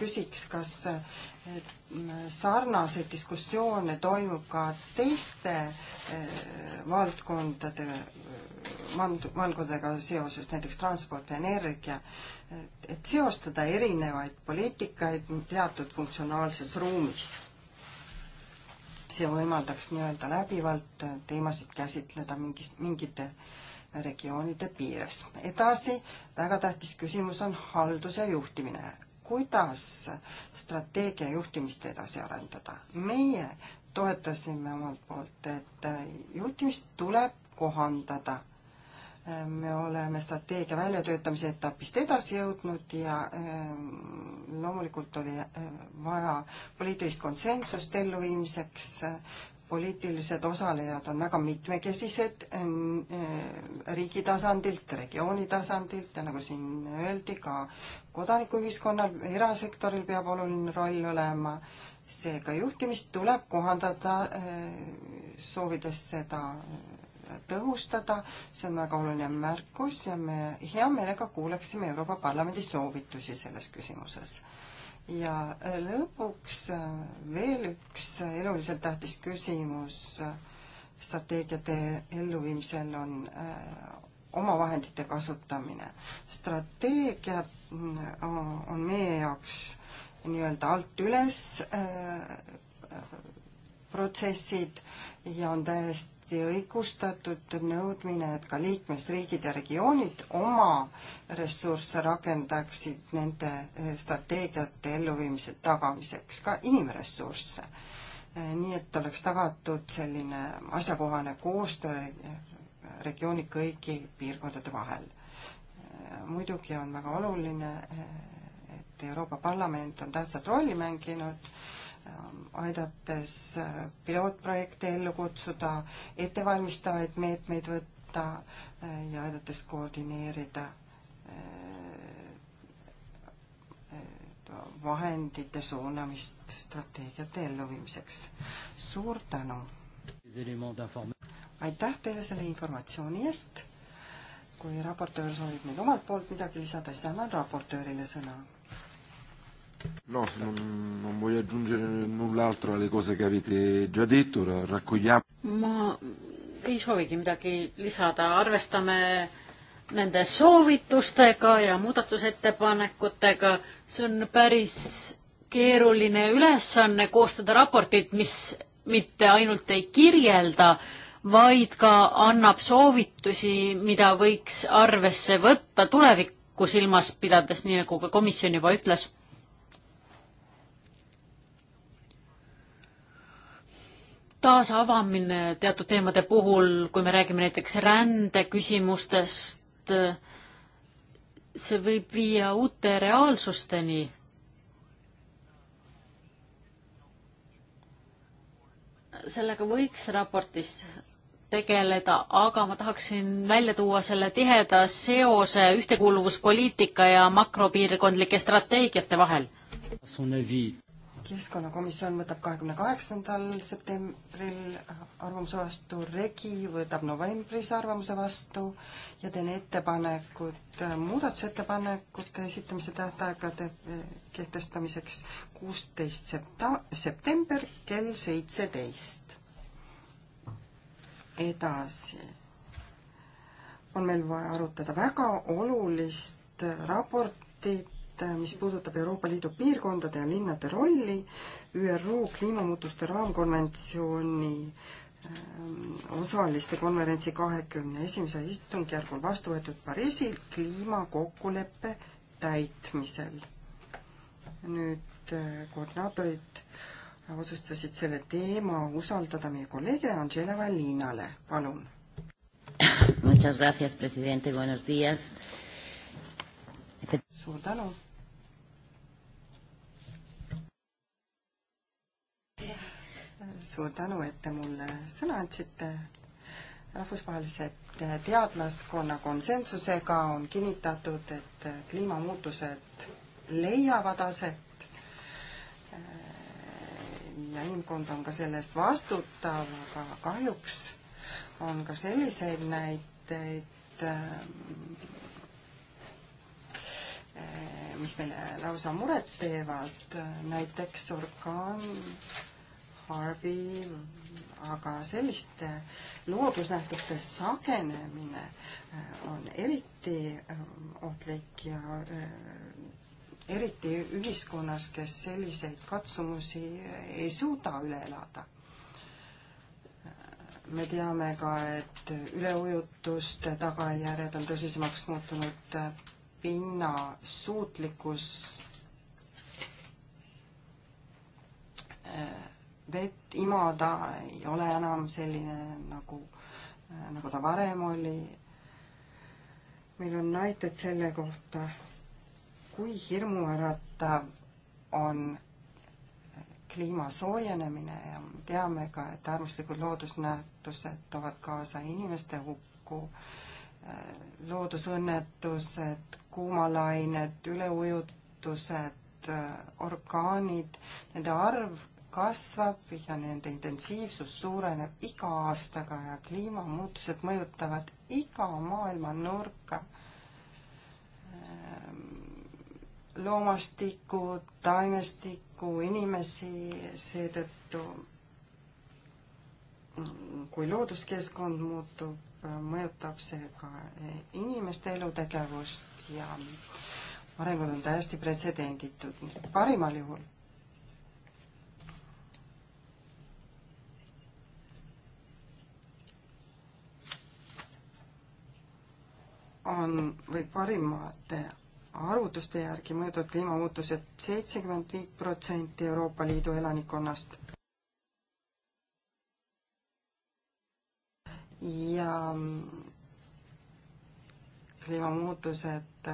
küsiks, kas äh, sarnaseid diskussioone toimub ka teiste valdkondade vald-, valdkondadega seoses, näiteks transport ja energia, et seostada erinevaid poliitikaid teatud funktsionaalses ruumis see võimaldaks nii-öelda läbivalt teemasid käsitleda mingist, mingite regioonide piires. edasi, väga tähtis küsimus on haldus ja juhtimine. kuidas strateegia juhtimist edasi arendada? meie toetasime omalt poolt, et juhtimist tuleb kohandada me oleme strateegia väljatöötamise etapist edasi jõudnud ja ähm, loomulikult oli ähm, vaja poliitilist konsensust elluviimiseks, poliitilised osalejad on väga mitmekesised ähm, äh, riigi tasandilt, regiooni tasandilt ja nagu siin öeldi, ka kodanikuühiskonnal, erasektoril peab oluline roll olema. seega juhtimist tuleb kohandada, äh, soovides seda tõhustada, see on väga oluline märkus ja me hea meelega kuuleksime Euroopa Parlamendi soovitusi selles küsimuses. ja lõpuks veel üks eluliselt tähtis küsimus strateegiate elluviimisel on äh, omavahendite kasutamine. strateegia äh, on meie jaoks nii-öelda alt üles äh, protsessid ja on täiesti täiesti õigustatud nõudmine, et ka liikmesriigid ja regioonid oma ressursse rakendaksid nende eh, strateegiate elluviimise tagamiseks, ka inimressursse. Eh, nii et oleks tagatud selline asjakohane koostöö regiooni kõigi piirkondade vahel. Eh, muidugi on väga oluline, et Euroopa Parlament on tähtsat rolli mänginud Ähm, aidates äh, pilootprojekte ellu kutsuda, ettevalmistavaid meetmeid võtta äh, ja aidates koordineerida äh, vahendite suunamist strateegiate elluviimiseks. suur tänu! aitäh teile selle informatsiooni eest. kui raportöör soovib nüüd omalt poolt midagi lisada, siis annan raportöörile sõna No, non, non voglio aggiungere null'altro alle cose che avete già detto, raccogliamo. ma ei soovigi midagi lisada, arvestame nende soovitustega ja muudatusettepanekutega, see on päris keeruline ülesanne koostada raportit, mis mitte ainult ei kirjelda, vaid ka annab soovitusi, mida võiks arvesse võtta tulevikku silmas pidades, nii nagu ka komisjon juba ütles taasavamine teatud teemade puhul, kui me räägime näiteks rändeküsimustest, see võib viia uute reaalsusteni. sellega võiks raportis tegeleda, aga ma tahaksin välja tuua selle tiheda seose ühtekuuluvuspoliitika ja makropiirkondlike strateegiate vahel keskkonnakomisjon võtab kahekümne kaheksandal septembril arvamuse vastu, Regi võtab novembris arvamuse vastu ja teen ettepanekud äh, muudatusettepanekute esitamise tähtaegade äh, kehtestamiseks kuusteist septa-, september kell seitseteist. edasi on meil vaja arutada väga olulist äh, raportit Äh, mis puudutab Euroopa Liidu piirkondade ja linnade rolli. ÜRO kliimamuutuste raamkonventsiooni ähm, osaliste konverentsi kahekümne esimesel istungjärgul vastu võetud Pariisi kliimakokkuleppe täitmisel. nüüd äh, koordinaatorid otsustasid selle teema usaldada meie kolleegile Angela Vallinale, palun. Muchas gracias, presidente, buenos dias. suur tänu suur tänu, et te mulle sõna andsite. rahvusvahelise teadlaskonna konsensusega on kinnitatud, et kliimamuutused leiavad aset ja inimkond on ka selle eest vastutav, aga kahjuks on ka selliseid näiteid, mis meile lausa muret teevad, näiteks orkaan Harvey, aga selliste loodusnähtuste sagenemine äh, on eriti äh, ohtlik ja äh, eriti ühiskonnas, kes selliseid katsumusi ei suuda üle elada. me teame ka, et üleujutuste tagajärjed on tõsisemaks muutunud pinna suutlikkus vet-, imada ei ole enam selline, nagu, nagu ta varem oli. meil on näited selle kohta, kui hirmuäratav on kliima soojenemine ja me teame ka, et äärmuslikud loodusnähtused toovad kaasa inimeste hukku, loodusõnnetused, kuumalained, üleujutused, orkaanid, nende arv kasvab ja nende intensiivsus suureneb iga aastaga ja kliimamuutused mõjutavad iga maailma nurka. Ehm, loomastikku, taimestikku, inimesi, seetõttu mm, kui looduskeskkond muutub, mõjutab see ka inimeste elutegevust ja arengud on täiesti pretsedenditud. parimal juhul on või parimate arvutuste järgi mõõdud kliimamuutused seitsekümmend viit protsenti Euroopa Liidu elanikkonnast. ja kliimamuutused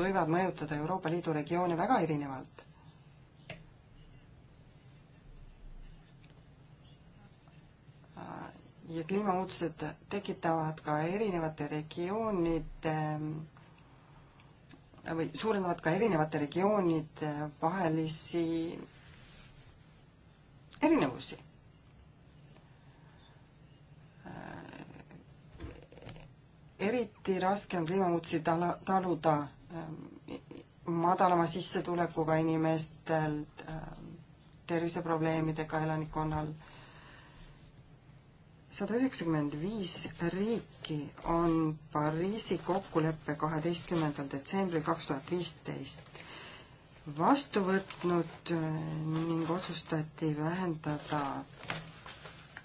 võivad mõjutada Euroopa Liidu regioone väga erinevalt. ja kliimamuutused tekitavad ka erinevate regioonide või suurendavad ka erinevate regioonide vahelisi erinevusi. eriti raske on kliimamuutusi tala, taluda ähm, madalama sissetulekuga inimestel, ähm, terviseprobleemidega elanikkonnal sada üheksakümmend viis riiki on Pariisi kokkuleppe kaheteistkümnendal detsembril kaks tuhat viisteist vastu võtnud eh, ning otsustati vähendada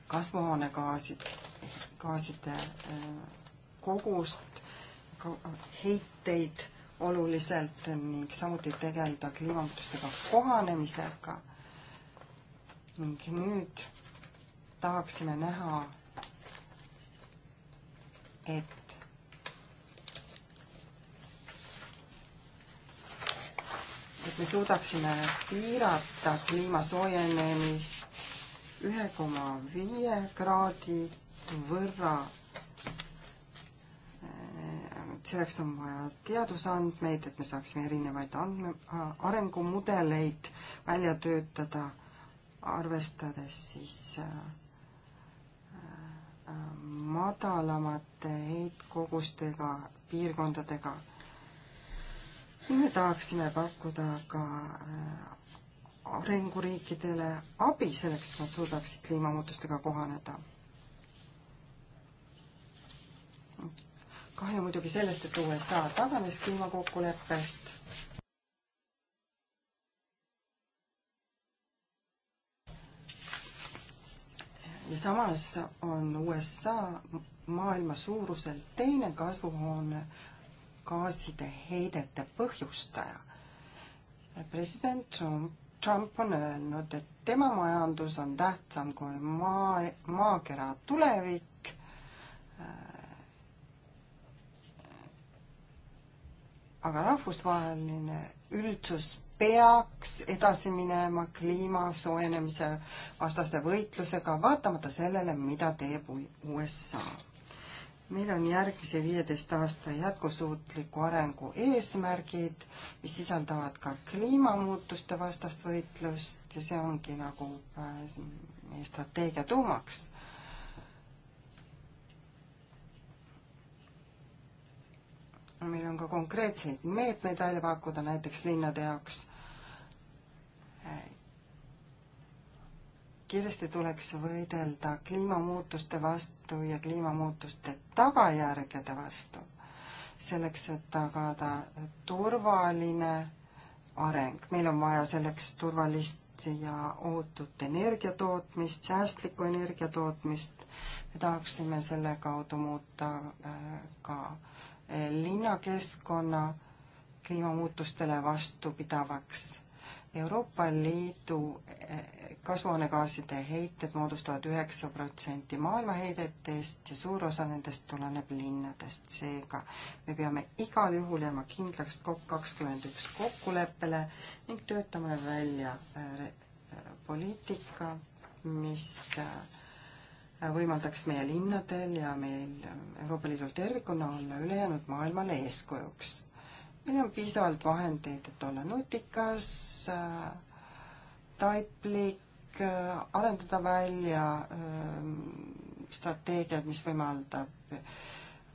kasvuhoonegaasid, gaaside eh, kogust, heiteid oluliselt ning samuti tegeleda kliimamuutustega kohanemisega. ning nüüd tahaksime näha et et me suudaksime piirata kliima soojenemist ühe koma viie kraadi võrra. selleks on vaja teadusandmeid, et me saaksime erinevaid andme, arengumudeleid välja töötada, arvestades siis äh, madalamate heitkogustega piirkondadega. me tahaksime pakkuda ka äh, arenguriikidele abi selleks, et nad suudaksid kliimamuutustega kohaneda. kahju muidugi sellest, et USA taganes kliimakokkuleppest ja samas on USA maailma suuruselt teine kasvuhoonegaaside heidete põhjustaja. president Trump, Trump on öelnud, et tema majandus on tähtsam kui maa, maakera tulevik. aga rahvusvaheline üldsus peaks edasi minema kliima soojenemise vastaste võitlusega, vaatamata sellele, mida teeb USA. meil on järgmise viieteist aasta jätkusuutliku arengu eesmärgid, mis sisaldavad ka kliimamuutuste vastast võitlust ja see ongi nagu äh, meie strateegia tuumaks meil on ka konkreetseid meetmeid välja pakkuda, näiteks linnade jaoks kiiresti tuleks võidelda kliimamuutuste vastu ja kliimamuutuste tagajärgede vastu, selleks et tagada turvaline areng. meil on vaja selleks turvalist ja ohutut energiatootmist, säästlikku energiatootmist. me tahaksime selle kaudu muuta äh, ka äh, linnakeskkonna kliimamuutustele vastupidavaks Euroopa Liidu eh, kasvuhoonegaaside heited moodustavad üheksa protsenti maailma heidetest ja suur osa nendest tuleneb linnadest. seega me peame igal juhul jääma kindlaks COP kakskümmend üks kokkuleppele ning töötame välja eh, eh, poliitika, mis võimaldaks meie linnadel ja meil Euroopa Liidul tervikuna olla ülejäänud maailmale eeskujuks meil on piisavalt vahendeid, et olla nutikas, äh, taiplik, äh, arendada välja äh, strateegiad, mis võimaldab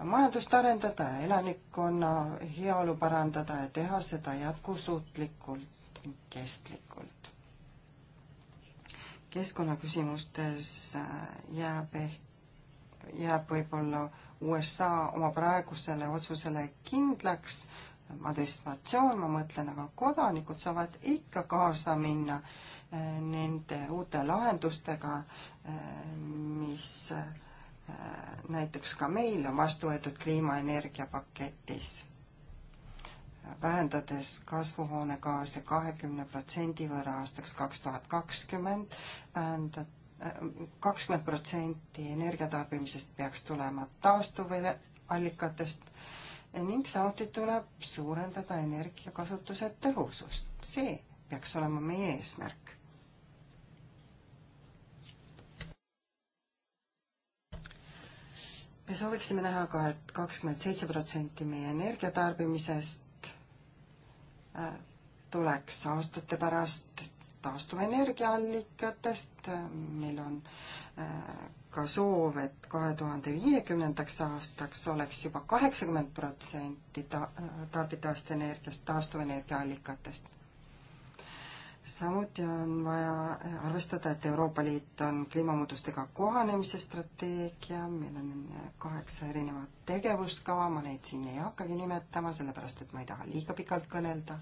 majandust arendada ja elanikkonna heaolu parandada ja teha seda jätkusuutlikult ning kestlikult. keskkonnaküsimustes jääb ehk, jääb võib-olla USA oma praegusele otsusele kindlaks, administratsioon, ma mõtlen, aga kodanikud saavad ikka kaasa minna eh, nende uute lahendustega, eh, mis eh, näiteks ka meil on vastu võetud kliimaenergia paketis, vähendades kasvuhoonegaase kahekümne protsendi võrra aastaks kaks tuhat kakskümmend, vähendad kakskümmend protsenti energiatarbimisest peaks tulema taastuvallikatest ning samuti tuleb suurendada energiakasutuse tõhusust. see peaks olema meie eesmärk. me sooviksime näha ka et, et kakskümmend seitse protsenti meie energiatarbimisest äh, tuleks aastate pärast taastuvenergiaallikatest, meil on äh, ka soov, et kahe tuhande viiekümnendaks aastaks oleks juba kaheksakümmend protsenti ta-, tarbitavast energiast taastuvenergiaallikatest. samuti on vaja arvestada, et Euroopa Liit on kliimamuutustega kohanemise strateegia, meil on kaheksa erinevat tegevuskava, ma neid siin ei hakkagi nimetama, sellepärast et ma ei taha liiga pikalt kõnelda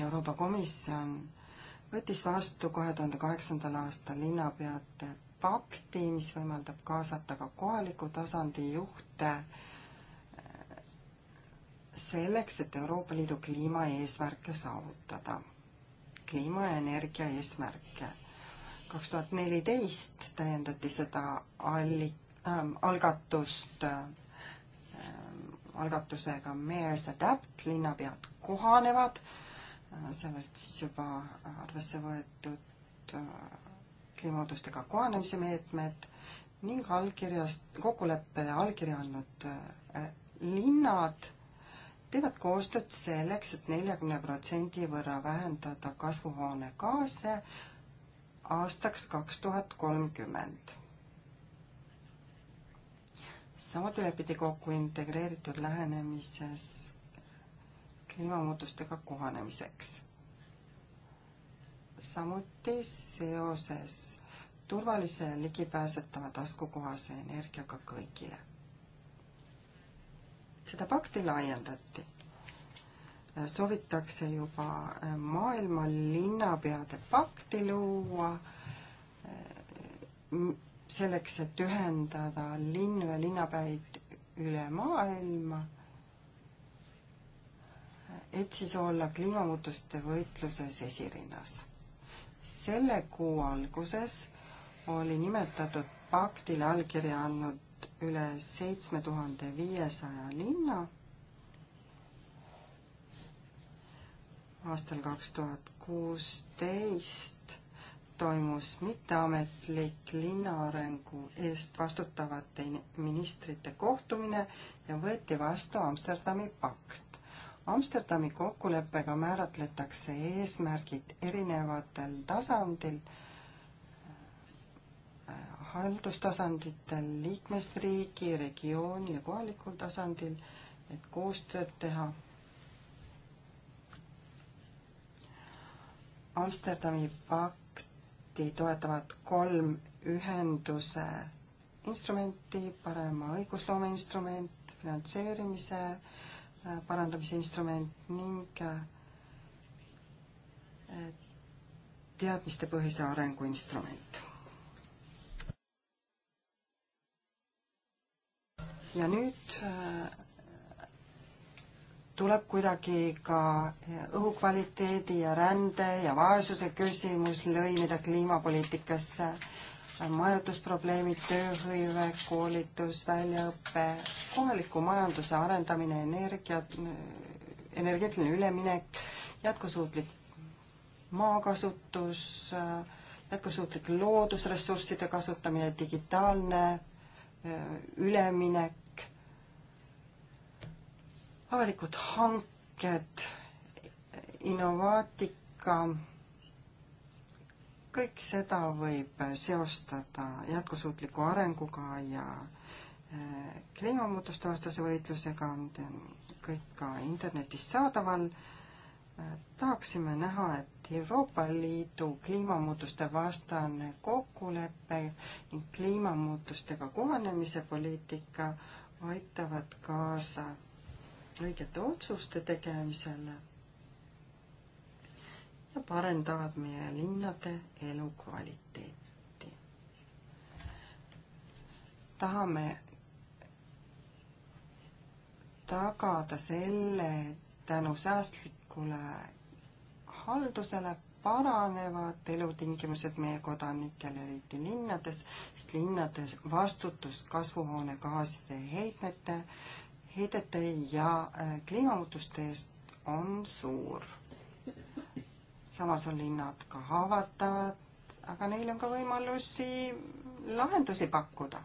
Euroopa Komisjon võttis vastu kahe tuhande kaheksandal aastal linnapeate pakti, mis võimaldab kaasata ka kohaliku tasandi juhte äh, selleks, et Euroopa Liidu kliimaeesmärke saavutada, kliima ja energia eesmärke. kaks tuhat neliteist täiendati seda alli- äh,, algatust äh, ähm, algatusega Mayors Adapt, linnapead kohanevad äh,, seal olid siis juba arvesse võetud äh, kliimamuutustega kohanemise meetmed ning allkirjast, kokkuleppele allkirja andnud äh, linnad teevad koostööd selleks et, et neljakümne protsendi võrra vähendada kasvuhoonegaase aastaks kaks tuhat kolmkümmend. samuti lepiti kokku integreeritud lähenemises kliimamuutustega kohanemiseks. samuti seoses turvalise ja ligipääsetava taskukohase energiaga kõigile. seda pakti laiendati. soovitakse juba maailma linnapeade pakti luua selleks, et ühendada linnu ja linnapäid üle maailma et siis olla kliimamuutuste võitluses esirinnas. selle kuu alguses oli nimetatud paktile allkirja andnud üle seitsme tuhande viiesaja linna. aastal kaks tuhat kuusteist toimus mitteametlik linnaarengu eest vastutavate ministrite kohtumine ja võeti vastu Amsterdami pakt Amsterdami kokkuleppega määratletakse eesmärgid erinevatel tasandil, haldustasanditel, liikmesriigi, regiooni ja kohalikul tasandil, et koostööd teha. Amsterdami pakti toetavad kolm ühenduse instrumenti, parema õigusloome instrument, finantseerimise äh, Äh, parandamise instrument ning äh, äh, teadmistepõhise arengu instrument. ja nüüd tuleb kuidagi ka õhukvaliteedi ja rände ja vaesuse küsimus lõimida kliimapoliitikasse majutusprobleemid, tööhõive, koolitus, väljaõpe, kohaliku majanduse arendamine, energia, energeetiline üleminek, jätkusuutlik maakasutus, jätkusuutlik loodusressursside kasutamine, digitaalne üleminek, avalikud hanked, innovaatika kõik seda võib seostada jätkusuutliku arenguga ja eh, kliimamuutuste vastase võitlusega, kõik ka internetis saadaval. Eh, tahaksime näha, et Euroopa Liidu kliimamuutuste vastane kokkulepe ning kliimamuutustega kohanemise poliitika aitavad kaasa õigete otsuste tegemisele ja parendavad meie linnade elukvaliteeti. tahame tagada selle, et tänu säästlikule haldusele paranevad elutingimused meie kodanikel, eriti linnades, sest linnades vastutus kasvuhoonegaaside heitmete, heidete ja äh, kliimamuutuste eest on suur samas on linnad ka haavatavad, aga neil on ka võimalusi lahendusi pakkuda.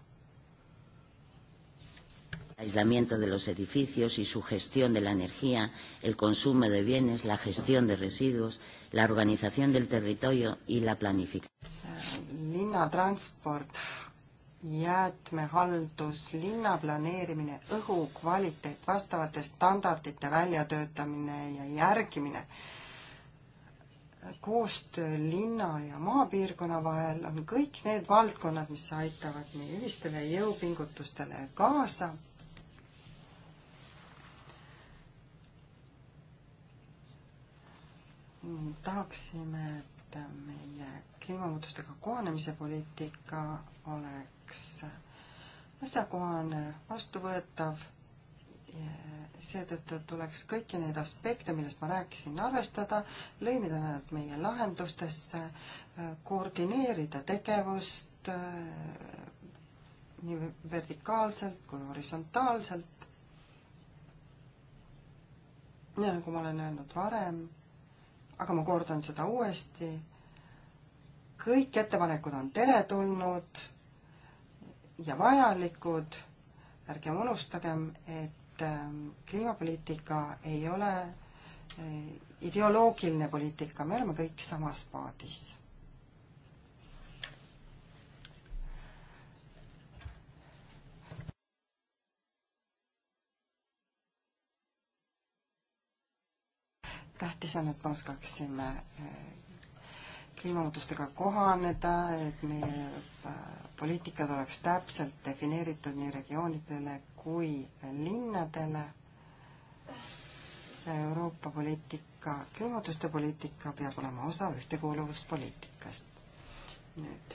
aislamiento de los edificios y su gestión de la energía, el consumo de bienes, la gestión de residuos, la organización del territorio y la planificación. Eh, linnatransport, jäätmehaldus, linna planeerimine, õhukvaliteet, vastavate standardite väljatöötamine ja järgimine koostöö linna ja maapiirkonna vahel on kõik need valdkonnad, mis aitavad meie ühistele jõupingutustele kaasa. tahaksime, et meie kliimamuutustega kohanemise poliitika oleks asjakohane, vastuvõetav seetõttu tuleks kõiki neid aspekte, millest ma rääkisin, arvestada, lõimida nad meie lahendustesse, äh, koordineerida tegevust äh, nii vertikaalselt kui horisontaalselt. nii nagu ma olen öelnud varem, aga ma kordan seda uuesti, kõik ettepanekud on teretulnud ja vajalikud, ärgem unustagem, et Ähm, kliimapoliitika ei ole äh, ideoloogiline poliitika, me oleme kõik samas paadis. tähtis on, et me oskaksime äh, kliimamuutustega kohaneda, et meie äh, poliitikad oleks täpselt defineeritud nii regioonidele kui linnadele. Euroopa poliitika, kliimamuutuste poliitika peab olema osa ühtekuuluvuspoliitikast. nüüd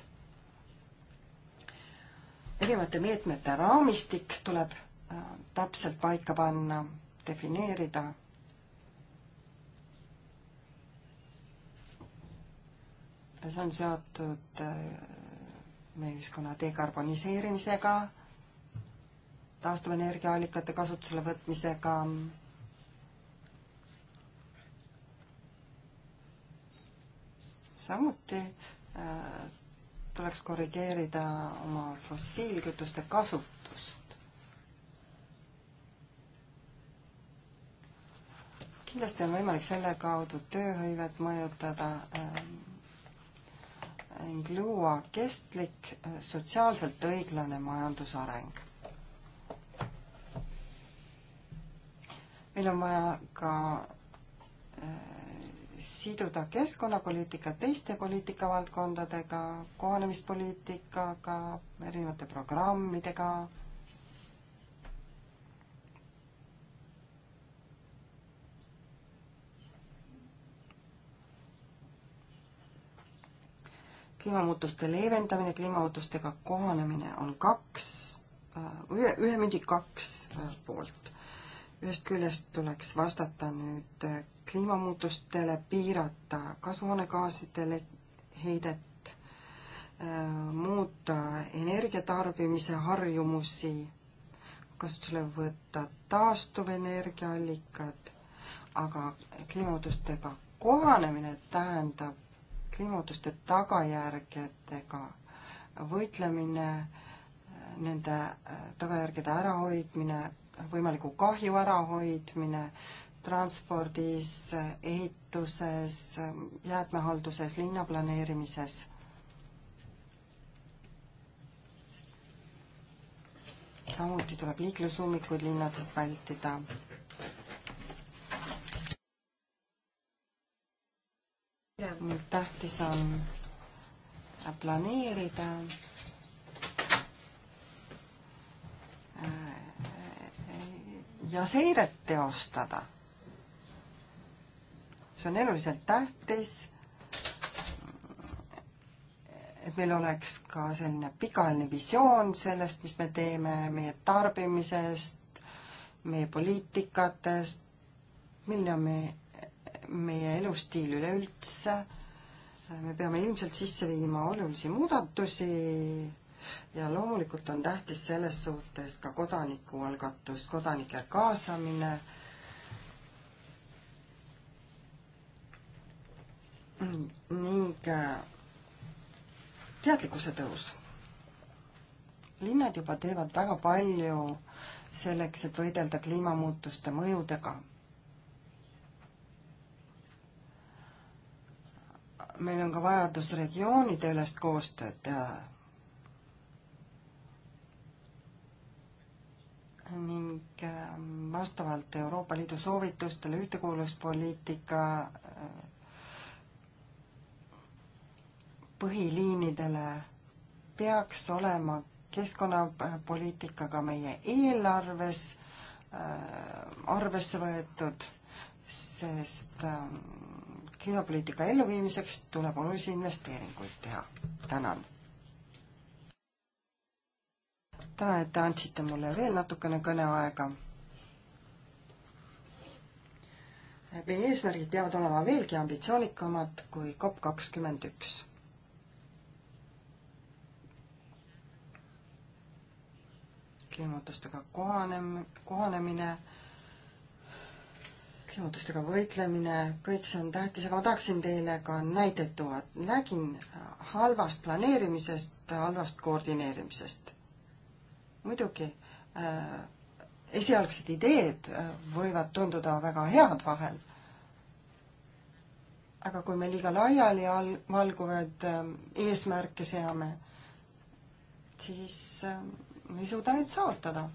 erinevate meetmete raamistik tuleb äh, täpselt paika panna, defineerida see on seotud äh, meie ühiskonna dekarboniseerimisega, taastuvenergiaallikate kasutusele võtmisega, samuti äh, tuleks korrigeerida oma fossiilkütuste kasutust. kindlasti on võimalik selle kaudu tööhõivet mõjutada ähm, ning luua kestlik, sotsiaalselt õiglane majandusareng. meil on vaja ka äh, siduda keskkonnapoliitika teiste poliitikavaldkondadega, kohanemispoliitikaga, erinevate programmidega kliimamuutuste leevendamine, kliimamuutustega kohanemine on kaks, äh, ühe, ühe mündi kaks äh, poolt. ühest küljest tuleks vastata nüüd äh, kliimamuutustele, piirata kasvuhoonegaaside heidet, muuta energiatarbimise harjumusi, kasutusele võtta taastuvenergiaallikad, aga kliimamuutustega kohanemine tähendab kliimamuutuste tagajärgedega võitlemine, nende äh, tagajärgede ärahoidmine, võimaliku kahju ärahoidmine, transpordis, ehituses, jäätmehalduses, linnaplaneerimises. samuti tuleb liiklusummikuid linnades vältida tähtis on planeerida äh, ja seiret teostada. see on eluliselt tähtis, et meil oleks ka selline pikaajaline visioon sellest, mis me teeme, meie tarbimisest, meie poliitikatest, milline on meie meie elustiil üleüldse. me peame ilmselt sisse viima olulisi muudatusi ja loomulikult on tähtis selles suhtes ka kodanikualgatus, kodanike kaasamine ning äh, teadlikkuse tõus. linnad juba teevad väga palju selleks, et võidelda kliimamuutuste mõjudega. meil on ka vajadus regioonide ülest koostööd teha. ning ähm, vastavalt Euroopa Liidu soovitustele ühtekuuluvuspoliitika äh, põhiliinidele peaks olema keskkonnapoliitikaga meie eelarves äh, arvesse võetud, sest äh, kliimapoliitika elluviimiseks tuleb olulisi investeeringuid teha. tänan. tänan, et te andsite mulle veel natukene kõneaega. meie eesmärgid peavad olema veelgi ambitsioonikamad kui COP kakskümmend üks kliimamuutustega kohanem-, kohanemine kliimamuutustega võitlemine, kõik see on tähtis, aga ma tahaksin teile ka näiteid tuua. räägin halvast planeerimisest, halvast koordineerimisest. muidugi äh, esialgsed ideed äh, võivad tunduda väga head vahel, aga kui me liiga laiali al-, valguvaid äh, eesmärke seame, siis äh, me ei suuda neid saavutada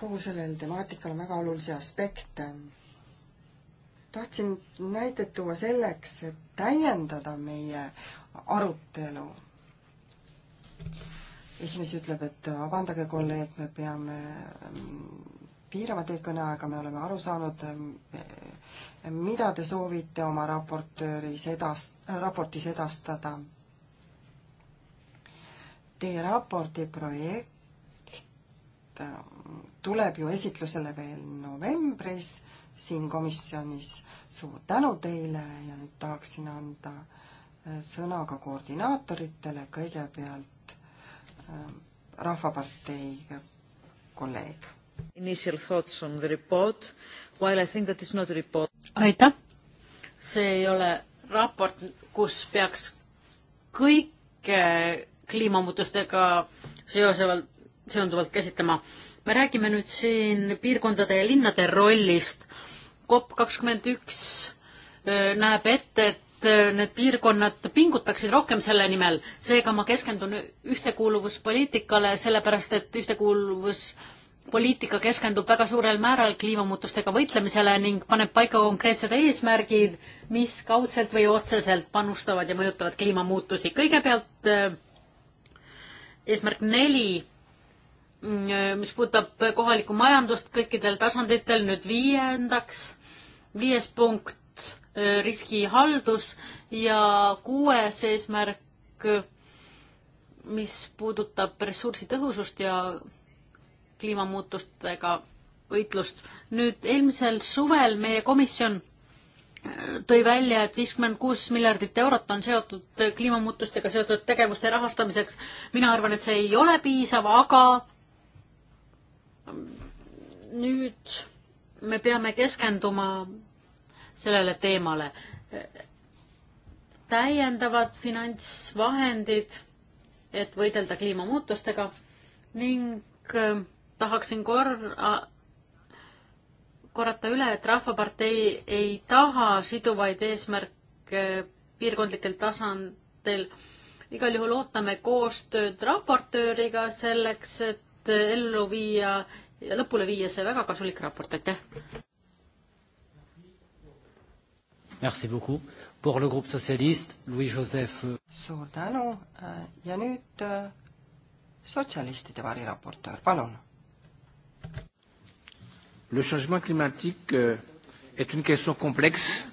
kogu sellel temaatikal on väga olulisi aspekte. tahtsin näited tuua selleks, et täiendada meie arutelu. esimees ütleb, et vabandage, kolleeg, me peame mm, piirama teie kõneaega, me oleme aru saanud, mm, mida te soovite oma raportööris edast-, raportis edastada. Teie raporti projekt tuleb ju esitlusele veel novembris siin komisjonis. suur tänu teile ja nüüd tahaksin anda äh, sõna ka koordinaatoritele, kõigepealt ähm, Rahvapartei kolleeg. Initial thoughts on the report, while I think that is not a report. aitäh! see ei ole raport, kus peaks kõike kliimamuutustega seosevalt, seonduvalt käsitlema me räägime nüüd siin piirkondade ja linnade rollist. COP kakskümmend üks näeb ette, et need piirkonnad pingutaksid rohkem selle nimel, seega ma keskendun ühtekuuluvuspoliitikale, sellepärast et ühtekuuluvuspoliitika keskendub väga suurel määral kliimamuutustega võitlemisele ning paneb paika konkreetsed eesmärgid, mis kaudselt või otseselt panustavad ja mõjutavad kliimamuutusi. kõigepealt eesmärk neli Mm, mis puudutab kohalikku majandust kõikidel tasanditel, nüüd viiendaks, viies punkt, äh, riskihaldus ja kuues eesmärk, mis puudutab ressursitõhusust ja kliimamuutustega võitlust. nüüd eelmisel suvel meie komisjon äh, tõi välja, et viiskümmend kuus miljardit eurot on seotud kliimamuutustega seotud tegevuste rahastamiseks. mina arvan, et see ei ole piisav, aga nüüd me peame keskenduma sellele teemale. täiendavad finantsvahendid, et võidelda kliimamuutustega ning äh, tahaksin korra, korrata üle, et Rahvapartei ei taha siduvaid eesmärke piirkondlikel tasandil. igal juhul ootame koostööd raportööriga selleks, et et ellu viia ja lõpule viia see väga kasulik raport, aitäh! Merci beaucoup. Pour le groupe socialiste, Louis-Joseph. Euh. suur tänu äh, ja nüüd äh, sotsialistide variraportöör, palun. Le changement climatique euh, est une question complexe.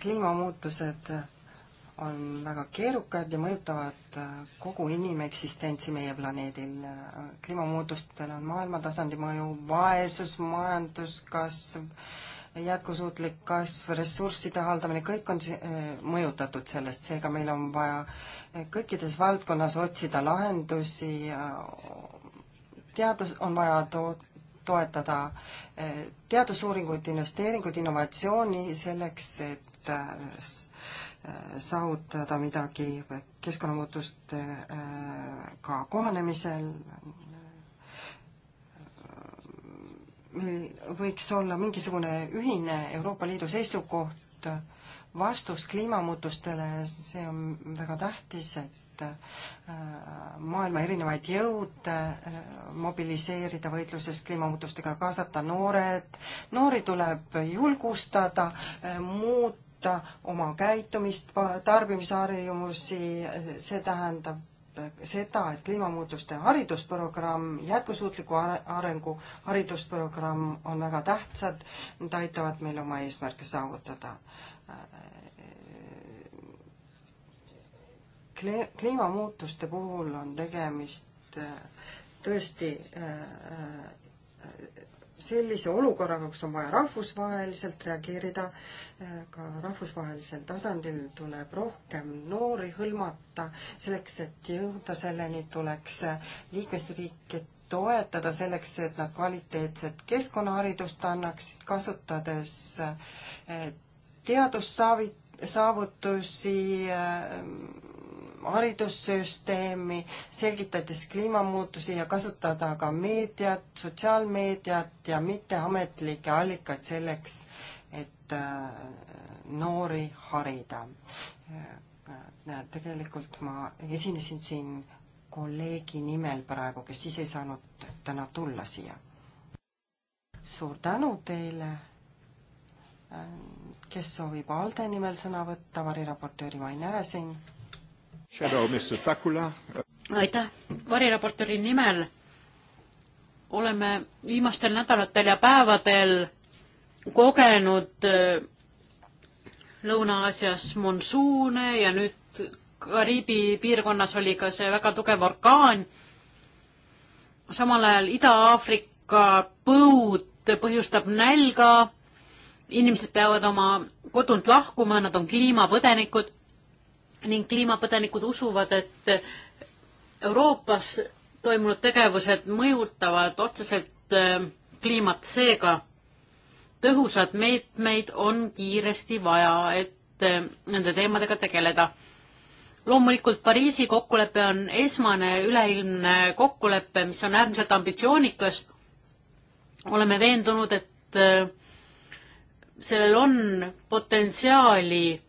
kliimamuutused on väga keerukad ja mõjutavad äh, kogu inimeksistentsi meie planeedil. kliimamuutustel on maailmatasandi mõju, vaesus, majanduskasv, jätkusuutlik kasv, ressursside haldamine, kõik on äh, mõjutatud sellest, seega meil on vaja äh, kõikides valdkonnas otsida lahendusi, teadus, on vaja toot-, toetada teadusuuringuid, investeeringuid, innovatsiooni selleks, et saavutada midagi keskkonnamuutustega äh, kohanemisel. meil võiks olla mingisugune ühine Euroopa Liidu seisukoht, vastus kliimamuutustele, see on väga tähtis, et äh, maailma erinevaid jõude äh, mobiliseerida võitluses kliimamuutustega, kaasata noored, noori tuleb julgustada, muut-, muuta oma käitumist, tarbimisharjumusi, see tähendab seda, et kliimamuutuste haridusprogramm, jätkusuutliku arengu haridusprogramm on väga tähtsad, need aitavad meil oma eesmärke saavutada. kliimamuutuste puhul on tegemist tõesti sellise olukorraga, kus on vaja rahvusvaheliselt reageerida, ka rahvusvahelisel tasandil tuleb rohkem noori hõlmata, selleks et jõuda selleni, tuleks liikmesriike toetada selleks, et nad kvaliteetset keskkonnaharidust annaksid, kasutades eh, teadussaavi-, saavutusi äh, haridussüsteemi, selgitades kliimamuutusi ja kasutada ka meediat, sotsiaalmeediat ja mitteametlikke allikaid selleks, et äh, noori harida. Äh, äh, tegelikult ma esinesin siin kolleegi nimel praegu, kes siis ei saanud täna tulla siia. suur tänu teile kes soovib ALDE nimel sõna võtta, variraportööri ma ei näe siin aitäh, variraportööri nimel oleme viimastel nädalatel ja päevadel kogenud äh, Lõuna-Aasias monsuune ja nüüd Kariibi piirkonnas oli ka see väga tugev orkaan. samal ajal Ida-Aafrika põud põhjustab nälga, inimesed peavad oma kodunt lahkuma, nad on kliimapõdenikud ning kliimapõdenikud usuvad, et Euroopas toimunud tegevused mõjutavad otseselt äh, kliimat, seega tõhusad meetmeid on kiiresti vaja, et äh, nende teemadega tegeleda. loomulikult Pariisi kokkulepe on esmane üleilmne kokkulepe, mis on äärmiselt ambitsioonikas. oleme veendunud, et äh, sellel on potentsiaali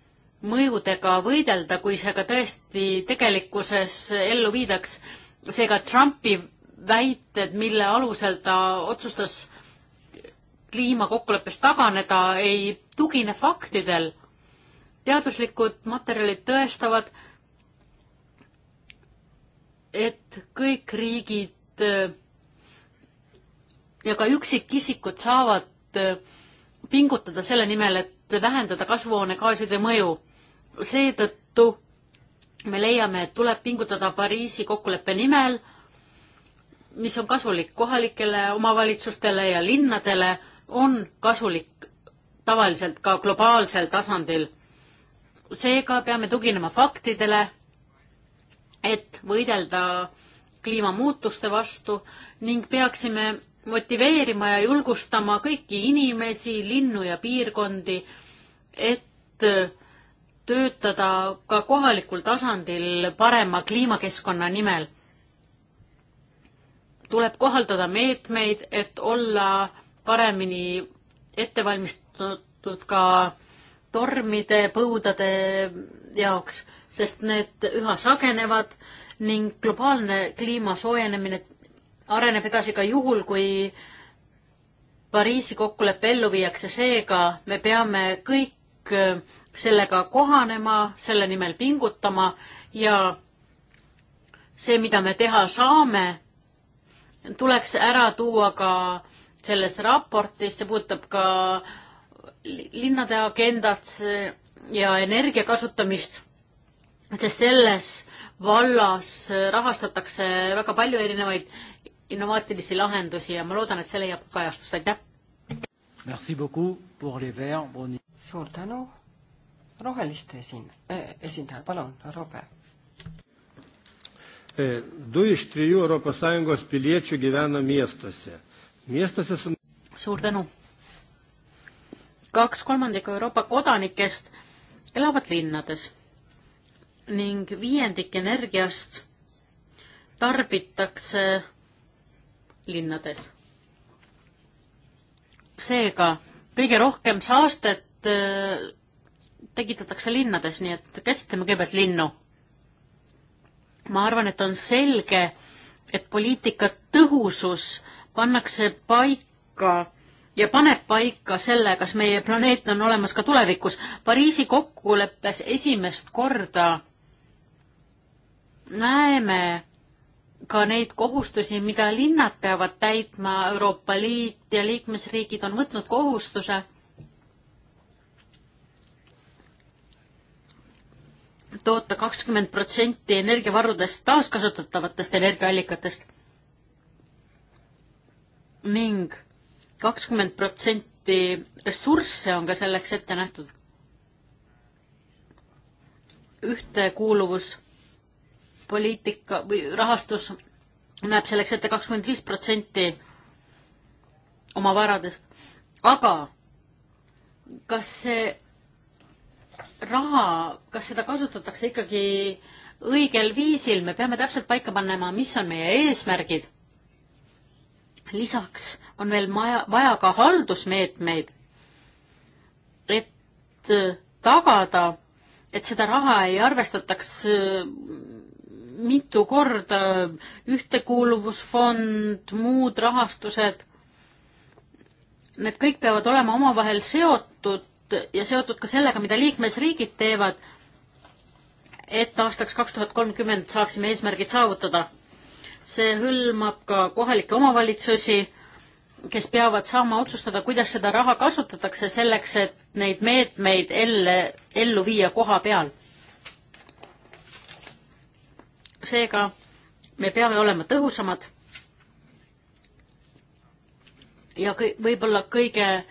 mõjudega võidelda, kui see ka tõesti tegelikkuses ellu viidaks. seega Trumpi väited, mille alusel ta otsustas kliimakokkuleppest taganeda, ei tugine faktidel. teaduslikud materjalid tõestavad, et kõik riigid äh, ja ka üksikisikud saavad äh, pingutada selle nimel, et vähendada kasvuhoonegaaside mõju seetõttu me leiame, et tuleb pingutada Pariisi kokkuleppe nimel, mis on kasulik kohalikele omavalitsustele ja linnadele, on kasulik tavaliselt ka globaalsel tasandil. seega peame tuginema faktidele, et võidelda kliimamuutuste vastu ning peaksime motiveerima ja julgustama kõiki inimesi, linnu ja piirkondi, et töötada ka kohalikul tasandil parema kliimakeskkonna nimel. tuleb kohaldada meetmeid, et olla paremini ette valmistatud ka tormide, põudade jaoks, sest need üha sagenevad ning globaalne kliima soojenemine areneb edasi ka juhul, kui Pariisi kokkulepe ellu viiakse, seega me peame kõik sellega kohanema, selle nimel pingutama ja see, mida me teha saame, tuleks ära tuua ka selles raportis, see puudutab ka linnade agendat ja energia kasutamist, sest selles vallas rahastatakse väga palju erinevaid innovaatilisi lahendusi ja ma loodan, et see leiab kajastust, aitäh! suur tänu roheliste esin- eh,, esindaja, palun, Robe. E, du iš trijų ES piliečių gyvena miestuose. Miestuose su... suur tänu. kaks kolmandikku Euroopa kodanikest elavad linnades ning viiendik energiast tarbitakse linnades. seega kõige rohkem saastet eh, tekitatakse linnades, nii et käsitleme kõigepealt linnu. ma arvan, et on selge, et poliitika tõhusus pannakse paika ja paneb paika selle, kas meie planeet on olemas ka tulevikus. Pariisi kokkuleppes esimest korda näeme ka neid kohustusi, mida linnad peavad täitma, Euroopa Liit ja liikmesriigid on võtnud kohustuse toota kakskümmend protsenti energiavarudest taaskasutatavatest energiaallikatest ning kakskümmend protsenti ressursse on ka selleks ette nähtud. ühtekuuluvuspoliitika või rahastus näeb selleks ette kakskümmend viis protsenti oma varadest, aga kas see raha, kas seda kasutatakse ikkagi õigel viisil, me peame täpselt paika panema, mis on meie eesmärgid. lisaks on veel maja, vaja ka haldusmeetmeid, et äh, tagada, et seda raha ei arvestataks äh, mitu korda, ühtekuuluvusfond, muud rahastused, need kõik peavad olema omavahel seotud, ja seotud ka sellega, mida liikmesriigid teevad, et aastaks kaks tuhat kolmkümmend saaksime eesmärgid saavutada. see hõlmab ka kohalikke omavalitsusi, kes peavad saama otsustada, kuidas seda raha kasutatakse selleks, et neid meetmeid elle, ellu viia koha peal. seega me peame olema tõhusamad ja kõ võib-olla kõige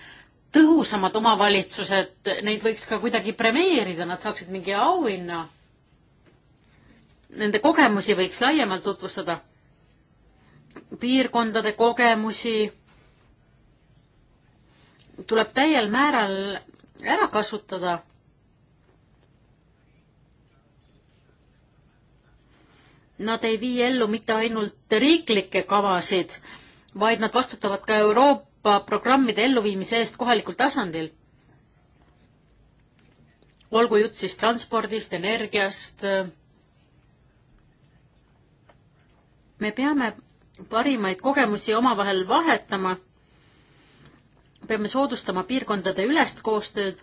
tõhusamad omavalitsused, neid võiks ka kuidagi premeerida, nad saaksid mingi auhinna. Nende kogemusi võiks laiemalt tutvustada. piirkondade kogemusi tuleb täiel määral ära kasutada. Nad ei vii ellu mitte ainult riiklikke kavasid, vaid nad vastutavad ka Euroopa Euroopa programmide elluviimise eest kohalikul tasandil. olgu jutt siis transpordist, energiast. me peame parimaid kogemusi omavahel vahetama. peame soodustama piirkondade ülest koostööd.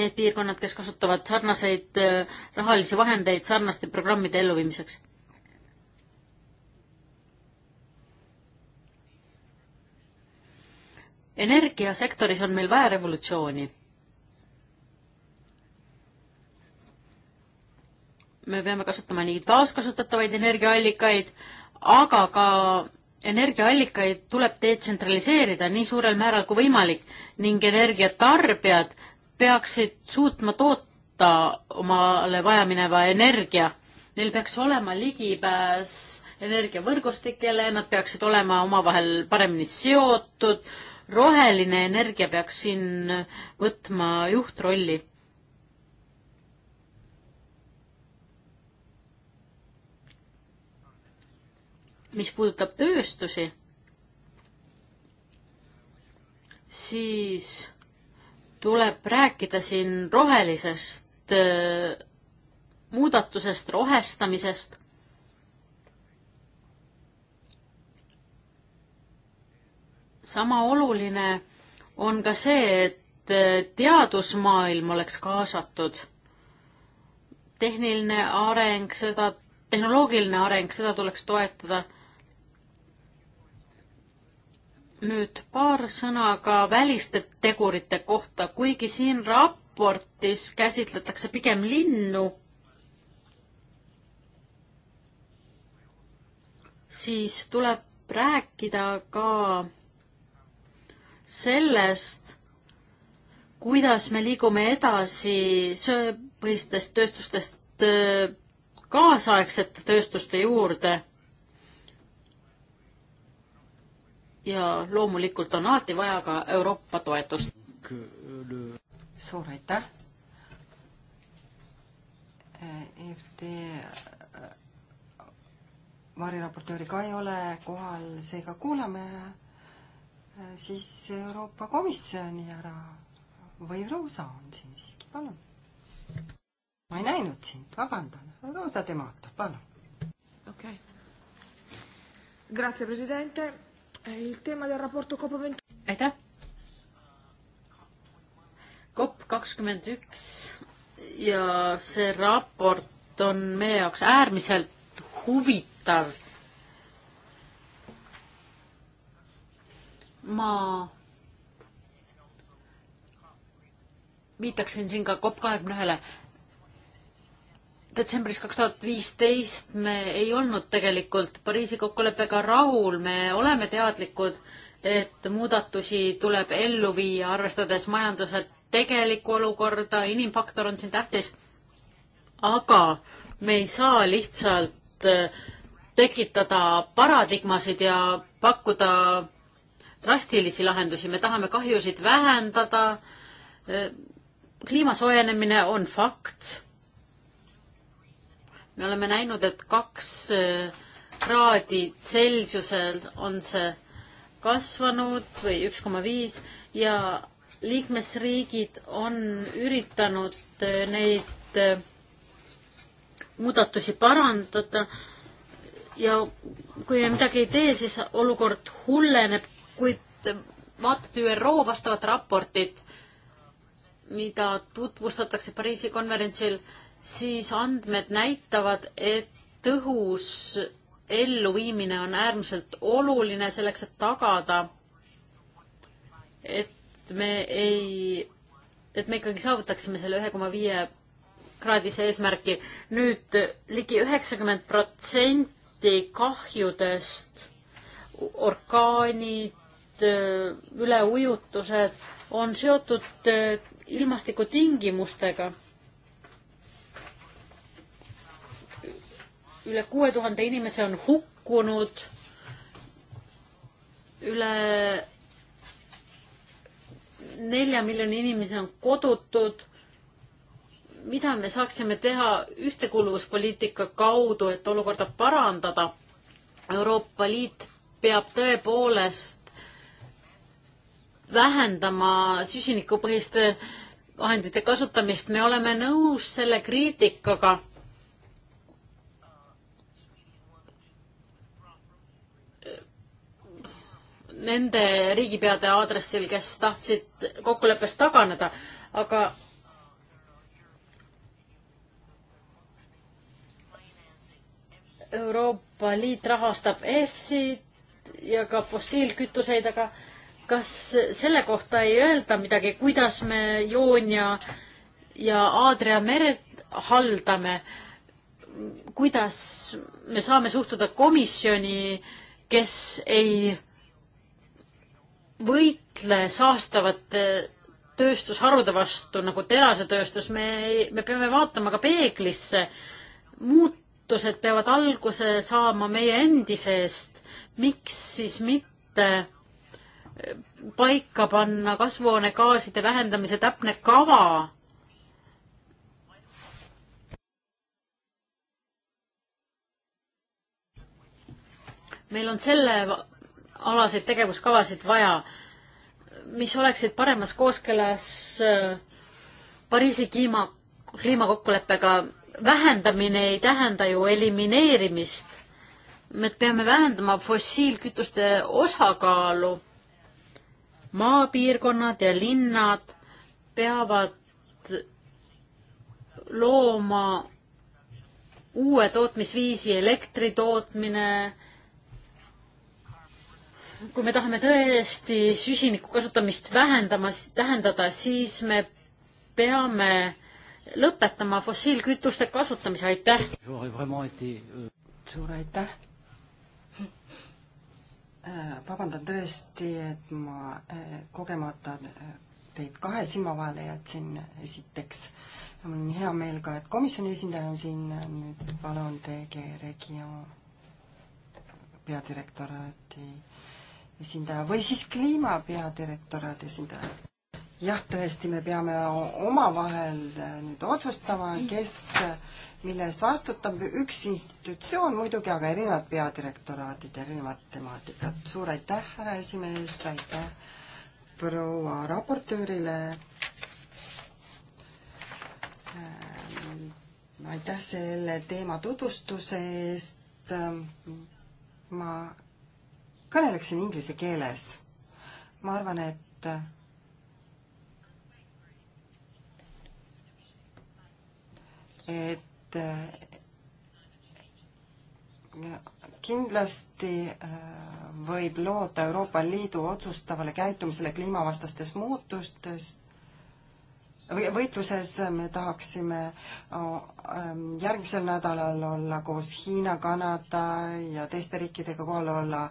Need piirkonnad, kes kasutavad sarnaseid äh, rahalisi vahendeid sarnaste programmide elluviimiseks energiasektoris on meil vaja revolutsiooni. me peame kasutama nii taaskasutatavaid energiaallikaid, aga ka energiaallikaid tuleb detsentraliseerida nii suurel määral kui võimalik ning energiatarbijad peaksid suutma toota omale vajamineva energia. Neil peaks olema ligipääs energiavõrgustikele, nad peaksid olema omavahel paremini seotud roheline energia peaks siin võtma juhtrolli. mis puudutab tööstusi, siis tuleb rääkida siin rohelisest äh, muudatusest, rohestamisest sama oluline on ka see, et eh, teadusmaailm oleks kaasatud. tehniline areng, seda, tehnoloogiline areng, seda tuleks toetada. nüüd paar sõna ka väliste tegurite kohta, kuigi siin raportis käsitletakse pigem linnu, siis tuleb rääkida ka sellest, kuidas me liigume edasi söepõhistest tööstustest äh, kaasaegsete tööstuste juurde. ja loomulikult on alati vaja ka Euroopa toetust. suur aitäh. EFT äh, variraportööri ka ei ole kohal, seega kuulame Äh, siis Euroopa Komisjoni ära või Rosa on siin siiski, palun. ma ei näinud sind, vabandan. Rosa Demato, palun. okei okay.. Grazie, president. Il tema del rapporto COP ventu-. aitäh. COP kakskümmend üks ja see raport on meie jaoks äärmiselt huvitav ma viitaksin siin ka COP kahekümne ühele. detsembris kaks tuhat viisteist me ei olnud tegelikult Pariisi kokkuleppega rahul, me oleme teadlikud, et muudatusi tuleb ellu viia, arvestades majanduse tegelikku olukorda, inimfaktor on siin tähtis. aga me ei saa lihtsalt äh, tekitada paradigmasid ja pakkuda drastilisi lahendusi, me tahame kahjusid vähendada. kliima soojenemine on fakt. me oleme näinud, et kaks eh, kraadi Celsiusel on see kasvanud või üks koma viis ja liikmesriigid on üritanud eh, neid eh, muudatusi parandada ja kui me midagi ei tee, siis olukord hulleneb kui vaatate ÜRO vastavat raportit, mida tutvustatakse Pariisi konverentsil, siis andmed näitavad, et tõhus elluviimine on äärmiselt oluline selleks, et tagada, et me ei, et me ikkagi saavutaksime selle ühe koma viie kraadise eesmärki. nüüd ligi üheksakümmend protsenti kahjudest, orkaanid, Äh, üleujutused on seotud äh, ilmastikutingimustega. üle kuue tuhande inimese on hukkunud, üle nelja miljoni inimese on kodutud. mida me saaksime teha ühtekuuluvuspoliitika kaudu, et olukorda parandada? Euroopa Liit peab tõepoolest vähendama süsinikupõhiste vahendite kasutamist, me oleme nõus selle kriitikaga. Nende riigipeade aadressil, kes tahtsid kokkuleppest taganeda, aga Euroopa Liit rahastab EFSI-d ja ka fossiilkütuseid, aga kas selle kohta ei öelda midagi, kuidas me Joonia ja Aadria meret haldame? kuidas me saame suhtuda komisjoni, kes ei võitle saastavate tööstusharude vastu nagu terasetööstus, me, me peame vaatama ka peeglisse. muutused peavad alguse saama meie endi seest. miks siis mitte paika panna kasvuhoonegaaside vähendamise täpne kava. meil on sellealaseid tegevuskavasid vaja, mis oleksid paremas kooskõlas äh, Pariisi kliima, kliimakokkuleppega. vähendamine ei tähenda ju elimineerimist. me peame vähendama fossiilkütuste osakaalu maapiirkonnad ja linnad peavad looma uue tootmisviisi, elektri tootmine. kui me tahame tõesti süsiniku kasutamist vähendama, vähendada, siis me peame lõpetama fossiilkütuste kasutamise, aitäh! suur aitäh! Äh, vabandan tõesti, et ma äh, kogemata äh, teid kahe silma vahele jätsin, esiteks. mul on hea meel ka, et komisjoni esindaja on siin, nüüd palun TG Regio peadirektoraadi esindaja või siis kliima peadirektoraadi esindaja. jah, tõesti, me peame omavahel nüüd otsustama, kes mille eest vastutab üks institutsioon muidugi, aga erinevad peadirektoraadid, erinevad temaatikad. suur aitäh, härra esimees, aitäh proua raportöörile. Äh, aitäh selle teema tutvustuse eest. ma kõneleksin inglise keeles. ma arvan, et et Äh, kindlasti äh, võib loota Euroopa Liidu otsustavale käitumisele kliimavastastes muutustes või võitluses me tahaksime äh, järgmisel nädalal olla koos Hiina, Kanada ja teiste riikidega kohal olla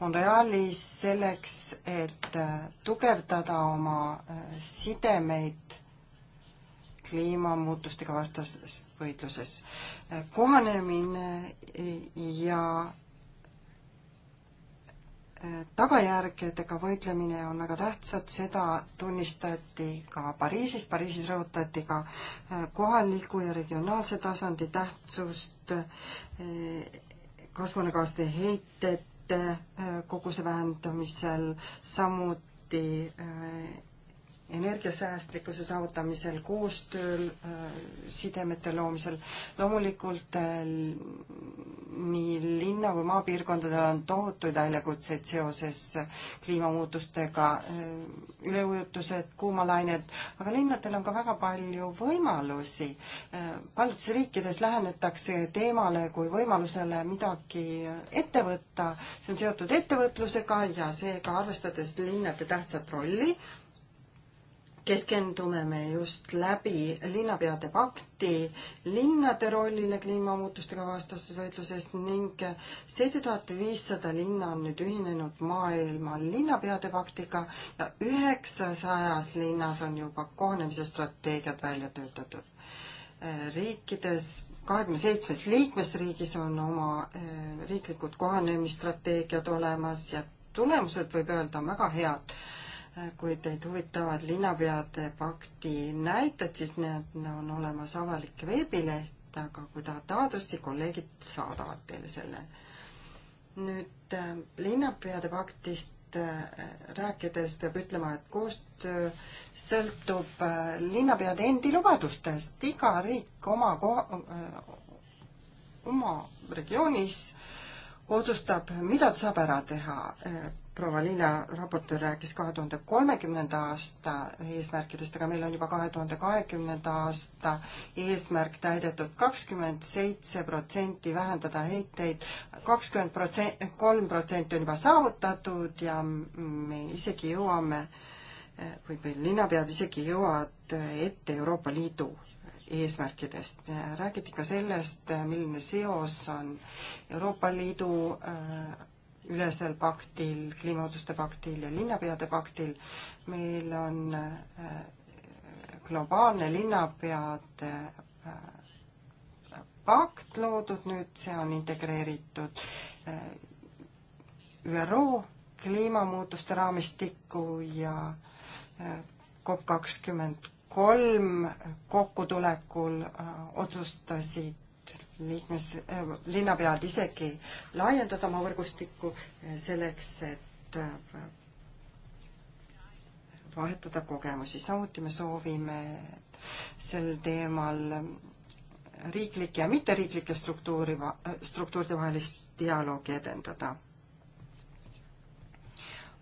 Montrealis selleks, et tugevdada oma sidemeid kliimamuutustega vastases võitluses. kohanemine ja äh, tagajärgedega võitlemine on väga tähtsad, seda tunnistati ka Pariisis, Pariisis rõhutati ka äh, kohaliku ja regionaalse tasandi tähtsust, äh, kasvuhoonegaaside heitete koguse vähendamisel, samuti energiasäästlikkuse saavutamisel, koostööl, äh, sidemete loomisel. loomulikult äh, nii linna kui maapiirkondadel on tohutuid väljakutseid seoses äh, kliimamuutustega, üleujutused, kuumalained, aga linnadel on ka väga palju võimalusi. paljudes riikides lähenetakse teemale kui võimalusele midagi ette võtta, see on seotud ettevõtlusega ja seega arvestades linnade tähtsat rolli, keskendume me just läbi linnapeade pakti linnade rollile kliimamuutustega vastases võitluses ning seitse tuhat viissada linna on nüüd ühinenud maailma linnapeade paktiga ja üheksasajas linnas on juba kohanemise strateegiad välja töötatud. riikides, kahekümne seitsmes liikmesriigis on oma eh, riiklikud kohanemisstrateegiad olemas ja tulemused, võib öelda, on väga head kui teid huvitavad linnapeade pakti näited, siis need on olemas avalik veebileht, aga kui tahate aadressi, kolleegid saadavad teile selle. nüüd äh, linnapeade paktist äh, rääkides peab ütlema, et koostöö sõltub äh, linnapeade endi lubadustest, iga riik oma ko-, oma regioonis otsustab, mida ta saab ära teha proua Liina raportöör rääkis kahe tuhande kolmekümnenda aasta eesmärkidest, aga meil on juba kahe tuhande kahekümnenda aasta eesmärk täidetud kakskümmend seitse protsenti vähendada heiteid, kakskümmend protsenti, kolm protsenti on juba saavutatud ja me isegi jõuame või meil linnapead isegi jõuavad ette Euroopa Liidu eesmärkidest. räägiti ka sellest, milline seos on Euroopa Liidu äh, ülesel paktil, kliimaotsuste paktil ja linnapeade paktil. meil on äh, globaalne linnapeade äh, pakt loodud nüüd, see on integreeritud äh, ÜRO kliimamuutuste raamistikku ja COP kakskümmend kolm kokkutulekul otsustasid liikmes, äh, linnapead isegi laiendada oma võrgustikku äh, selleks, et äh, vahetada kogemusi, samuti me soovime sel teemal riiklike ja mitteriiklike struktuuri, struktuuride vahelist dialoogi edendada.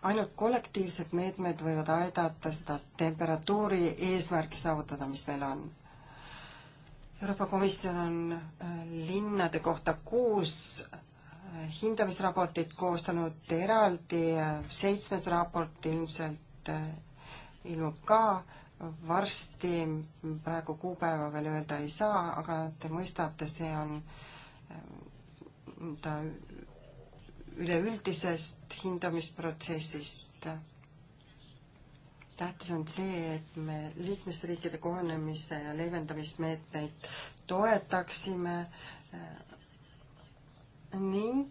ainult kollektiivsed meetmed võivad aidata seda temperatuuri eesmärki saavutada, mis meil on Euroopa Komisjon on äh, linnade kohta kuus äh, hindamisraportit koostanud eraldi, seitsmes raport ilmselt äh, ilmub ka varsti, praegu kuupäeva veel öelda ei saa, aga te mõistate, see on nii-öelda üleüldisest hindamisprotsessist tähtis on see, et me liikmesriikide kohanemise ja leevendamismeetmeid toetaksime äh, ning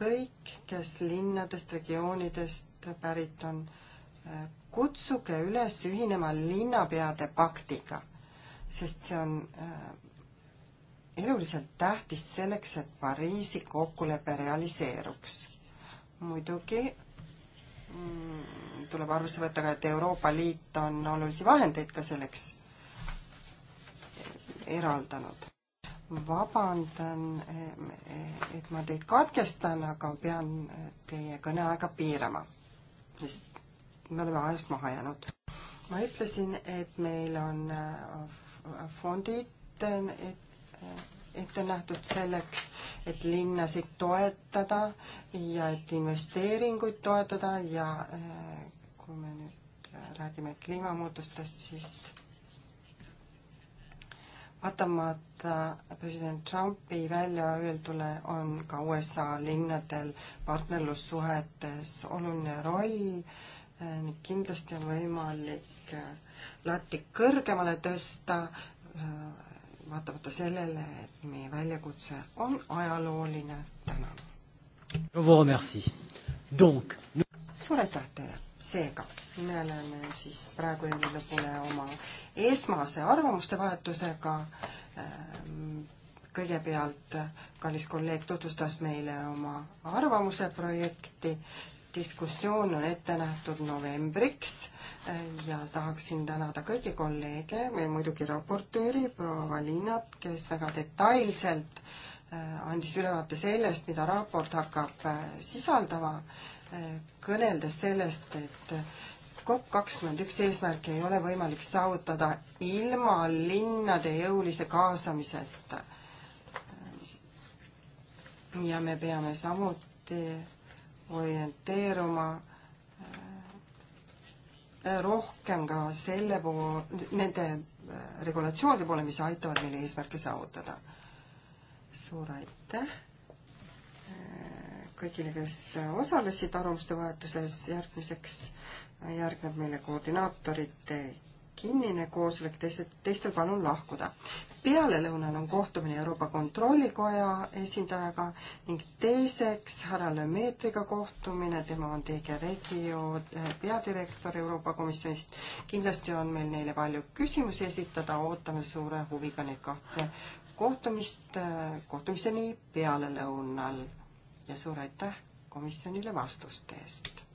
kõik, kes linnadest, regioonidest pärit on, äh, kutsuge üles ühinema linnapeade paktiga, sest see on äh, eluliselt tähtis selleks, et Pariisi kokkulepe realiseeruks. muidugi mm, tuleb arvesse võtta ka, et Euroopa Liit on olulisi vahendeid ka selleks eraldanud. vabandan, et ma teid katkestan, aga pean teie kõneaega piirama, sest me oleme ajast maha jäänud. ma ütlesin, et meil on fondid ette nähtud selleks, et linnasid toetada ja et investeeringuid toetada ja kui me nüüd äh, räägime kliimamuutustest, siis vaatamata äh, president Trumpi väljaöeldule on ka USA linnadel partnerlussuhetes oluline roll äh, ning kindlasti on võimalik latti kõrgemale tõsta, vaatamata sellele, et meie väljakutse on ajalooline täna. suur aitäh teile! seega me oleme siis praegu jõudnud lõpule oma esmase arvamuste vahetusega. kõigepealt kallis kolleeg tutvustas meile oma arvamuse projekti. diskussioon on ette nähtud novembriks ja tahaksin tänada kõiki kolleege või muidugi raportööri proua Valinat, kes väga detailselt andis ülevaate sellest, mida raport hakkab sisaldama kõneldes sellest, et COP kakskümmend üks eesmärki ei ole võimalik saavutada ilma linnade jõulise kaasamiseta. ja me peame samuti orienteeruma äh, rohkem ka selle pool, nende äh, regulatsioonide poole, mis aitavad meil eesmärke saavutada. suur aitäh! kõigile, kes osalesid arvamuste vahetuses, järgmiseks järgneb meile koordinaatorite kinnine koosolek, teised, teistel palun lahkuda. pealelõunal on kohtumine Euroopa Kontrollikoja esindajaga ning teiseks härra Lemeetriga kohtumine, tema on TG Regio eh, peadirektor Euroopa Komisjonist. kindlasti on meil neile palju küsimusi esitada, ootame suure huviga neid kahte kohtumist, eh, kohtumiseni pealelõunal ja suur aitäh komisjonile vastuste eest!